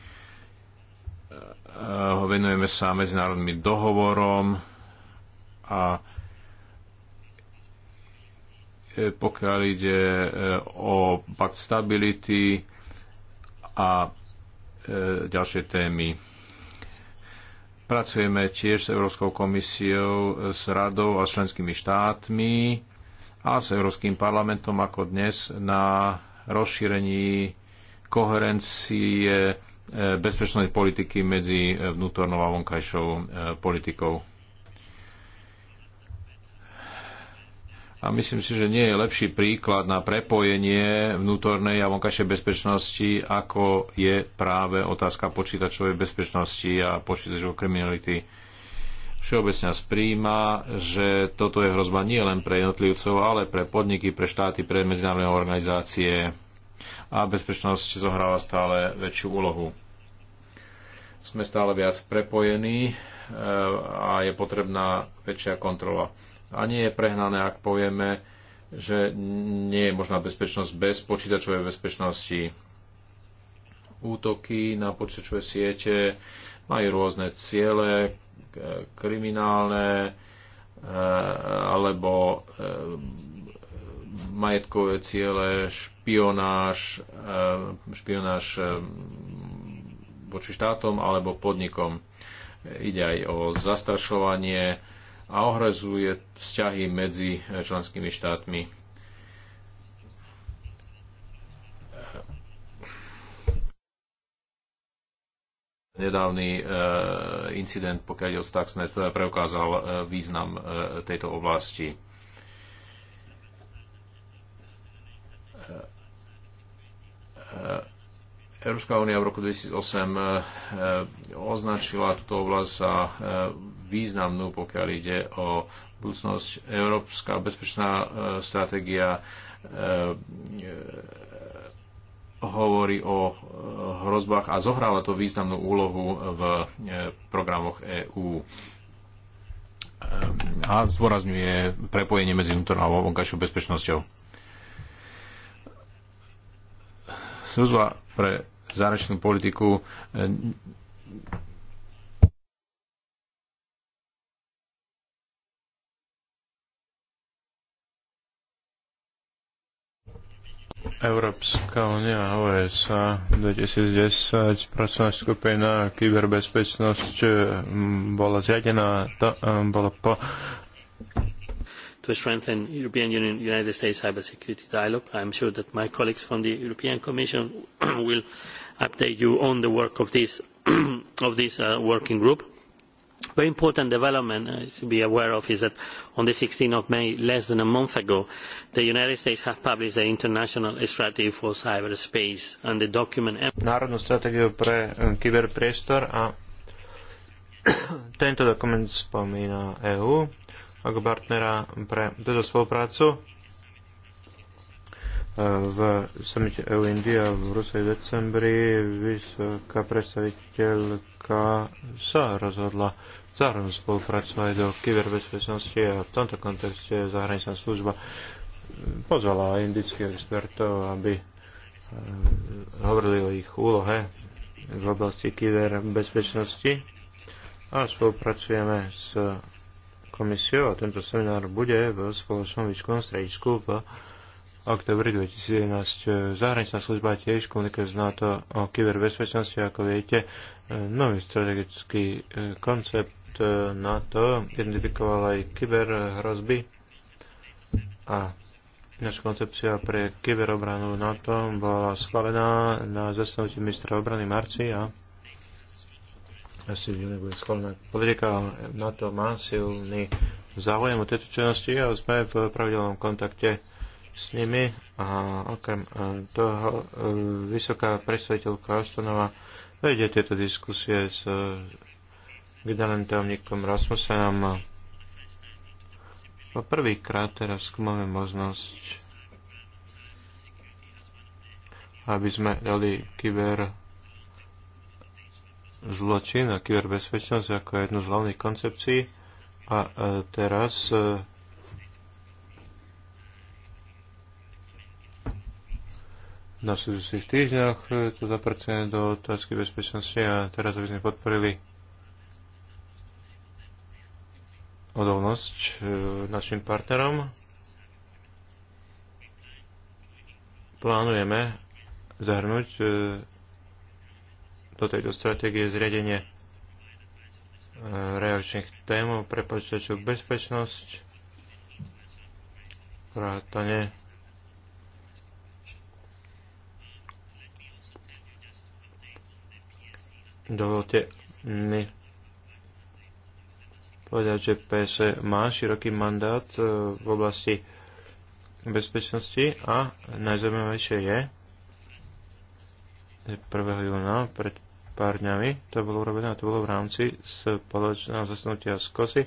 venujeme sa medzinárodným dohovorom a pokiaľ ide o pakt stability, a e, ďalšie témy. Pracujeme tiež s Európskou komisiou, s radou a členskými štátmi a s Európskym parlamentom ako dnes na rozšírení koherencie e, bezpečnej politiky medzi vnútornou a vonkajšou e, politikou. A myslím si, že nie je lepší príklad na prepojenie vnútornej a vonkajšej bezpečnosti, ako je práve otázka počítačovej bezpečnosti a počítačovej kriminality. Všeobecne nás príjma, že toto je hrozba nie len pre jednotlivcov, ale pre podniky, pre štáty, pre medzinárodné organizácie a bezpečnosť zohráva stále väčšiu úlohu. Sme stále viac prepojení e, a je potrebná väčšia kontrola a nie je prehnané, ak povieme, že nie je možná bezpečnosť bez počítačovej bezpečnosti. Útoky na počítačové siete majú rôzne ciele, e, kriminálne e, alebo e, majetkové ciele, špionáž, špionáž voči štátom alebo podnikom. Ide aj o zastrašovanie a ohrozuje vzťahy medzi členskými štátmi. Nedávny e, incident, pokiaľ ide o Stuxnet, preukázal e, význam e, tejto oblasti. Európska únia v roku 2008 označila túto oblasť za významnú, pokiaľ ide o budúcnosť. Európska bezpečná e, stratégia e, e, hovorí o hrozbách a zohráva to významnú úlohu v programoch EÚ a zdôrazňuje prepojenie medzi vnútornou a vonkajšou bezpečnosťou. Služba pre zahraničnú politiku Európska únia a USA 2010 pracovná skupina kyberbezpečnosť eh, bola zriadená, to eh, bolo po to strengthen European Union United States cybersecurity dialogue. I am sure that my colleagues from the European Commission <clears throat> will update you on the work of this, <clears throat> of this uh, working group very important development uh, to be aware of is that on the 16 of May, less than a month ago, the United States have published the international strategy for cyberspace and the document... Národnú stratégiu pre uh, kyberpriestor a tento dokument spomína EÚ ako partnera pre túto spoluprácu uh, v samite EU India v Rusej v decembri vysoká predstaviteľka sa rozhodla Zároveň spoluprácu aj do kyberbezpečnosti a v tomto kontexte zahraničná služba pozvala indických expertov, aby eh, hovorili o ich úlohe v oblasti kyberbezpečnosti a spolupracujeme s komisiou a tento seminár bude v spoločnom výskumnom stredisku v oktobri 2011. Zahraničná služba tiež komunikuje z NATO o kyberbezpečnosti, ako viete, eh, nový strategický eh, koncept E, NATO identifikoval aj kyberhrozby a naša koncepcia pre kyberobranu NATO bola schválená na zastanutí ministra obrany Marci a asi v júni bude schválená politika. NATO má silný záujem o tieto činnosti a sme v pravidelnom kontakte s nimi a okrem e, toho e, vysoká predstaviteľka Aštonová vedie tieto diskusie s generálnym tajomníkom Rasmusenom. Po prvýkrát teraz máme možnosť, aby sme dali kyber zločin a kyberbezpečnosť ako jednu z hlavných koncepcií. A e, teraz na e, nasledujúcich týždňoch e, to zapracujeme do otázky bezpečnosti a teraz aby sme podporili odolnosť e, našim partnerom. Plánujeme zahrnúť e, do tejto stratégie zriadenie e, reakčných tém pre počítačov bezpečnosť, vrátane dovolte mi povedať, že PS má široký mandát e, v oblasti bezpečnosti a najzaujímavejšie je, že 1. júna pred pár dňami to bolo urobené a to bolo v rámci spoločného zasnutia z KOSY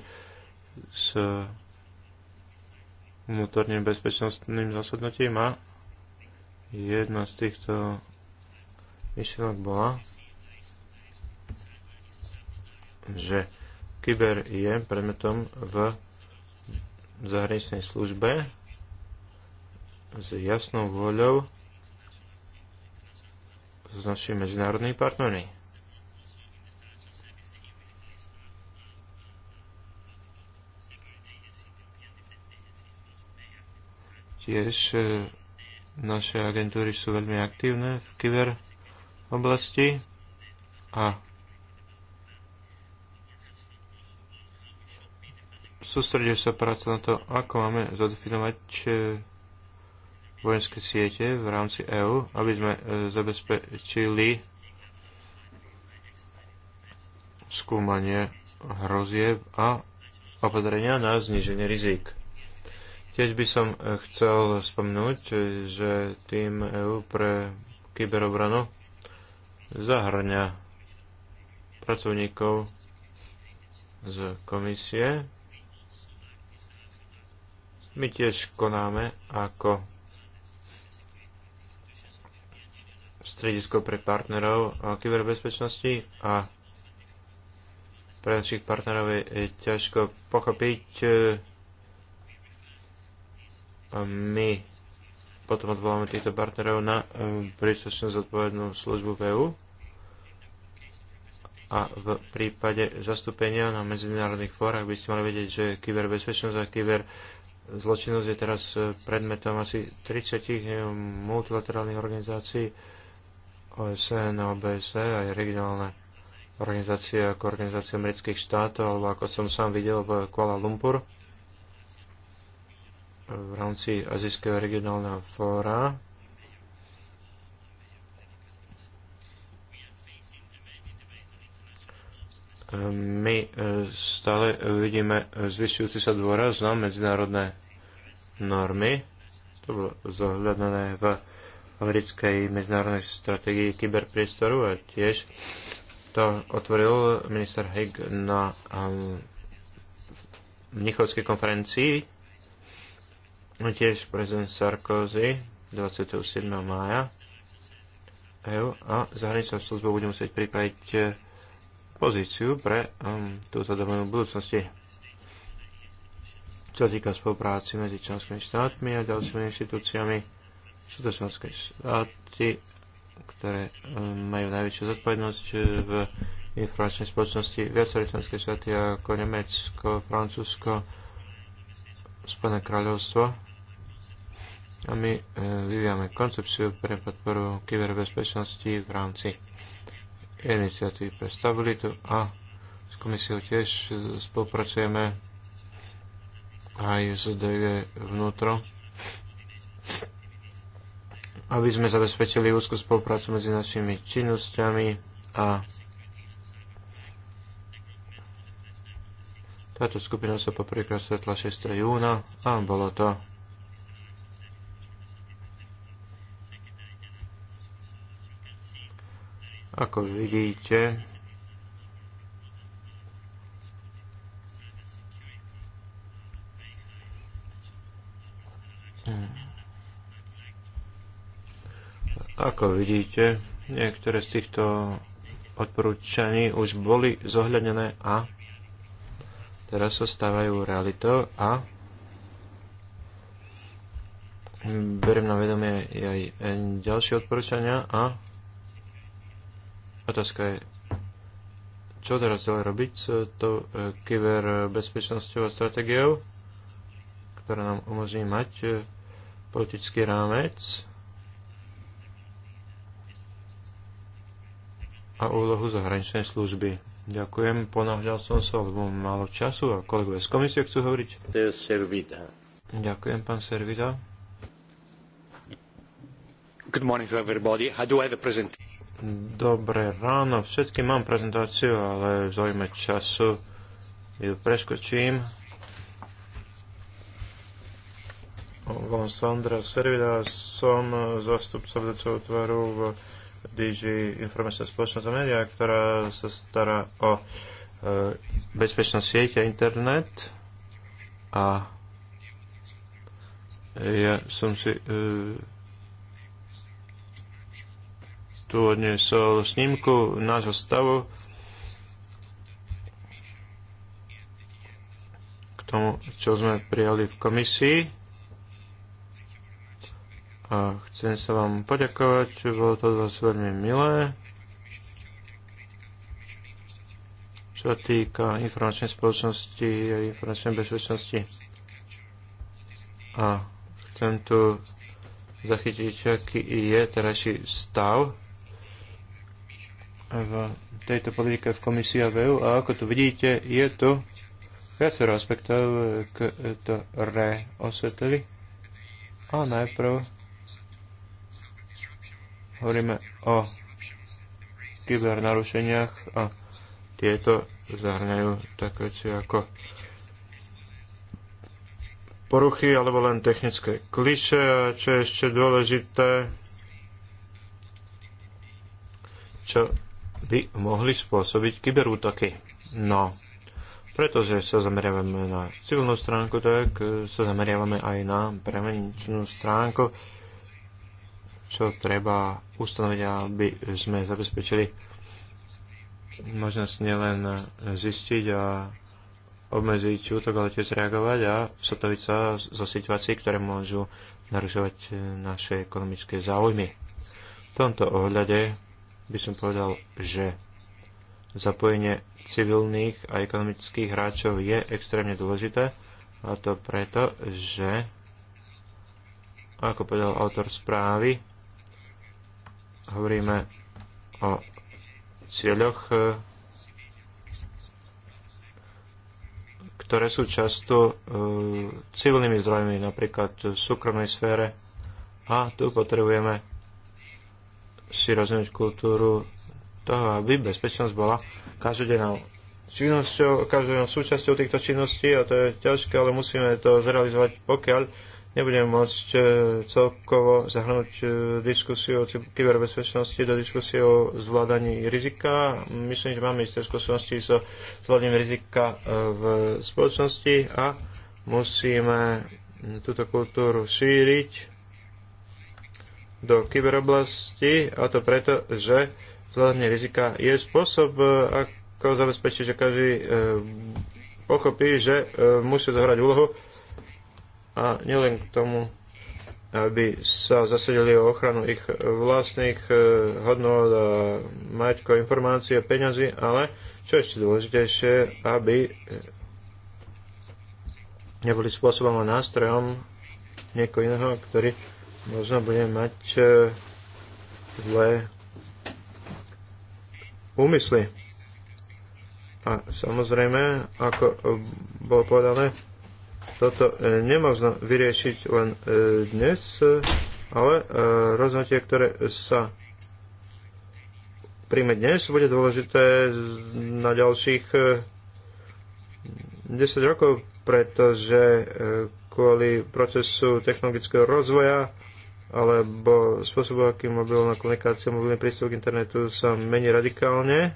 s vnútorným bezpečnostným zasadnutím a jedna z týchto myšlenok bola, že Kyber je predmetom v zahraničnej službe s jasnou voľou s našimi medzinárodnými partnermi. Tiež e, naše agentúry sú veľmi aktívne v kyber oblasti a sústreduje sa práca na to, ako máme zadefinovať eh, vojenské siete v rámci EÚ, aby sme eh, zabezpečili skúmanie hrozieb a opatrenia na zniženie rizik. Tiež by som eh, chcel spomnúť, že tým EÚ pre kyberobranu zahrňa pracovníkov z komisie, my tiež konáme ako stredisko pre partnerov kyberbezpečnosti a pre našich partnerov je ťažko pochopiť. E, a my potom odvoláme týchto partnerov na e, príslušnú zodpovednú službu v EU a v prípade zastúpenia na medzinárodných fórach by ste mali vedieť, že kyberbezpečnosť a kyber Zločinnosť je teraz e, predmetom asi 30 e, multilaterálnych organizácií OSN, OBSE aj regionálne organizácie ako Organizácia amerických štátov alebo ako som sám videl v Kuala Lumpur v rámci Azijského regionálneho fóra my e, stále vidíme zvyšujúci sa dôraz na medzinárodné normy. To bolo zohľadnené v americkej medzinárodnej stratégii kyberpriestoru a tiež to otvoril minister Haig na um, Mnichovskej konferencii tiež prezident Sarkozy 27. mája EU a zahraničná služba bude musieť pripraviť e, pozíciu pre um, túto domenu budúcnosti. Čo týka spolupráci medzi členskými štátmi a ďalšími inštitúciami, sú to členské štáty, ktoré um, majú najväčšiu zodpovednosť uh, v informačnej spoločnosti. Viacerí členské štáty ako Nemecko, Francúzsko, Spojené kráľovstvo. A my e, vyvíjame koncepciu pre podporu kyberbezpečnosti v rámci iniciatívy pre stabilitu a s komisiou tiež e, spolupracujeme aj s DG vnútro, aby sme zabezpečili úzkú spoluprácu medzi našimi činnosťami a táto skupina sa poprvýkrát stretla 6. júna a bolo to Ako vidíte, Ako vidíte, niektoré z týchto odporúčaní už boli zohľadené a teraz sa stávajú realitou a beriem na vedomie aj ďalšie odporúčania a Otázka je, čo teraz ďalej robiť s to e, kyber bezpečnosťou a stratégiou, ktorá nám umožní mať e, politický rámec a úlohu zahraničnej služby. Ďakujem, ponáhľal som sa, lebo málo času a kolegovia z komisie chcú hovoriť. To je Servita. Ďakujem, pán Servita. Good morning to everybody. I do have a presentation. Dobré ráno všetkým. Mám prezentáciu, ale v zaujme času ju preskočím. Volám sa Andrea Servida, som zastupca vedúceho tvaru v DG Informačná spoločnosť a média, ktorá sa stará o e, bezpečnosť sieť a internet. A ja som si e, tu odniesol snímku nášho stavu k tomu, čo sme prijali v komisii. A chcem sa vám poďakovať, bolo to od vás veľmi milé. Čo týka informačnej spoločnosti a informačnej bezpečnosti. A chcem tu zachytiť, aký je terajší stav v tejto politike v komisii a v EU a ako tu vidíte, je tu viacero aspektov, ktoré osvetlili. A najprv hovoríme o kybernarušeniach a tieto zahrňajú také veci ako poruchy alebo len technické kliše a čo je ešte dôležité, čo by mohli spôsobiť kyberútoky. No, pretože sa zameriavame na civilnú stránku, tak sa zameriavame aj na prevenčnú stránku, čo treba ustanoviť, aby sme zabezpečili možnosť nielen zistiť a obmedziť útok, ale tiež reagovať a sotoviť sa zo situácií, ktoré môžu narušovať naše ekonomické záujmy. V tomto ohľade by som povedal, že zapojenie civilných a ekonomických hráčov je extrémne dôležité a to preto, že ako povedal autor správy, hovoríme o cieľoch, e, ktoré sú často e, civilnými zdrojmi, napríklad v súkromnej sfére a tu potrebujeme si rozumieť kultúru toho, aby bezpečnosť bola každodennou činnosťou, každodennou súčasťou týchto činností a to je ťažké, ale musíme to zrealizovať, pokiaľ nebudeme môcť e, celkovo zahrnúť e, diskusiu o kyberbezpečnosti do diskusie o zvládaní rizika. Myslím, že máme isté skúsenosti so zvládaním rizika e, v spoločnosti a musíme túto kultúru šíriť do kyberoblasti a to preto, že zvládanie rizika je spôsob, e, ako zabezpečiť, že každý e, pochopí, že e, musí zahrať úlohu a nielen k tomu, aby sa zasadili o ochranu ich vlastných hodnot a majetko, informácie, peňazí, ale čo ešte dôležitejšie, aby neboli spôsobom a nástrojom niekoho iného, ktorý možno budeme mať e, zlé úmysly. A samozrejme, ako bolo povedané, toto e, nemôžno vyriešiť len e, dnes, ale rozhodnutie, ktoré sa príjme dnes, bude dôležité na ďalších 10 rokov, pretože kvôli procesu technologického rozvoja alebo spôsobu, akým mobilná komunikácia, mobilný prístup k internetu sa mení radikálne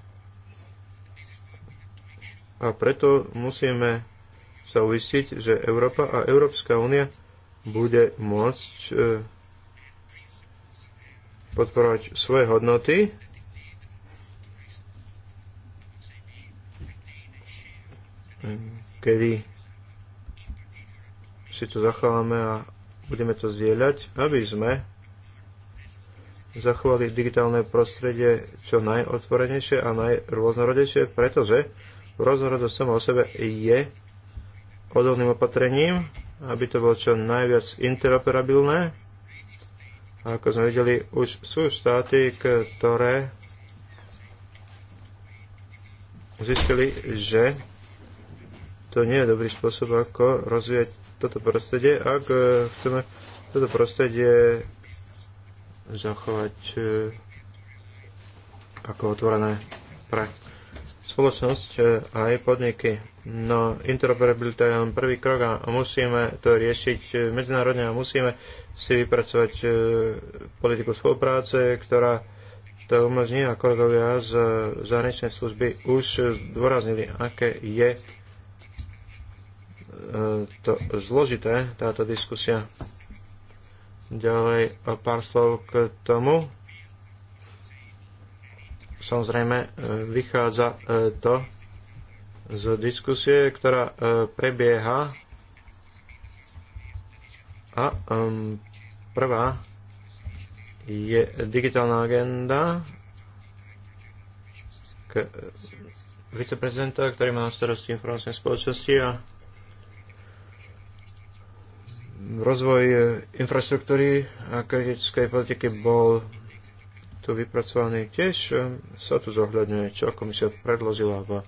a preto musíme sa uistiť, že Európa a Európska únia bude môcť e, podporovať svoje hodnoty kedy si to zachováme a budeme to zdieľať, aby sme zachovali digitálne prostredie čo najotvorenejšie a najrôznorodejšie, pretože rôznorodosť sama o sebe je odolným opatrením, aby to bolo čo najviac interoperabilné. A ako sme videli, už sú štáty, ktoré zistili, že to nie je dobrý spôsob, ako rozvíjať toto prostredie, ak e, chceme toto prostredie zachovať e, ako otvorené pre spoločnosť e, aj podniky. No interoperabilita je len prvý krok a musíme to riešiť medzinárodne a musíme si vypracovať politiku spolupráce, ktorá to umožní a kolegovia z zahraničnej služby už zdôraznili, aké je to zložité, táto diskusia. Ďalej pár slov k tomu. Samozrejme, e, vychádza e, to z diskusie, ktorá e, prebieha a um, prvá je digitálna agenda k viceprezidenta, ktorý má na starosti informačné spoločnosti a rozvoj eh, infraštruktúry a kritickej politiky bol tu vypracovaný. Tiež sa tu zohľadňuje, čo komisia predložila v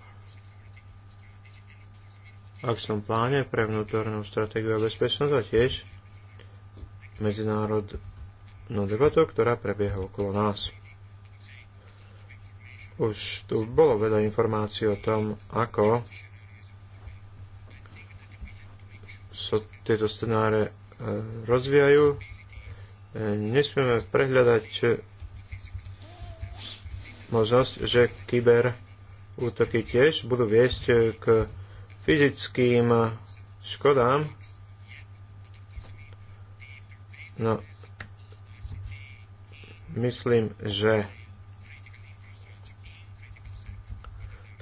akčnom pláne pre vnútornú stratégiu a bezpečnosť a tiež medzinárodnú debatu, ktorá prebieha okolo nás. Už tu bolo veľa informácií o tom, ako sa tieto scenáre e, rozvíjajú. E, nesmieme prehľadať e, možnosť, že kyber útoky tiež budú viesť k fyzickým škodám. No, myslím, že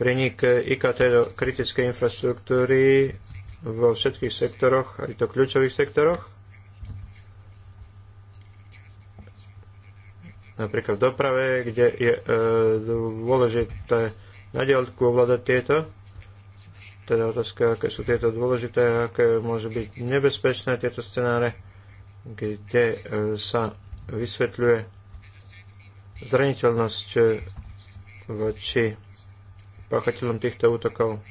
prenik IKT do kritickej infraštruktúry vo všetkých sektoroch, aj to kľúčových sektoroch. Napríklad v doprave, kde je e, dôležité na diaľku ovládať tieto. Teda otázka, aké sú tieto dôležité, aké môžu byť nebezpečné tieto scenáre, kde e, sa vysvetľuje zraniteľnosť e, voči páchateľom týchto útokov.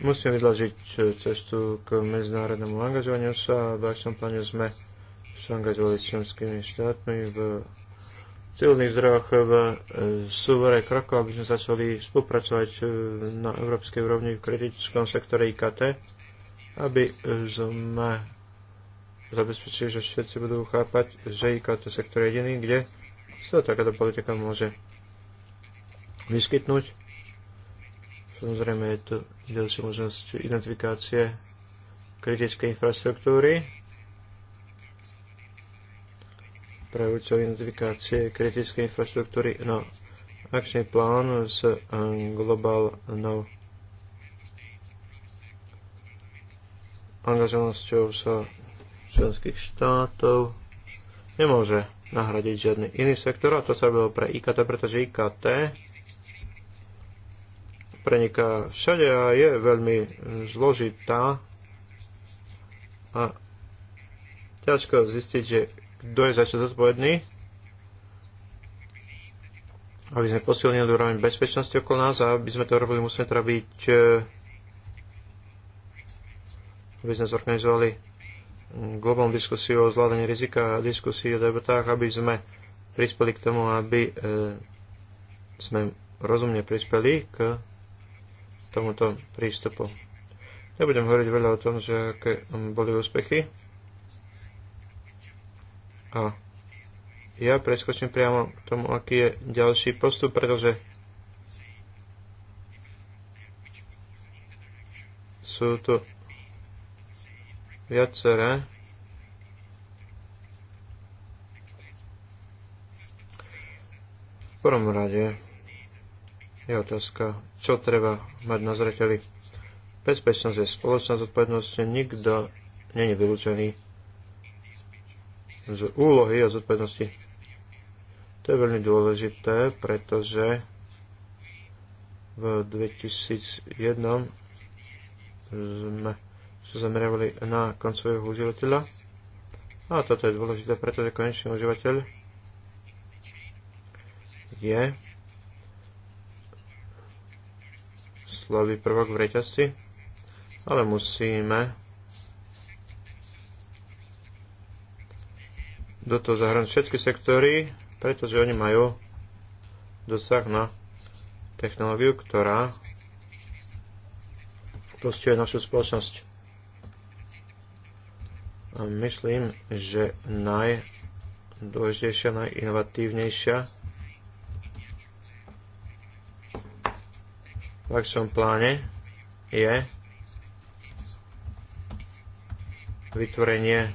Musíme vyzlažiť e, cestu k medzinárodnému angažovaniu sa. V akčnom pláne sme sa angažovali s členskými štátmi v civilných zdrojoch v e, súvore krokov, aby sme začali spolupracovať e, na európskej úrovni v kritickom sektore IKT, aby sme zabezpečili, že všetci budú chápať, že IKT sektor je jediný, kde sa takáto politika môže vyskytnúť Samozrejme je tu ďalšia možnosť identifikácie kritickej infraštruktúry pre účel identifikácie kritickej infraštruktúry na no, akčný plán eh, Global No. angažovanosťou sa členských štátov nemôže nahradiť žiadny iný sektor a to sa robilo pre IKT, pretože IKT preniká všade a je veľmi zložitá a ťažko zistiť, že kto je za čo zodpovedný, aby sme posilnili úroveň bezpečnosti okolo nás a aby sme to robili, musíme to teda robiť, e, aby sme zorganizovali globálnu diskusiu o zvládaní rizika a diskusiu o debatách, aby sme prispeli k tomu, aby e, sme rozumne prispeli k tomuto prístupu. Nebudem hovoriť veľa o tom, že aké boli úspechy. A ja preskočím priamo k tomu, aký je ďalší postup, pretože sú tu viaceré v prvom rade je otázka, čo treba mať na zreteli. Bezpečnosť je spoločná zodpovednosť, nikto není vylúčený z úlohy a zodpovednosti. To je veľmi dôležité, pretože v 2001 sme sa zameriavali na koncového užívateľa. A toto je dôležité, pretože konečný užívateľ je zlý prvok v reťazci, ale musíme do toho zahrnúť všetky sektory, pretože oni majú dosah na technológiu, ktorá postihuje našu spoločnosť. A myslím, že najdôležitejšia, najinovatívnejšia v akčnom pláne je vytvorenie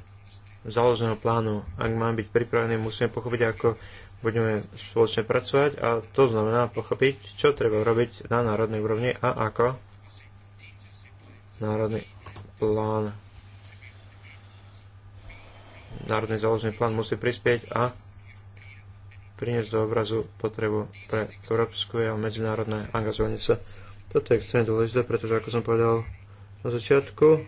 záložného plánu. Ak máme byť pripravený, musíme pochopiť, ako budeme spoločne pracovať a to znamená pochopiť, čo treba robiť na národnej úrovni a ako národný plán národný záložný plán musí prispieť a priniesť do obrazu potrebu pre európsku a medzinárodné angažovanie sa. Toto je extrémne dôležité, pretože ako som povedal na začiatku,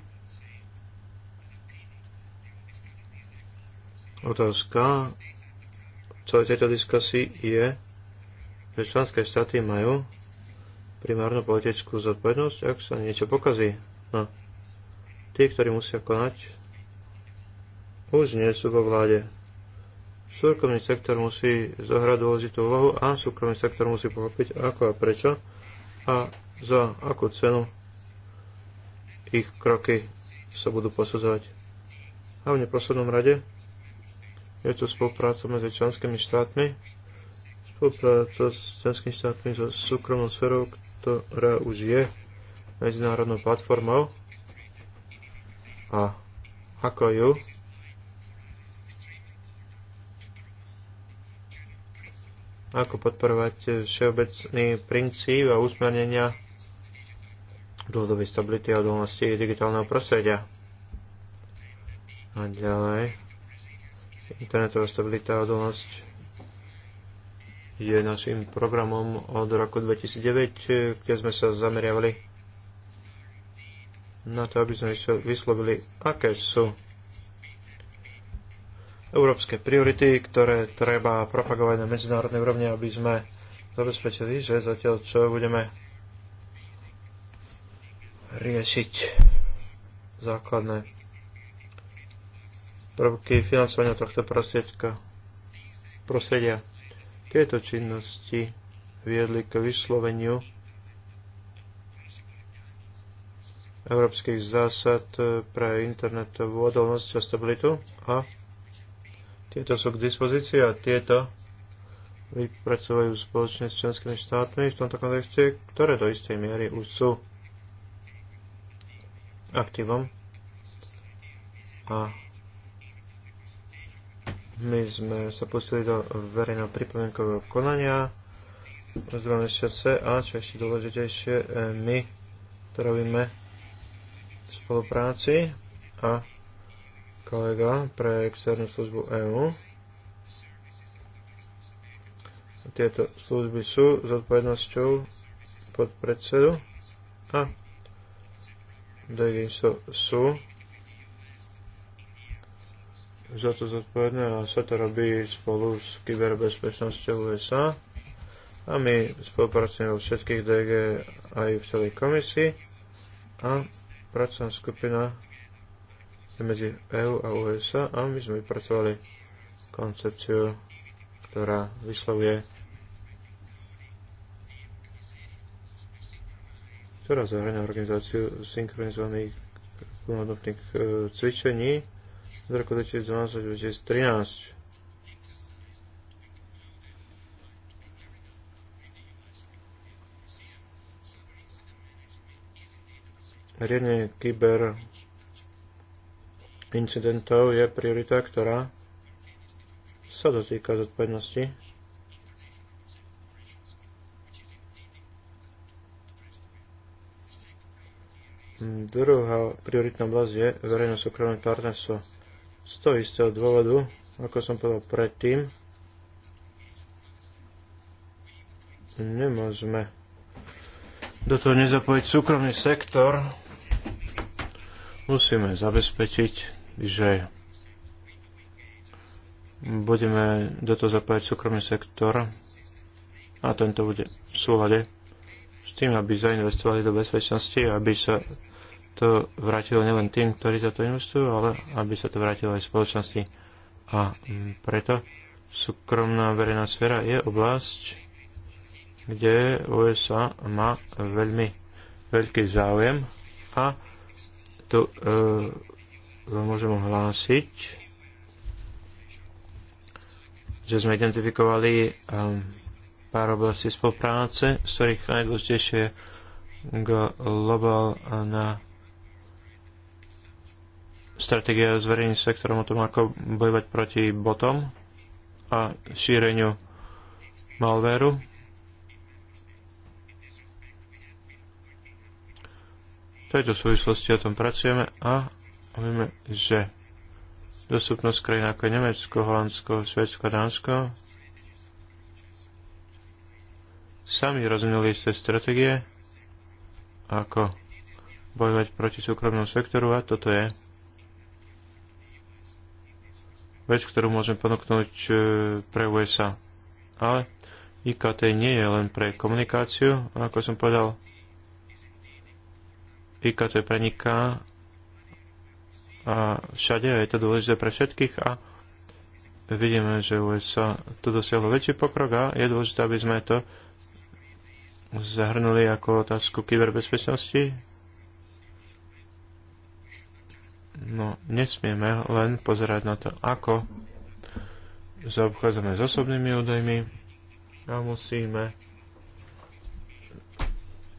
otázka celej tejto diskusii je, že členské štáty majú primárnu politickú zodpovednosť, ak sa niečo pokazí. No, tí, ktorí musia konať, už nie sú vo vláde súkromný sektor musí zohrať dôležitú úlohu a súkromný sektor musí pochopiť ako a prečo a za akú cenu ich kroky sa budú posudzovať. A v neposlednom rade je tu spolupráca medzi členskými štátmi, spolupráca s členskými štátmi so súkromnou sférou, ktorá už je medzinárodnou platformou a ako ju ako podporovať všeobecný princíp a usmernenia dlhodobej stability a odolnosti digitálneho prostredia. A ďalej, internetová stabilita a odolnosť je našim programom od roku 2009, kde sme sa zameriavali na to, aby sme vyslovili, aké sú európske priority, ktoré treba propagovať na medzinárodnej úrovni, aby sme zabezpečili, že zatiaľ čo budeme riešiť základné prvky financovania tohto prostriedka prostredia. Tieto činnosti viedli k vysloveniu európskych zásad pre internetovú odolnosť a stabilitu a tieto sú k dispozícii a tieto vypracovajú spoločne s členskými štátmi v tomto kontexte, ktoré do istej miery už sú aktívom. A my sme sa pustili do verejného pripomienkového konania z dva mesiace a čo ešte dôležitejšie, e, my to robíme v spolupráci a kolega pre externú službu EU. Tieto služby sú s odpovednosťou pod predsedu a takisto sú za to zodpovedné a sa to robí spolu s kyberbezpečnosťou USA a my spolupracujeme vo všetkých DG aj v celej komisii a pracovná skupina medzi EU a USA a my sme vypracovali koncepciu, ktorá vyslovuje ktorá zahrania organizáciu synchronizovaných plnohodnotných e, cvičení z roku 2012-2013. riadne kyber incidentov je priorita, ktorá sa dotýka zodpovednosti. Druhá prioritná oblasť je verejno-súkromné partnerstvo. Z toho istého dôvodu, ako som povedal predtým, nemôžeme do toho nezapojiť súkromný sektor. Musíme zabezpečiť že budeme do toho zapájať súkromný sektor a tento bude v súlade s tým, aby zainvestovali do bezpečnosti, aby sa to vrátilo nielen tým, ktorí za to investujú, ale aby sa to vrátilo aj spoločnosti. A preto súkromná verejná sféra je oblasť, kde USA má veľmi veľký záujem a tu e, môžem hlásiť, že sme identifikovali um, pár oblastí spolupráce, z ktorých najdôležitejšie global na stratégia s verejným sektorom o tom, ako bojovať proti botom a šíreniu malvéru. V tejto súvislosti o tom pracujeme a vieme, že dostupnosť krajín ako je Nemecko, Holandsko, Švedsko, Dánsko sami rozvinuli isté stratégie, ako bojovať proti súkromnému sektoru a toto je vec, ktorú môžeme ponúknuť e, pre USA. Ale IKT nie je len pre komunikáciu, ako som povedal, IKT preniká a všade, je to dôležité pre všetkých a vidíme, že USA tu dosiahlo väčší pokrok a je dôležité, aby sme to zahrnuli ako otázku kyberbezpečnosti. No, nesmieme len pozerať na to, ako zaobchádzame s osobnými údajmi a musíme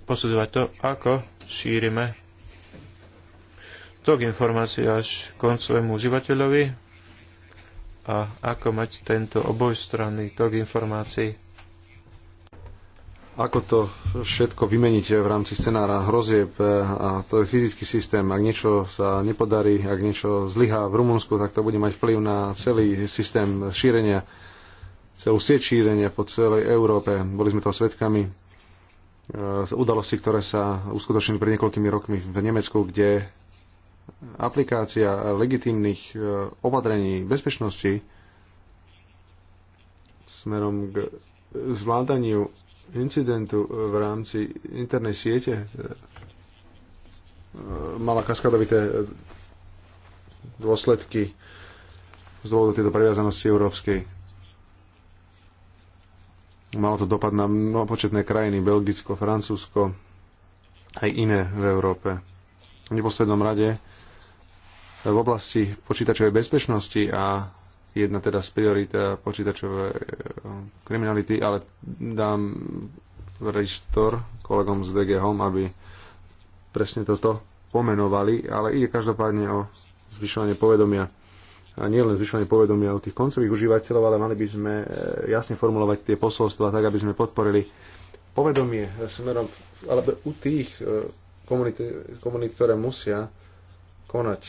posudzovať to, ako šírime tok informácií až koncovému užívateľovi a ako mať tento obojstranný tok informácií. Ako to všetko vymeniť v rámci scenára hrozieb a to je fyzický systém. Ak niečo sa nepodarí, ak niečo zlyhá v Rumunsku, tak to bude mať vplyv na celý systém šírenia, celú sieť šírenia po celej Európe. Boli sme toho svetkami e, udalosti, ktoré sa uskutočnili pred niekoľkými rokmi v Nemecku, kde aplikácia legitímnych e, opatrení bezpečnosti smerom k zvládaniu incidentu v rámci internej siete e, mala kaskadovité e, dôsledky z dôvodu tejto previazanosti európskej. Malo to dopad na mnohopočetné krajiny, Belgicko, Francúzsko, aj iné v Európe v neposlednom rade v oblasti počítačovej bezpečnosti a jedna teda z priorit eh, počítačovej eh, kriminality, ale dám registor kolegom z DG Home, aby presne toto pomenovali, ale ide každopádne o zvyšovanie povedomia a nie len zvyšovanie povedomia o tých koncových užívateľov, ale mali by sme eh, jasne formulovať tie posolstva tak, aby sme podporili povedomie smerom, alebo u tých komunity, komunity ktoré musia konať.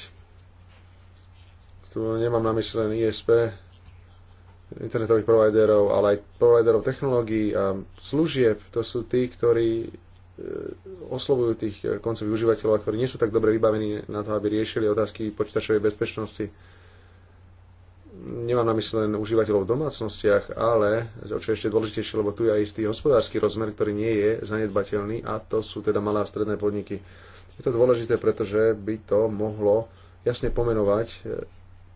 Tu nemám na mysli len ISP, internetových providerov, ale aj providerov technológií a služieb. To sú tí, ktorí e, oslovujú tých e, koncových užívateľov, ktorí nie sú tak dobre vybavení na to, aby riešili otázky počítačovej bezpečnosti nemám na mysle len užívateľov v domácnostiach, ale, čo je ešte dôležitejšie, lebo tu je aj istý hospodársky rozmer, ktorý nie je zanedbateľný a to sú teda malé a stredné podniky. Je to dôležité, pretože by to mohlo jasne pomenovať e,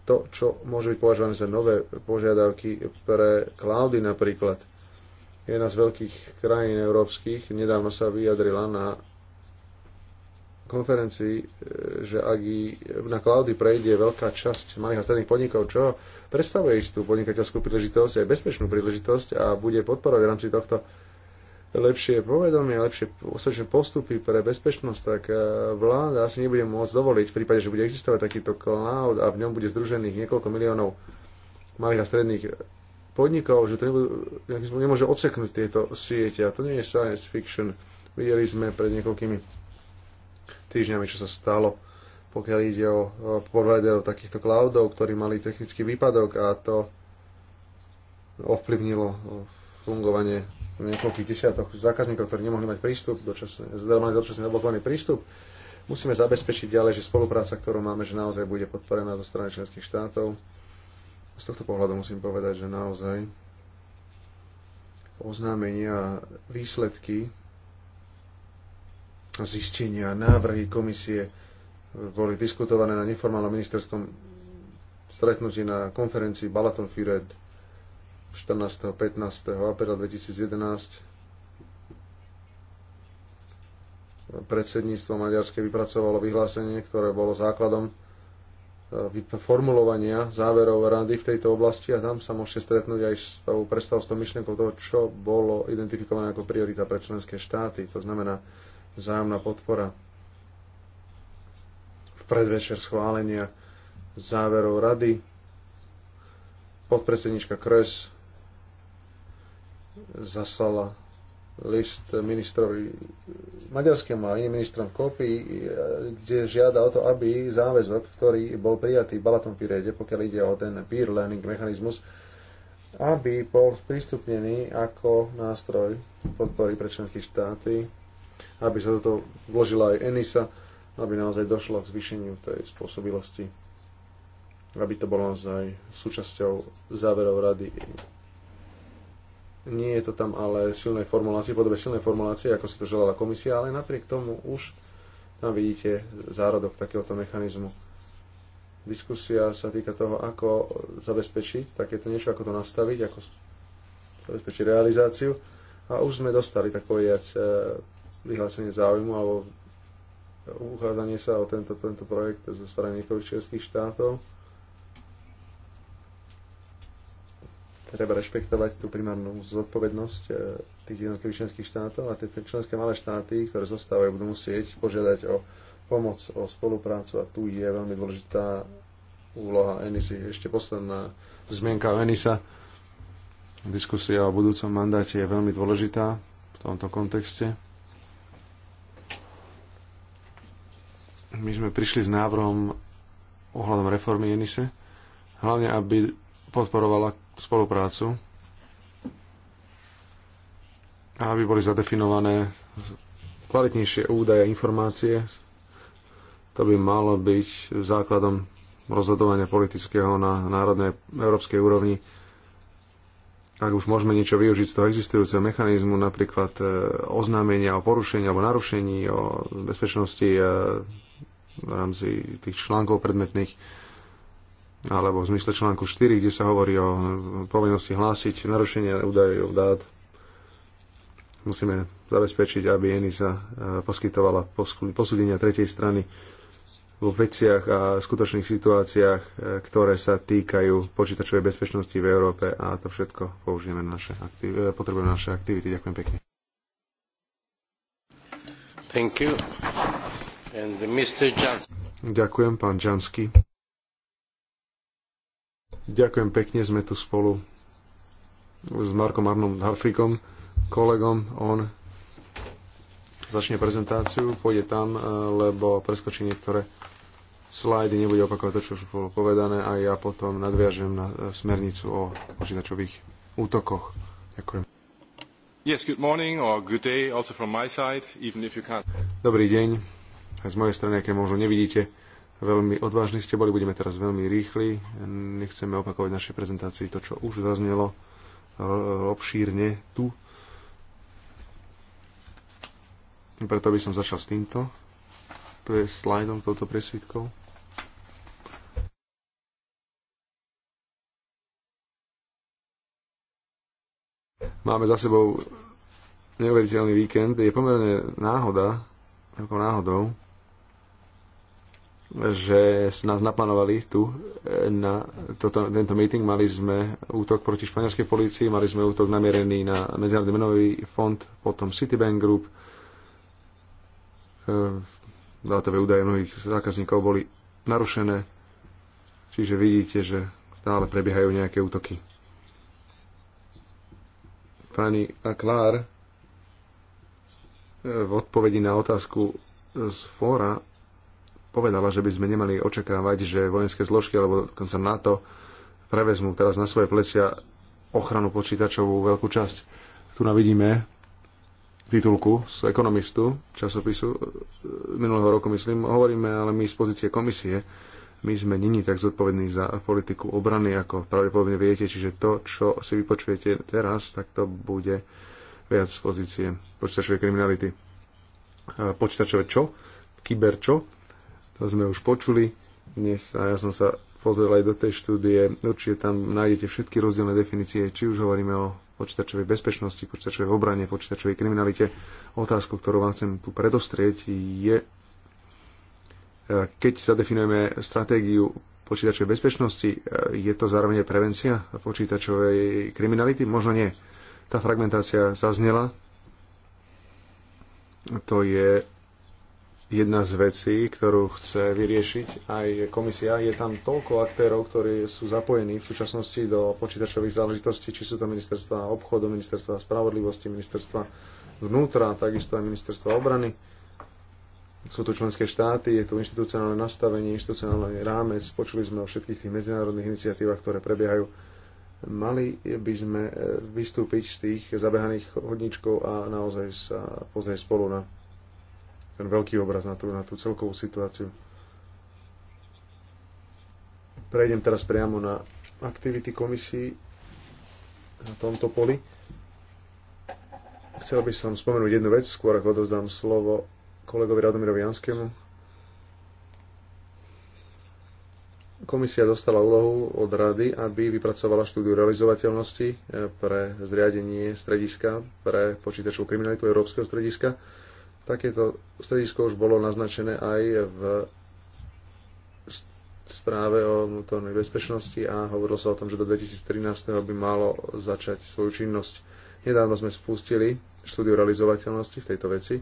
to, čo môže byť považované za nové požiadavky pre cloudy napríklad. Jedna z veľkých krajín európskych nedávno sa vyjadrila na konferencii, e, že ak na cloudy prejde veľká časť malých a stredných podnikov, čo predstavuje istú podnikateľskú príležitosť, aj bezpečnú príležitosť a bude podporovať v rámci tohto lepšie povedomie, lepšie osvedčené postupy pre bezpečnosť, tak e, vláda asi nebude môcť dovoliť v prípade, že bude existovať takýto cloud a v ňom bude združených niekoľko miliónov malých a stredných podnikov, že to nebude, nemôže odseknúť tieto siete a to nie je science fiction. Videli sme pred niekoľkými týždňami, čo sa stalo, pokiaľ ide o providerov takýchto cloudov, ktorí mali technický výpadok a to ovplyvnilo fungovanie niekoľkých desiatok zákazníkov, ktorí nemohli mať prístup, dočasne, mali dočasne zablokovaný prístup. Musíme zabezpečiť ďalej, že spolupráca, ktorú máme, že naozaj bude podporená zo strany členských štátov. Z tohto pohľadu musím povedať, že naozaj oznámenia, výsledky zistenia, návrhy komisie boli diskutované na neformálnom ministerskom stretnutí na konferencii Balaton Fired 14. a 15. apríla 2011 predsedníctvo Maďarske vypracovalo vyhlásenie, ktoré bolo základom e, formulovania záverov rady v tejto oblasti a tam sa môžete stretnúť aj s tou predstavstvou myšlienkou toho, čo bolo identifikované ako priorita pre členské štáty. To znamená, vzájomná podpora v predvečer schválenia záverov rady. Podpredsednička Kres zaslala list ministrovi maďarským a iným ministrom kopy, kde žiada o to, aby záväzok, ktorý bol prijatý v Balatom Pirede, pokiaľ ide o ten peer learning mechanizmus, aby bol sprístupnený ako nástroj podpory pre členské štáty aby sa do toho vložila aj ENISA, aby naozaj došlo k zvýšeniu tej spôsobilosti, aby to bolo naozaj súčasťou záverov rady. Nie je to tam ale silnej formulácii, podobe silnej formulácie, ako si to želala komisia, ale napriek tomu už tam vidíte zárodok takéhoto mechanizmu. Diskusia sa týka toho, ako zabezpečiť takéto niečo, ako to nastaviť, ako zabezpečiť realizáciu. A už sme dostali, tak povediať, vyhlásenie záujmu alebo uchádzanie sa o tento, tento projekt zo strany niektorých českých štátov. Treba rešpektovať tú primárnu zodpovednosť eh, tých jednotlivých členských štátov a tie členské malé štáty, ktoré zostávajú, budú musieť požiadať o pomoc, o spoluprácu a tu je veľmi dôležitá úloha Enisy. Ešte posledná zmienka o Enisa. Diskusia o budúcom mandáte je veľmi dôležitá v tomto kontexte. My sme prišli s návrhom ohľadom reformy ENISE, hlavne aby podporovala spoluprácu a aby boli zadefinované kvalitnejšie údaje a informácie. To by malo byť základom rozhodovania politického na národnej európskej úrovni. Ak už môžeme niečo využiť z toho existujúceho mechanizmu, napríklad e, oznámenia o porušení alebo narušení o bezpečnosti e, v rámci tých článkov predmetných, alebo v zmysle článku 4, kde sa hovorí o povinnosti hlásiť narušenie údajov dát. Musíme zabezpečiť, aby ENISA e, poskytovala posúdenia tretej strany vo veciach a skutočných situáciách, e, ktoré sa týkajú počítačovej bezpečnosti v Európe a to všetko použijeme na naše aktiv- e, potrebujeme naše aktivity. Ďakujem pekne. Thank you. Ďakujem, pán Žansky. Ďakujem pekne, sme tu spolu s Markom Arnom Harfrikom, kolegom. On začne prezentáciu, pôjde tam, eh, lebo preskočí niektoré slajdy, nebude opakovať to, čo už bolo povedané a ja potom nadviažem na eh, smernicu o počítačových útokoch. Ďakujem. Yes, good morning or good day also from my side, even if you can't. Dobrý deň, z mojej strany, aké možno nevidíte. Veľmi odvážni ste boli, budeme teraz veľmi rýchli. Nechceme opakovať v našej prezentácii to, čo už zaznelo obšírne tu. Preto by som začal s týmto. To je slajdom, touto presvitkou. Máme za sebou neuveriteľný víkend. Je pomerne náhoda, ako náhodou, že nás naplánovali tu e, na toto, tento meeting. Mali sme útok proti španielskej polícii, mali sme útok namierený na Medzinárodný menový fond, potom Citibank Group. E, dátové údaje mnohých zákazníkov boli narušené, čiže vidíte, že stále prebiehajú nejaké útoky. Pani Aklár, e, v odpovedi na otázku z fóra povedala, že by sme nemali očakávať, že vojenské zložky alebo dokonca NATO prevezmú teraz na svoje plecia ochranu počítačovú veľkú časť. Tu navidíme titulku z ekonomistu časopisu e, minulého roku, myslím, hovoríme, ale my z pozície komisie, my sme není tak zodpovední za politiku obrany, ako pravdepodobne viete, čiže to, čo si vypočujete teraz, tak to bude viac z pozície počítačovej kriminality. E, počítačové čo? Kyber čo? to sme už počuli dnes a ja som sa pozrel aj do tej štúdie. Určite tam nájdete všetky rozdielne definície, či už hovoríme o počítačovej bezpečnosti, počítačovej obrane, počítačovej kriminalite. Otázku, ktorú vám chcem tu predostrieť, je, e, keď zadefinujeme stratégiu počítačovej bezpečnosti, e, je to zároveň prevencia počítačovej kriminality? Možno nie. Tá fragmentácia zaznela. To je jedna z vecí, ktorú chce vyriešiť aj komisia. Je tam toľko aktérov, ktorí sú zapojení v súčasnosti do počítačových záležitostí, či sú to ministerstva obchodu, ministerstva spravodlivosti, ministerstva vnútra, takisto aj ministerstva obrany. Sú tu členské štáty, je tu institucionálne nastavenie, inštitucionálny rámec. Počuli sme o všetkých tých medzinárodných iniciatívach, ktoré prebiehajú. Mali by sme e, vystúpiť z tých zabehaných hodničkov a naozaj sa pozrieť spolu na ten veľký obraz na tú, na tú celkovú situáciu. Prejdem teraz priamo na aktivity komisí na tomto poli. Chcel by som spomenúť jednu vec, skôr ako odovzdám slovo kolegovi Radomirovi Janskému. Komisia dostala úlohu od Rady, aby vypracovala štúdiu realizovateľnosti eh, pre zriadenie strediska pre počítačovú kriminalitu Európskeho strediska Takéto stredisko už bolo naznačené aj v správe o vnútornej bezpečnosti a hovorilo sa o tom, že do 2013. by malo začať svoju činnosť. Nedávno sme spustili štúdiu realizovateľnosti v tejto veci,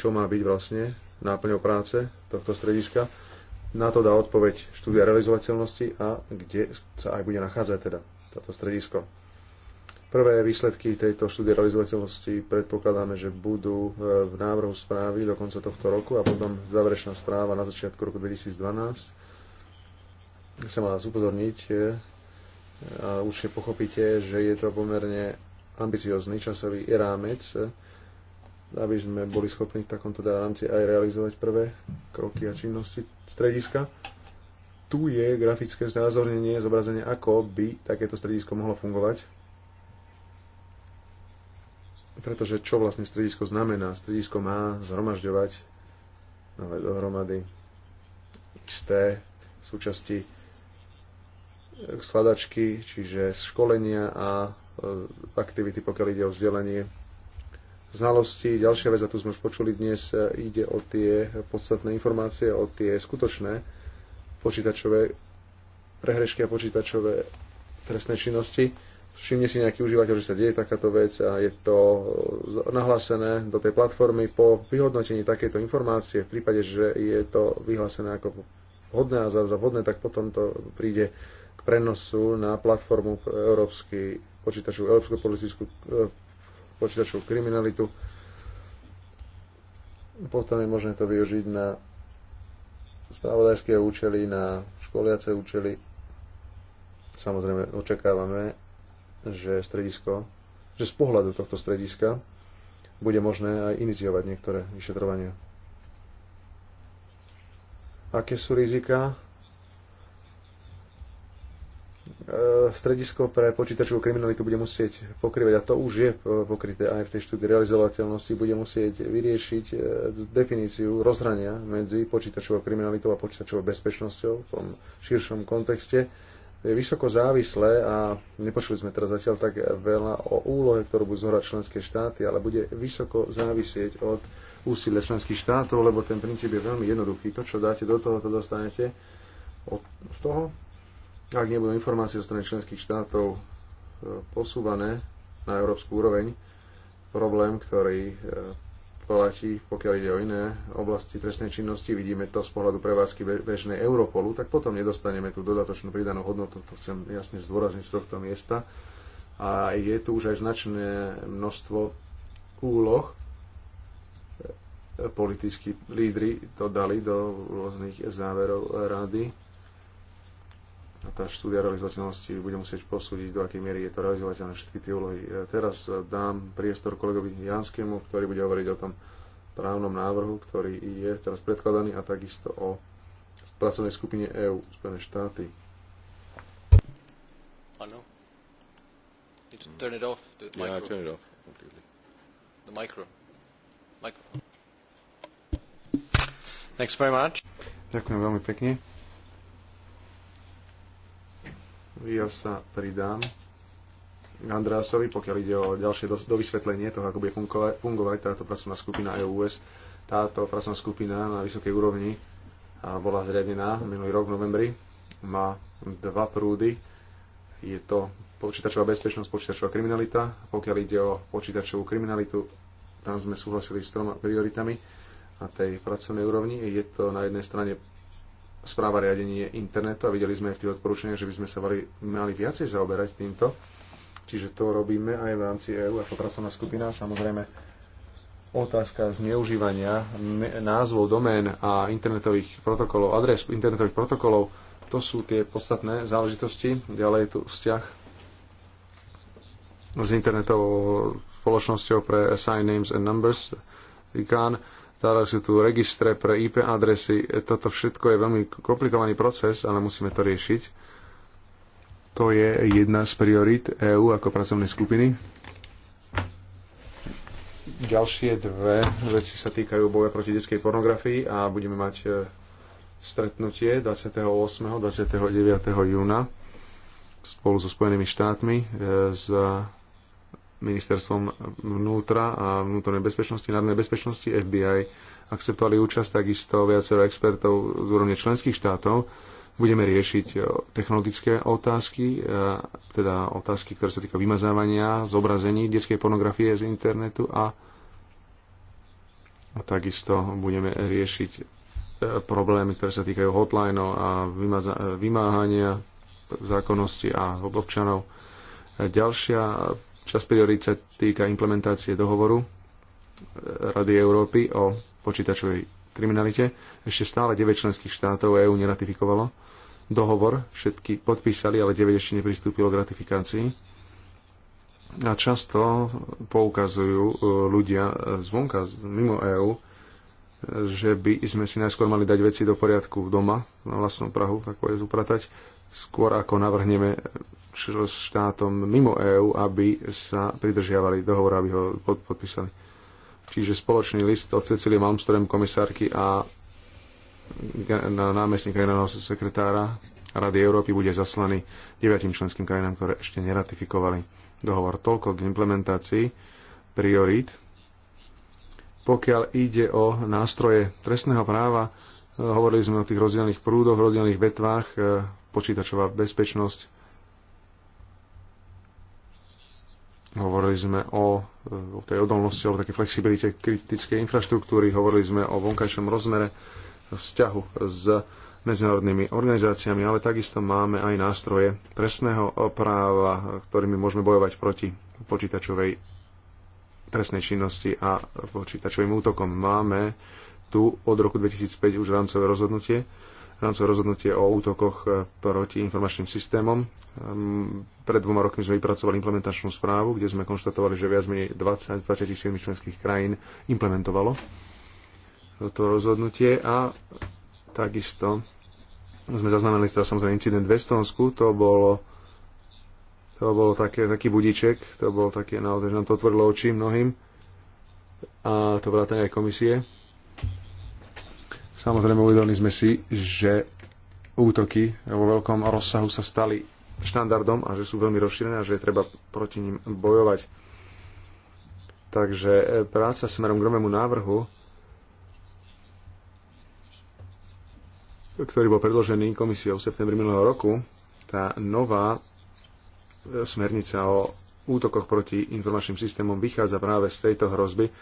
čo má byť vlastne náplňou práce tohto strediska. Na to dá odpoveď štúdia realizovateľnosti a kde sa aj bude nachádzať teda toto stredisko. Prvé výsledky tejto štúdie realizovateľnosti predpokladáme, že budú v návrhu správy do konca tohto roku a potom záverečná správa na začiatku roku 2012. Chcem vás upozorniť, e, a určite pochopíte, že je to pomerne ambiciozný časový rámec, e, aby sme boli schopní v takomto teda rámci aj realizovať prvé kroky a činnosti strediska tu je grafické znázornenie, zobrazenie, ako by takéto stredisko mohlo fungovať. Pretože čo vlastne stredisko znamená? Stredisko má zhromažďovať nové dohromady isté súčasti e, skladačky, čiže školenia a e, aktivity, pokiaľ ide o vzdelanie znalosti. Ďalšia vec, a tu sme už počuli dnes, e, ide o tie podstatné informácie, o tie skutočné počítačové prehrešky a počítačové trestné činnosti všimne si nejaký užívateľ, že sa deje takáto vec a je to e, nahlásené do tej platformy po vyhodnotení takéto informácie. V prípade, že je to vyhlásené ako vhodné a za vhodné, tak potom to príde k prenosu na platformu Európsky počítačov, Európsku politickú e, počítačovú kriminalitu. Potom je možné to využiť na spravodajské účely, na školiace účely. Samozrejme, očakávame že stredisko, že z pohľadu tohto strediska bude možné aj iniciovať niektoré vyšetrovania. Aké sú rizika? E, stredisko pre počítačovú kriminalitu bude musieť pokrývať, a to už je pokryté aj v tej štúdii realizovateľnosti, bude musieť vyriešiť e, definíciu rozhrania medzi počítačovou kriminalitou a počítačovou bezpečnosťou v tom širšom kontexte je vysoko závislé a nepočuli sme teraz zatiaľ tak veľa o úlohe, ktorú budú zohrať členské štáty, ale bude vysoko závisieť od úsilia členských štátov, lebo ten princíp je veľmi jednoduchý. To, čo dáte do toho, to dostanete od, z toho. Ak nebudú informácie zo strany členských štátov e, posúvané na európsku úroveň, problém, ktorý e, koláči, pokiaľ ide o iné oblasti trestnej činnosti, vidíme to z pohľadu prevádzky bežnej Europolu, tak potom nedostaneme tú dodatočnú pridanú hodnotu, to chcem jasne zdôrazniť z tohto miesta. A je tu už aj značné množstvo úloh, politickí lídry to dali do rôznych záverov rady tá štúdia realizovateľnosti bude musieť posúdiť, do akej miery je to realizovateľné všetky tie úlohy. E, teraz e, dám priestor kolegovi Janskému, ktorý bude hovoriť o tom právnom návrhu, ktorý je teraz predkladaný a takisto o pracovnej skupine EÚ, Spojené štáty. Áno. Turn it off. The micro. turn it off The micro. Micro. Thanks very much. Ďakujem veľmi pekne. Ja sa pridám Andrásovi, pokiaľ ide o ďalšie dovysvetlenie toho, ako bude fungovať, fungovať táto pracovná skupina EUS. Táto pracovná skupina na vysokej úrovni bola zriadená minulý rok v novembri. Má dva prúdy. Je to počítačová bezpečnosť, počítačová kriminalita. Pokiaľ ide o počítačovú kriminalitu, tam sme súhlasili s troma prioritami na tej pracovnej úrovni. Je to na jednej strane správa riadenie internetu a videli sme v tých odporúčaniach, že by sme sa mali, mali viacej zaoberať týmto. Čiže to robíme aj v rámci EU ako pracovná skupina. Samozrejme, otázka zneužívania názvov domén a internetových protokolov, adres internetových protokolov, to sú tie podstatné záležitosti. Ďalej je tu vzťah s internetovou spoločnosťou pre Assign Names and Numbers, ICANN Teraz sú tu registre pre IP adresy. Toto všetko je veľmi komplikovaný proces, ale musíme to riešiť. To je jedna z priorít EÚ ako pracovnej skupiny. Ďalšie dve veci sa týkajú boja proti detskej pornografii a budeme mať e, stretnutie 28. 29. júna spolu so Spojenými štátmi s e, ministerstvom vnútra a vnútornej bezpečnosti, národnej bezpečnosti, FBI akceptovali účasť takisto viacero expertov z úrovne členských štátov. Budeme riešiť e, technologické otázky, e, teda otázky, ktoré sa týka vymazávania, zobrazení detskej pornografie z internetu a, a takisto budeme riešiť e, problémy, ktoré sa týkajú hotline a vymáhania zákonnosti a občanov. Ďalšia Čas priorít sa týka implementácie dohovoru eh, Rady Európy o počítačovej kriminalite. Ešte stále 9 členských štátov EÚ neratifikovalo dohovor. Všetky podpísali, ale 9 ešte nepristúpilo k ratifikácii. A často poukazujú eh, ľudia eh, zvonka, mimo EÚ, že by sme si najskôr mali dať veci do poriadku doma, na vlastnom Prahu, tak povedz upratať, skôr ako navrhneme štátom mimo EÚ, aby sa pridržiavali dohovor, aby ho podpísali. Čiže spoločný list od Cecilie Malmström, komisárky a na námestníka generálneho sekretára Rady Európy bude zaslaný deviatim členským krajinám, ktoré ešte neratifikovali dohovor. Toľko k implementácii priorít. Pokiaľ ide o nástroje trestného práva, hovorili sme o tých rozdielných prúdoch, rozdielných vetvách počítačová bezpečnosť. Hovorili sme o, o tej odolnosti alebo také flexibilite kritickej infraštruktúry, hovorili sme o vonkajšom rozmere vzťahu s medzinárodnými organizáciami, ale takisto máme aj nástroje trestného práva, ktorými môžeme bojovať proti počítačovej trestnej činnosti a počítačovým útokom. Máme tu od roku 2005 už rámcové rozhodnutie, rámcové rozhodnutie o útokoch e, proti informačným systémom. Ehm, pred dvoma rokmi sme vypracovali implementačnú správu, kde sme konštatovali, že viac menej 20 z 27 členských krajín implementovalo toto rozhodnutie a takisto sme zaznamenali teraz samozrejme incident v Estonsku, to bolo to bol také, taký budiček, to bolo také naozaj, že nám to otvorilo oči mnohým a to vrátane aj komisie Samozrejme uvedomili sme si, že útoky vo veľkom rozsahu sa stali štandardom a že sú veľmi rozšírené a že je treba proti ním bojovať. Takže e, práca smerom k novému návrhu, ktorý bol predložený komisiou v septembri minulého roku, tá nová e, smernica o útokoch proti informačným systémom vychádza práve z tejto hrozby,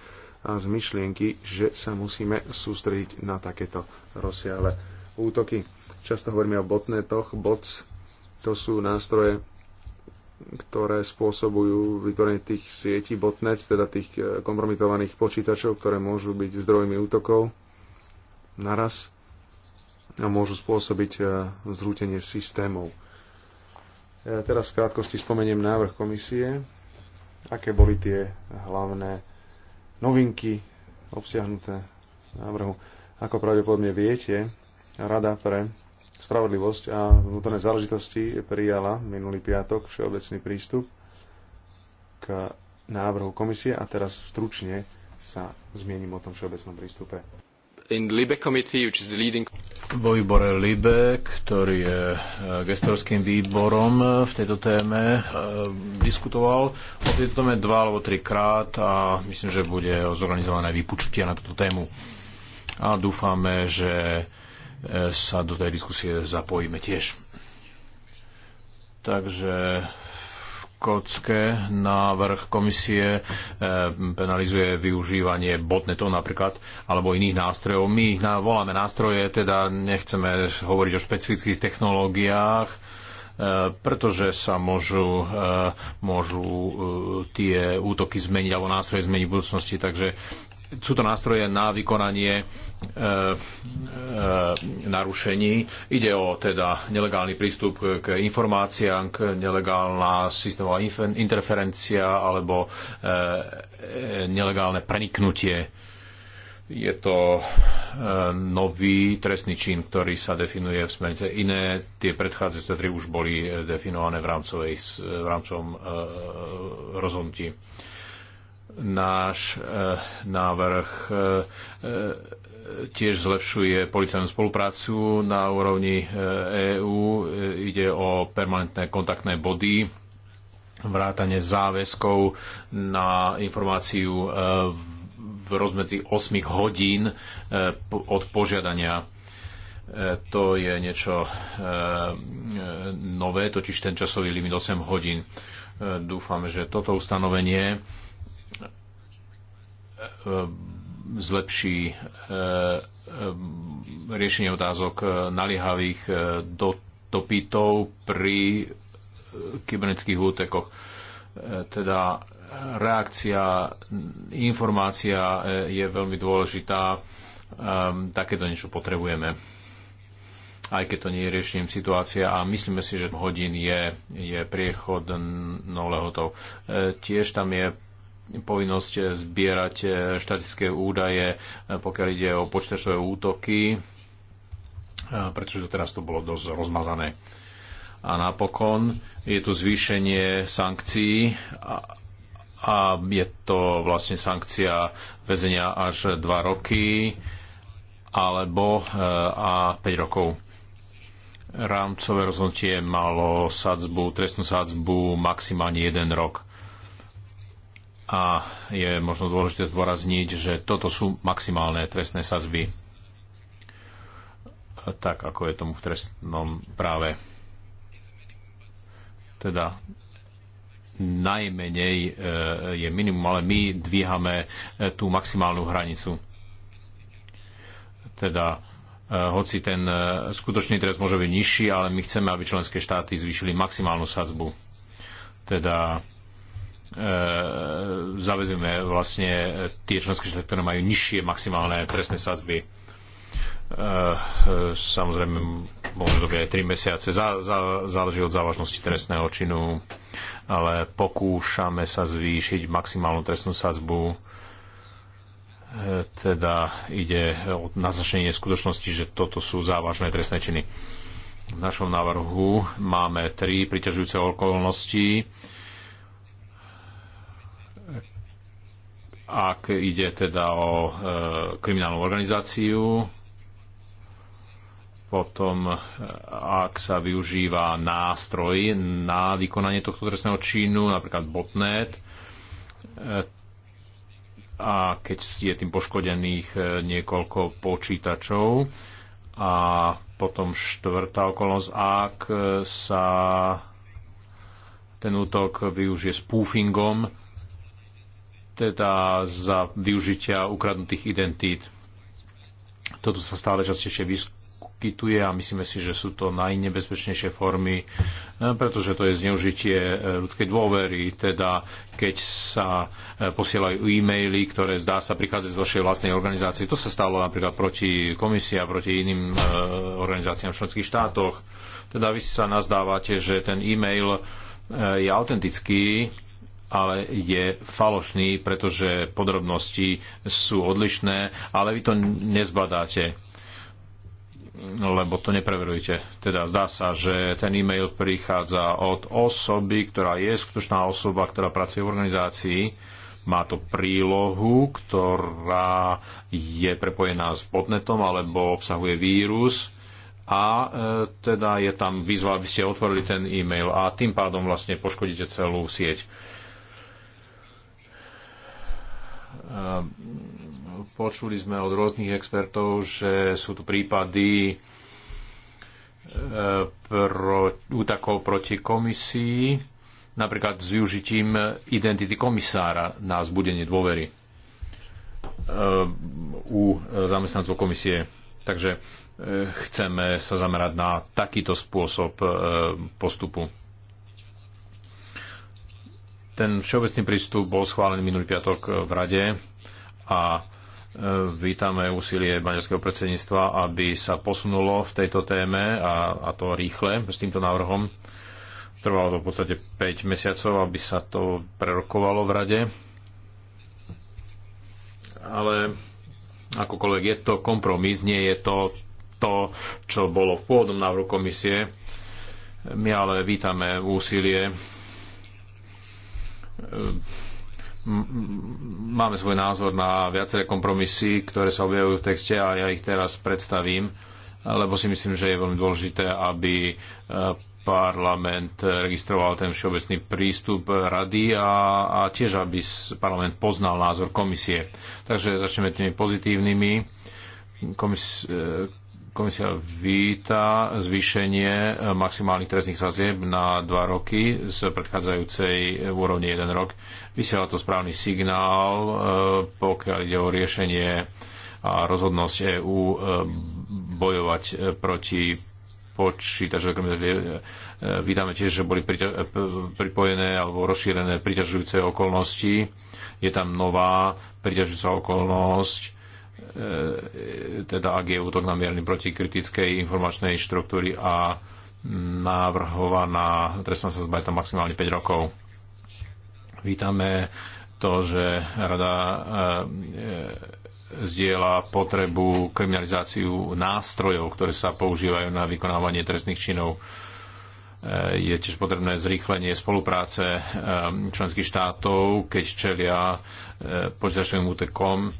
z myšlienky, že sa musíme sústrediť na takéto rozsiahle útoky. Často hovoríme o botnetoch, bots, to sú nástroje, ktoré spôsobujú vytvorenie tých sietí botnet, teda tých e, kompromitovaných počítačov, ktoré môžu byť zdrojmi útokov naraz a môžu spôsobiť e, zrútenie systémov. Ja teraz v krátkosti spomeniem návrh komisie, aké boli tie hlavné novinky obsiahnuté v návrhu. Ako pravdepodobne viete, Rada pre spravodlivosť a vnútorné záležitosti prijala minulý piatok všeobecný prístup k návrhu komisie a teraz stručne sa zmiením o tom všeobecnom prístupe in LIBE committee, which is the leading vo výbore LIBE, ktorý je eh, gestorským výborom eh, v tejto téme, eh, diskutoval o tejto téme dva alebo trikrát a myslím, že bude zorganizované vypočutie na túto tému. A dúfame, že sa do tej diskusie zapojíme tiež. Takže škótske návrh komisie eh, penalizuje využívanie botnetov napríklad, alebo iných nástrojov. My ich voláme nástroje, teda nechceme hovoriť o špecifických technológiách, eh, pretože sa môžu, eh, môžu tie útoky zmeniť alebo nástroje zmeniť v budúcnosti, takže sú to nástroje na vykonanie e, e, narušení. Ide o teda nelegálny prístup k informáciám, k nelegálna systémová interferencia alebo e, e, nelegálne preniknutie. Je to e, nový trestný čin, ktorý sa definuje v smernice. Iné, tie predchádzajúce tri už boli definované v, rámcovej, v rámcovom e, rozhodnutí. E, náš e, návrh e, e, tiež zlepšuje policajnú spoluprácu na úrovni EÚ. Ide o permanentné kontaktné body, vrátanie záväzkov na informáciu v rozmedzi 8 hodín od požiadania to je niečo nové, totiž ten časový limit 8 hodín. Dúfam, že toto ustanovenie E, zlepší e, e, riešenie otázok naliehavých dopytov pri kybernetických útekoch. Teda reakcia, informácia je veľmi dôležitá. Takéto niečo potrebujeme. Aj keď to nie je riešením situácia a myslíme si, že hodín je, je priechod no lehotou. Tiež tam je povinnosť zbierať eh, štatistické údaje, eh, pokiaľ ide o počtačové útoky, eh, pretože teraz to bolo dosť rozmazané. A napokon je tu zvýšenie sankcií a, a je to vlastne sankcia väzenia až 2 roky alebo a 5 rokov. Rámcové rozhodnutie malo sadzbu, trestnú sadzbu maximálne 1 rok a je možno dôležité zdôrazniť, že toto sú maximálne trestné sazby. tak ako je tomu v trestnom práve. Teda najmenej e, je minimum, ale my dvíhame e, tú maximálnu hranicu. Teda e, hoci ten skutočný trest môže byť nižší, ale my chceme, aby členské štáty zvýšili maximálnu sadzbu. Teda E, zavezujeme vlastne e, tie členské štáty, ktoré majú nižšie maximálne trestné sadzby. E, samozrejme, môžu to byť aj 3 mesiace, zá, zá, záleží od závažnosti trestného činu, ale pokúšame sa zvýšiť maximálnu trestnú sadzbu. Teda ide o naznačenie skutočnosti, že toto sú závažné trestné činy. V našom návrhu máme tri priťažujúce okolnosti ak ide teda o e, kriminálnu organizáciu, potom e, ak sa využíva nástroj na vykonanie tohto trestného činu, napríklad botnet, e, a keď je tým poškodených e, niekoľko počítačov, a potom štvrtá okolnosť, ak e, sa ten útok využije spoofingom, teda za využitia ukradnutých identít. Toto sa stále častejšie vyskytuje a myslíme si, že sú to najnebezpečnejšie formy, e, pretože to je zneužitie e, ľudskej dôvery, teda keď sa e, posielajú e-maily, ktoré zdá sa prichádzať z vašej vlastnej organizácie. To sa stalo napríklad proti komisii a proti iným organizáciám v členských štátoch. Teda vy sa nazdávate, že ten e-mail je autentický, ale je falošný, pretože podrobnosti sú odlišné, ale vy to nezbadáte lebo to nepreverujete. Teda zdá sa, že ten e-mail prichádza od osoby, ktorá je skutočná osoba, ktorá pracuje v organizácii, má to prílohu, ktorá je prepojená s podnetom alebo obsahuje vírus a e, teda je tam výzva, aby ste otvorili ten e-mail a tým pádom vlastne poškodíte celú sieť. E, Ehm, počuli sme od rôznych expertov, že sú tu prípady ehm, pro, útakov proti komisii, napríklad s využitím identity komisára na vzbudenie dôvery ehm, u zamestnancov komisie. Takže chceme sa zamerať na takýto spôsob postupu. Ten všeobecný prístup bol schválený minulý piatok v Rade a e, vítame úsilie maďarského predsedníctva, aby sa posunulo v tejto téme a, a to rýchle s týmto návrhom. Trvalo to v podstate 5 mesiacov, aby sa to prerokovalo v rade. Ale akokoľvek je to kompromis, nie je to to, čo bolo v pôvodnom návrhu komisie. My ale vítame úsilie Ehm, máme svoj názor na viaceré kompromisy, ktoré sa objavujú v texte a ja ich teraz predstavím, lebo si myslím, že je veľmi dôležité, aby e, parlament registroval ten všeobecný prístup rady a, a tiež, aby parlament poznal názor komisie. Takže začneme tými pozitívnymi. Komis, e, Komisia víta zvýšenie maximálnych trestných sazieb na dva roky z predchádzajúcej úrovne jeden rok. Vysiela to správny signál, e, pokiaľ ide o riešenie a rozhodnosť EÚ e, bojovať e, proti počítačov. Vítame tiež, že boli pripojené alebo rozšírené priťažujúce okolnosti. Je tam nová priťažujúca okolnosť, E, teda ak je útok namierený proti kritickej informačnej štruktúry a návrhovaná trestná sa zbaví tam maximálne 5 rokov. Vítame to, že rada e, e, zdieľa potrebu kriminalizáciu nástrojov, ktoré sa používajú na vykonávanie trestných činov. Je tiež potrebné zrýchlenie spolupráce členských štátov, keď čelia počítačovým útekom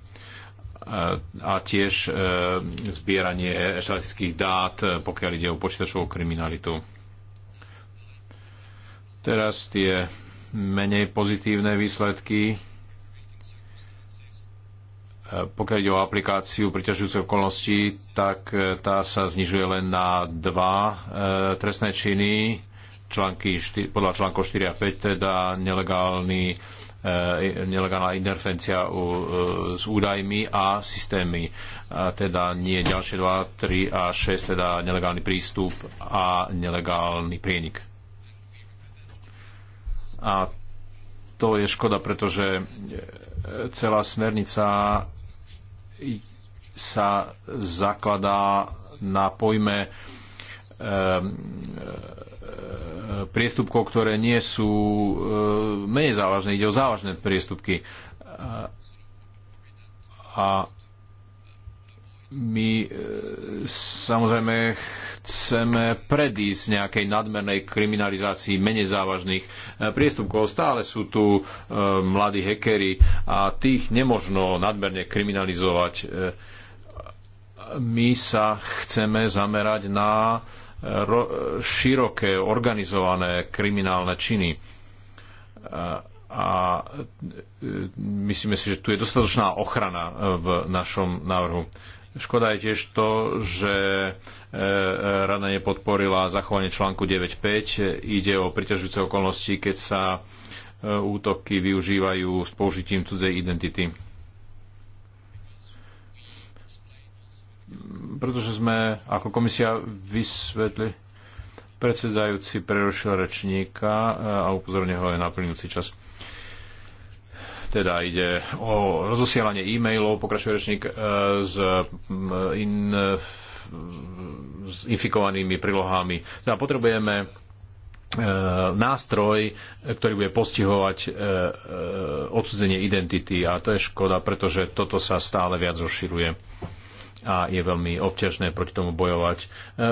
a tiež e, zbieranie štatistických dát, e, pokiaľ ide o počítačovú kriminalitu. Teraz tie menej pozitívne výsledky e, pokiaľ ide o aplikáciu priťažujúcej okolnosti, tak tá sa znižuje len na dva trestné činy, články, podľa článkov 4 a 5, teda nelegálny E, nelegálna intervencia e, s údajmi a systémy. Teda nie ďalšie 2, 3 a 6, teda nelegálny prístup a nelegálny prienik. A to je škoda, pretože e, celá smernica sa zakladá na pojme E, priestupkov, ktoré nie sú e, menej závažné. Ide o závažné priestupky. A my e, samozrejme chceme predísť nejakej nadmernej kriminalizácii menej závažných priestupkov. Stále sú tu mladí hekery a tých nemožno nadmerne kriminalizovať. My sa chceme zamerať na široké, organizované kriminálne činy. A myslíme si, že tu je dostatočná ochrana e, v našom návrhu. Škoda je tiež to, že e, e, rada nepodporila zachovanie článku 9.5. Ide o priťažujúce okolnosti, keď sa útoky využívajú s použitím cudzej identity. pretože sme ako komisia vysvetli, predsedajúci prerušil rečníka e, a upozornil ho aj na plynúci čas. Teda ide o rozosielanie e-mailov, pokračuje rečník e, s, in, s infikovanými prílohami. Teda potrebujeme e, nástroj, ktorý bude postihovať odsudzenie identity a to je škoda, pretože toto sa stále viac rozširuje a je veľmi obťažné proti tomu bojovať, e,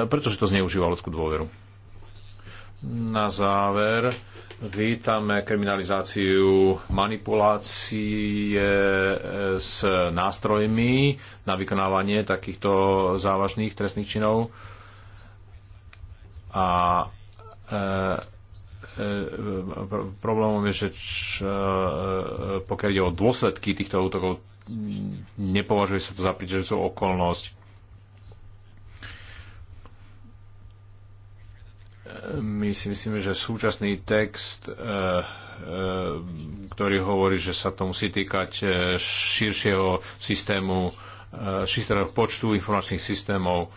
pretože to zneužíva ľudskú dôveru. Na záver vítame kriminalizáciu manipulácie e, s nástrojmi na vykonávanie takýchto závažných trestných činov a e, problémom je, že č, pokiaľ ide o dôsledky týchto útokov, nepovažuje sa to za príčežujúcu okolnosť. My si myslíme, že súčasný text, eh, eh, ktorý hovorí, že sa to musí týkať eh, širšieho systému, širšieho počtu informačných systémov,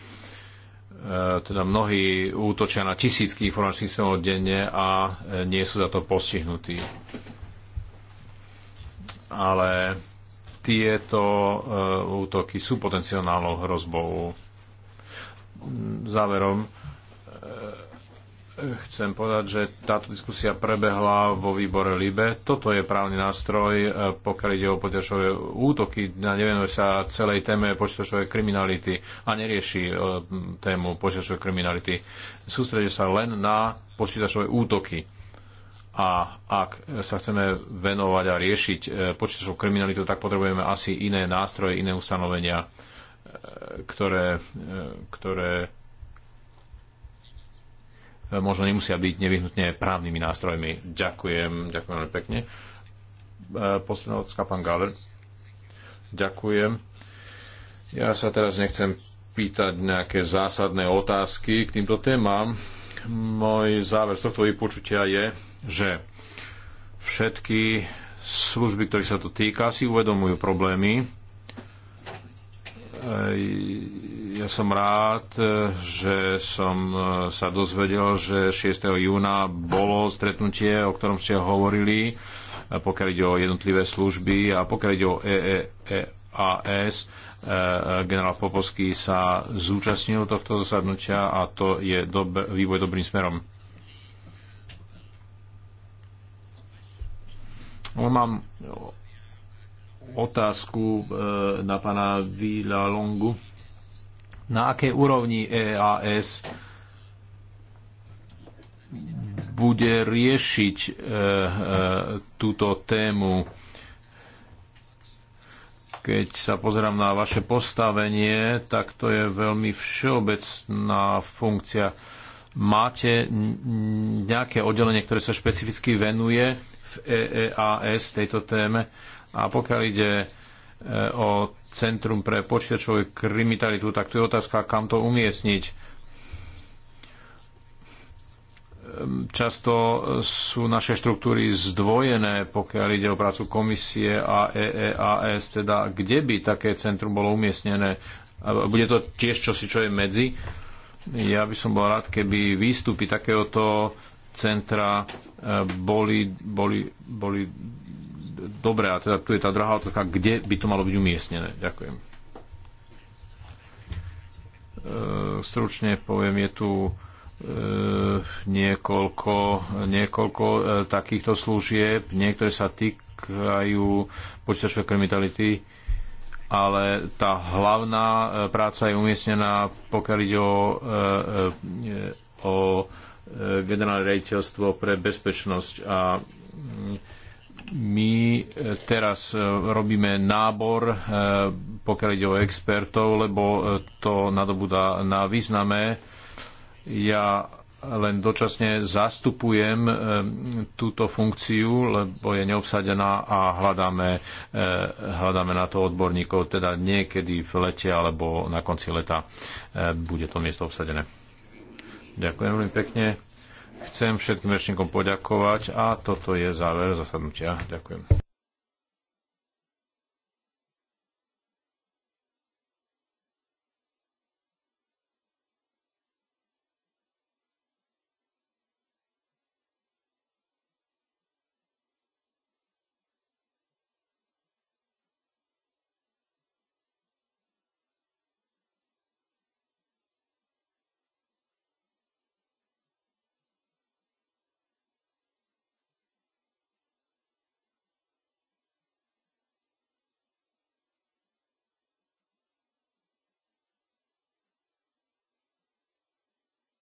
teda mnohí útočia na tisícky informačných systémov denne a nie sú za to postihnutí. Ale tieto eh, útoky sú potenciálnou hrozbou. Záverom eh, chcem povedať, že táto diskusia prebehla vo výbore LIBE. Toto je právny nástroj, eh, pokiaľ ide o počítačové útoky. neviem, sa celej téme počítačovej kriminality a nerieši tému počítačovej kriminality. Sústredí sa len na počítačové útoky a ak sa chceme venovať a riešiť e, počítačovú kriminalitu, tak potrebujeme asi iné nástroje, iné ustanovenia, e, ktoré, e, ktoré možno nemusia byť nevyhnutne právnymi nástrojmi. Ďakujem, ďakujem veľmi pekne. Posledná otázka, pán Galer. Ďakujem. Ja sa teraz nechcem pýtať nejaké zásadné otázky k týmto témam. Môj záver z tohto vypočutia je, že všetky služby, ktorých sa to týka, si uvedomujú problémy. E, ja som rád, e, že som e, sa dozvedel, že 6. júna bolo stretnutie, o ktorom ste hovorili, pokiaľ ide o jednotlivé služby a pokiaľ ide o EEAS. Generál Popovský sa zúčastnil tohto zasadnutia a to je dob- vývoj dobrým smerom Mám otázku e, na pána Vila Longu. Na akej úrovni EAS bude riešiť e, e, túto tému. Keď sa pozerám na vaše postavenie, tak to je veľmi všeobecná funkcia. Máte nejaké oddelenie, ktoré sa špecificky venuje FEEAS tejto téme a pokiaľ ide e, o Centrum pre počítačovú kriminalitu, tak tu je otázka, kam to umiestniť. Často sú naše štruktúry zdvojené, pokiaľ ide o prácu komisie a EEAS, teda kde by také centrum bolo umiestnené. Bude to tiež čosi, čo je medzi. Ja by som bol rád, keby výstupy takéhoto centra e, boli, boli, boli dobré. A teda tu je tá druhá otázka, kde by to malo byť umiestnené. Ďakujem. E, stručne poviem, je tu e, niekoľko, niekoľko takýchto služieb. Niektoré sa týkajú počítačové kriminality, ale tá hlavná práca je umiestnená, pokiaľ ide o, o generálne rejiteľstvo pre bezpečnosť a my teraz robíme nábor, e, pokiaľ ide o expertov, lebo to nadobúda na význame. Ja len dočasne zastupujem e, túto funkciu, lebo je neobsadená a hľadáme, e, hľadáme na to odborníkov, teda niekedy v lete alebo na konci leta bude to miesto obsadené. Ďakujem veľmi pekne. Chcem všetkým rečníkom poďakovať a toto je záver zasadnutia. Ďakujem.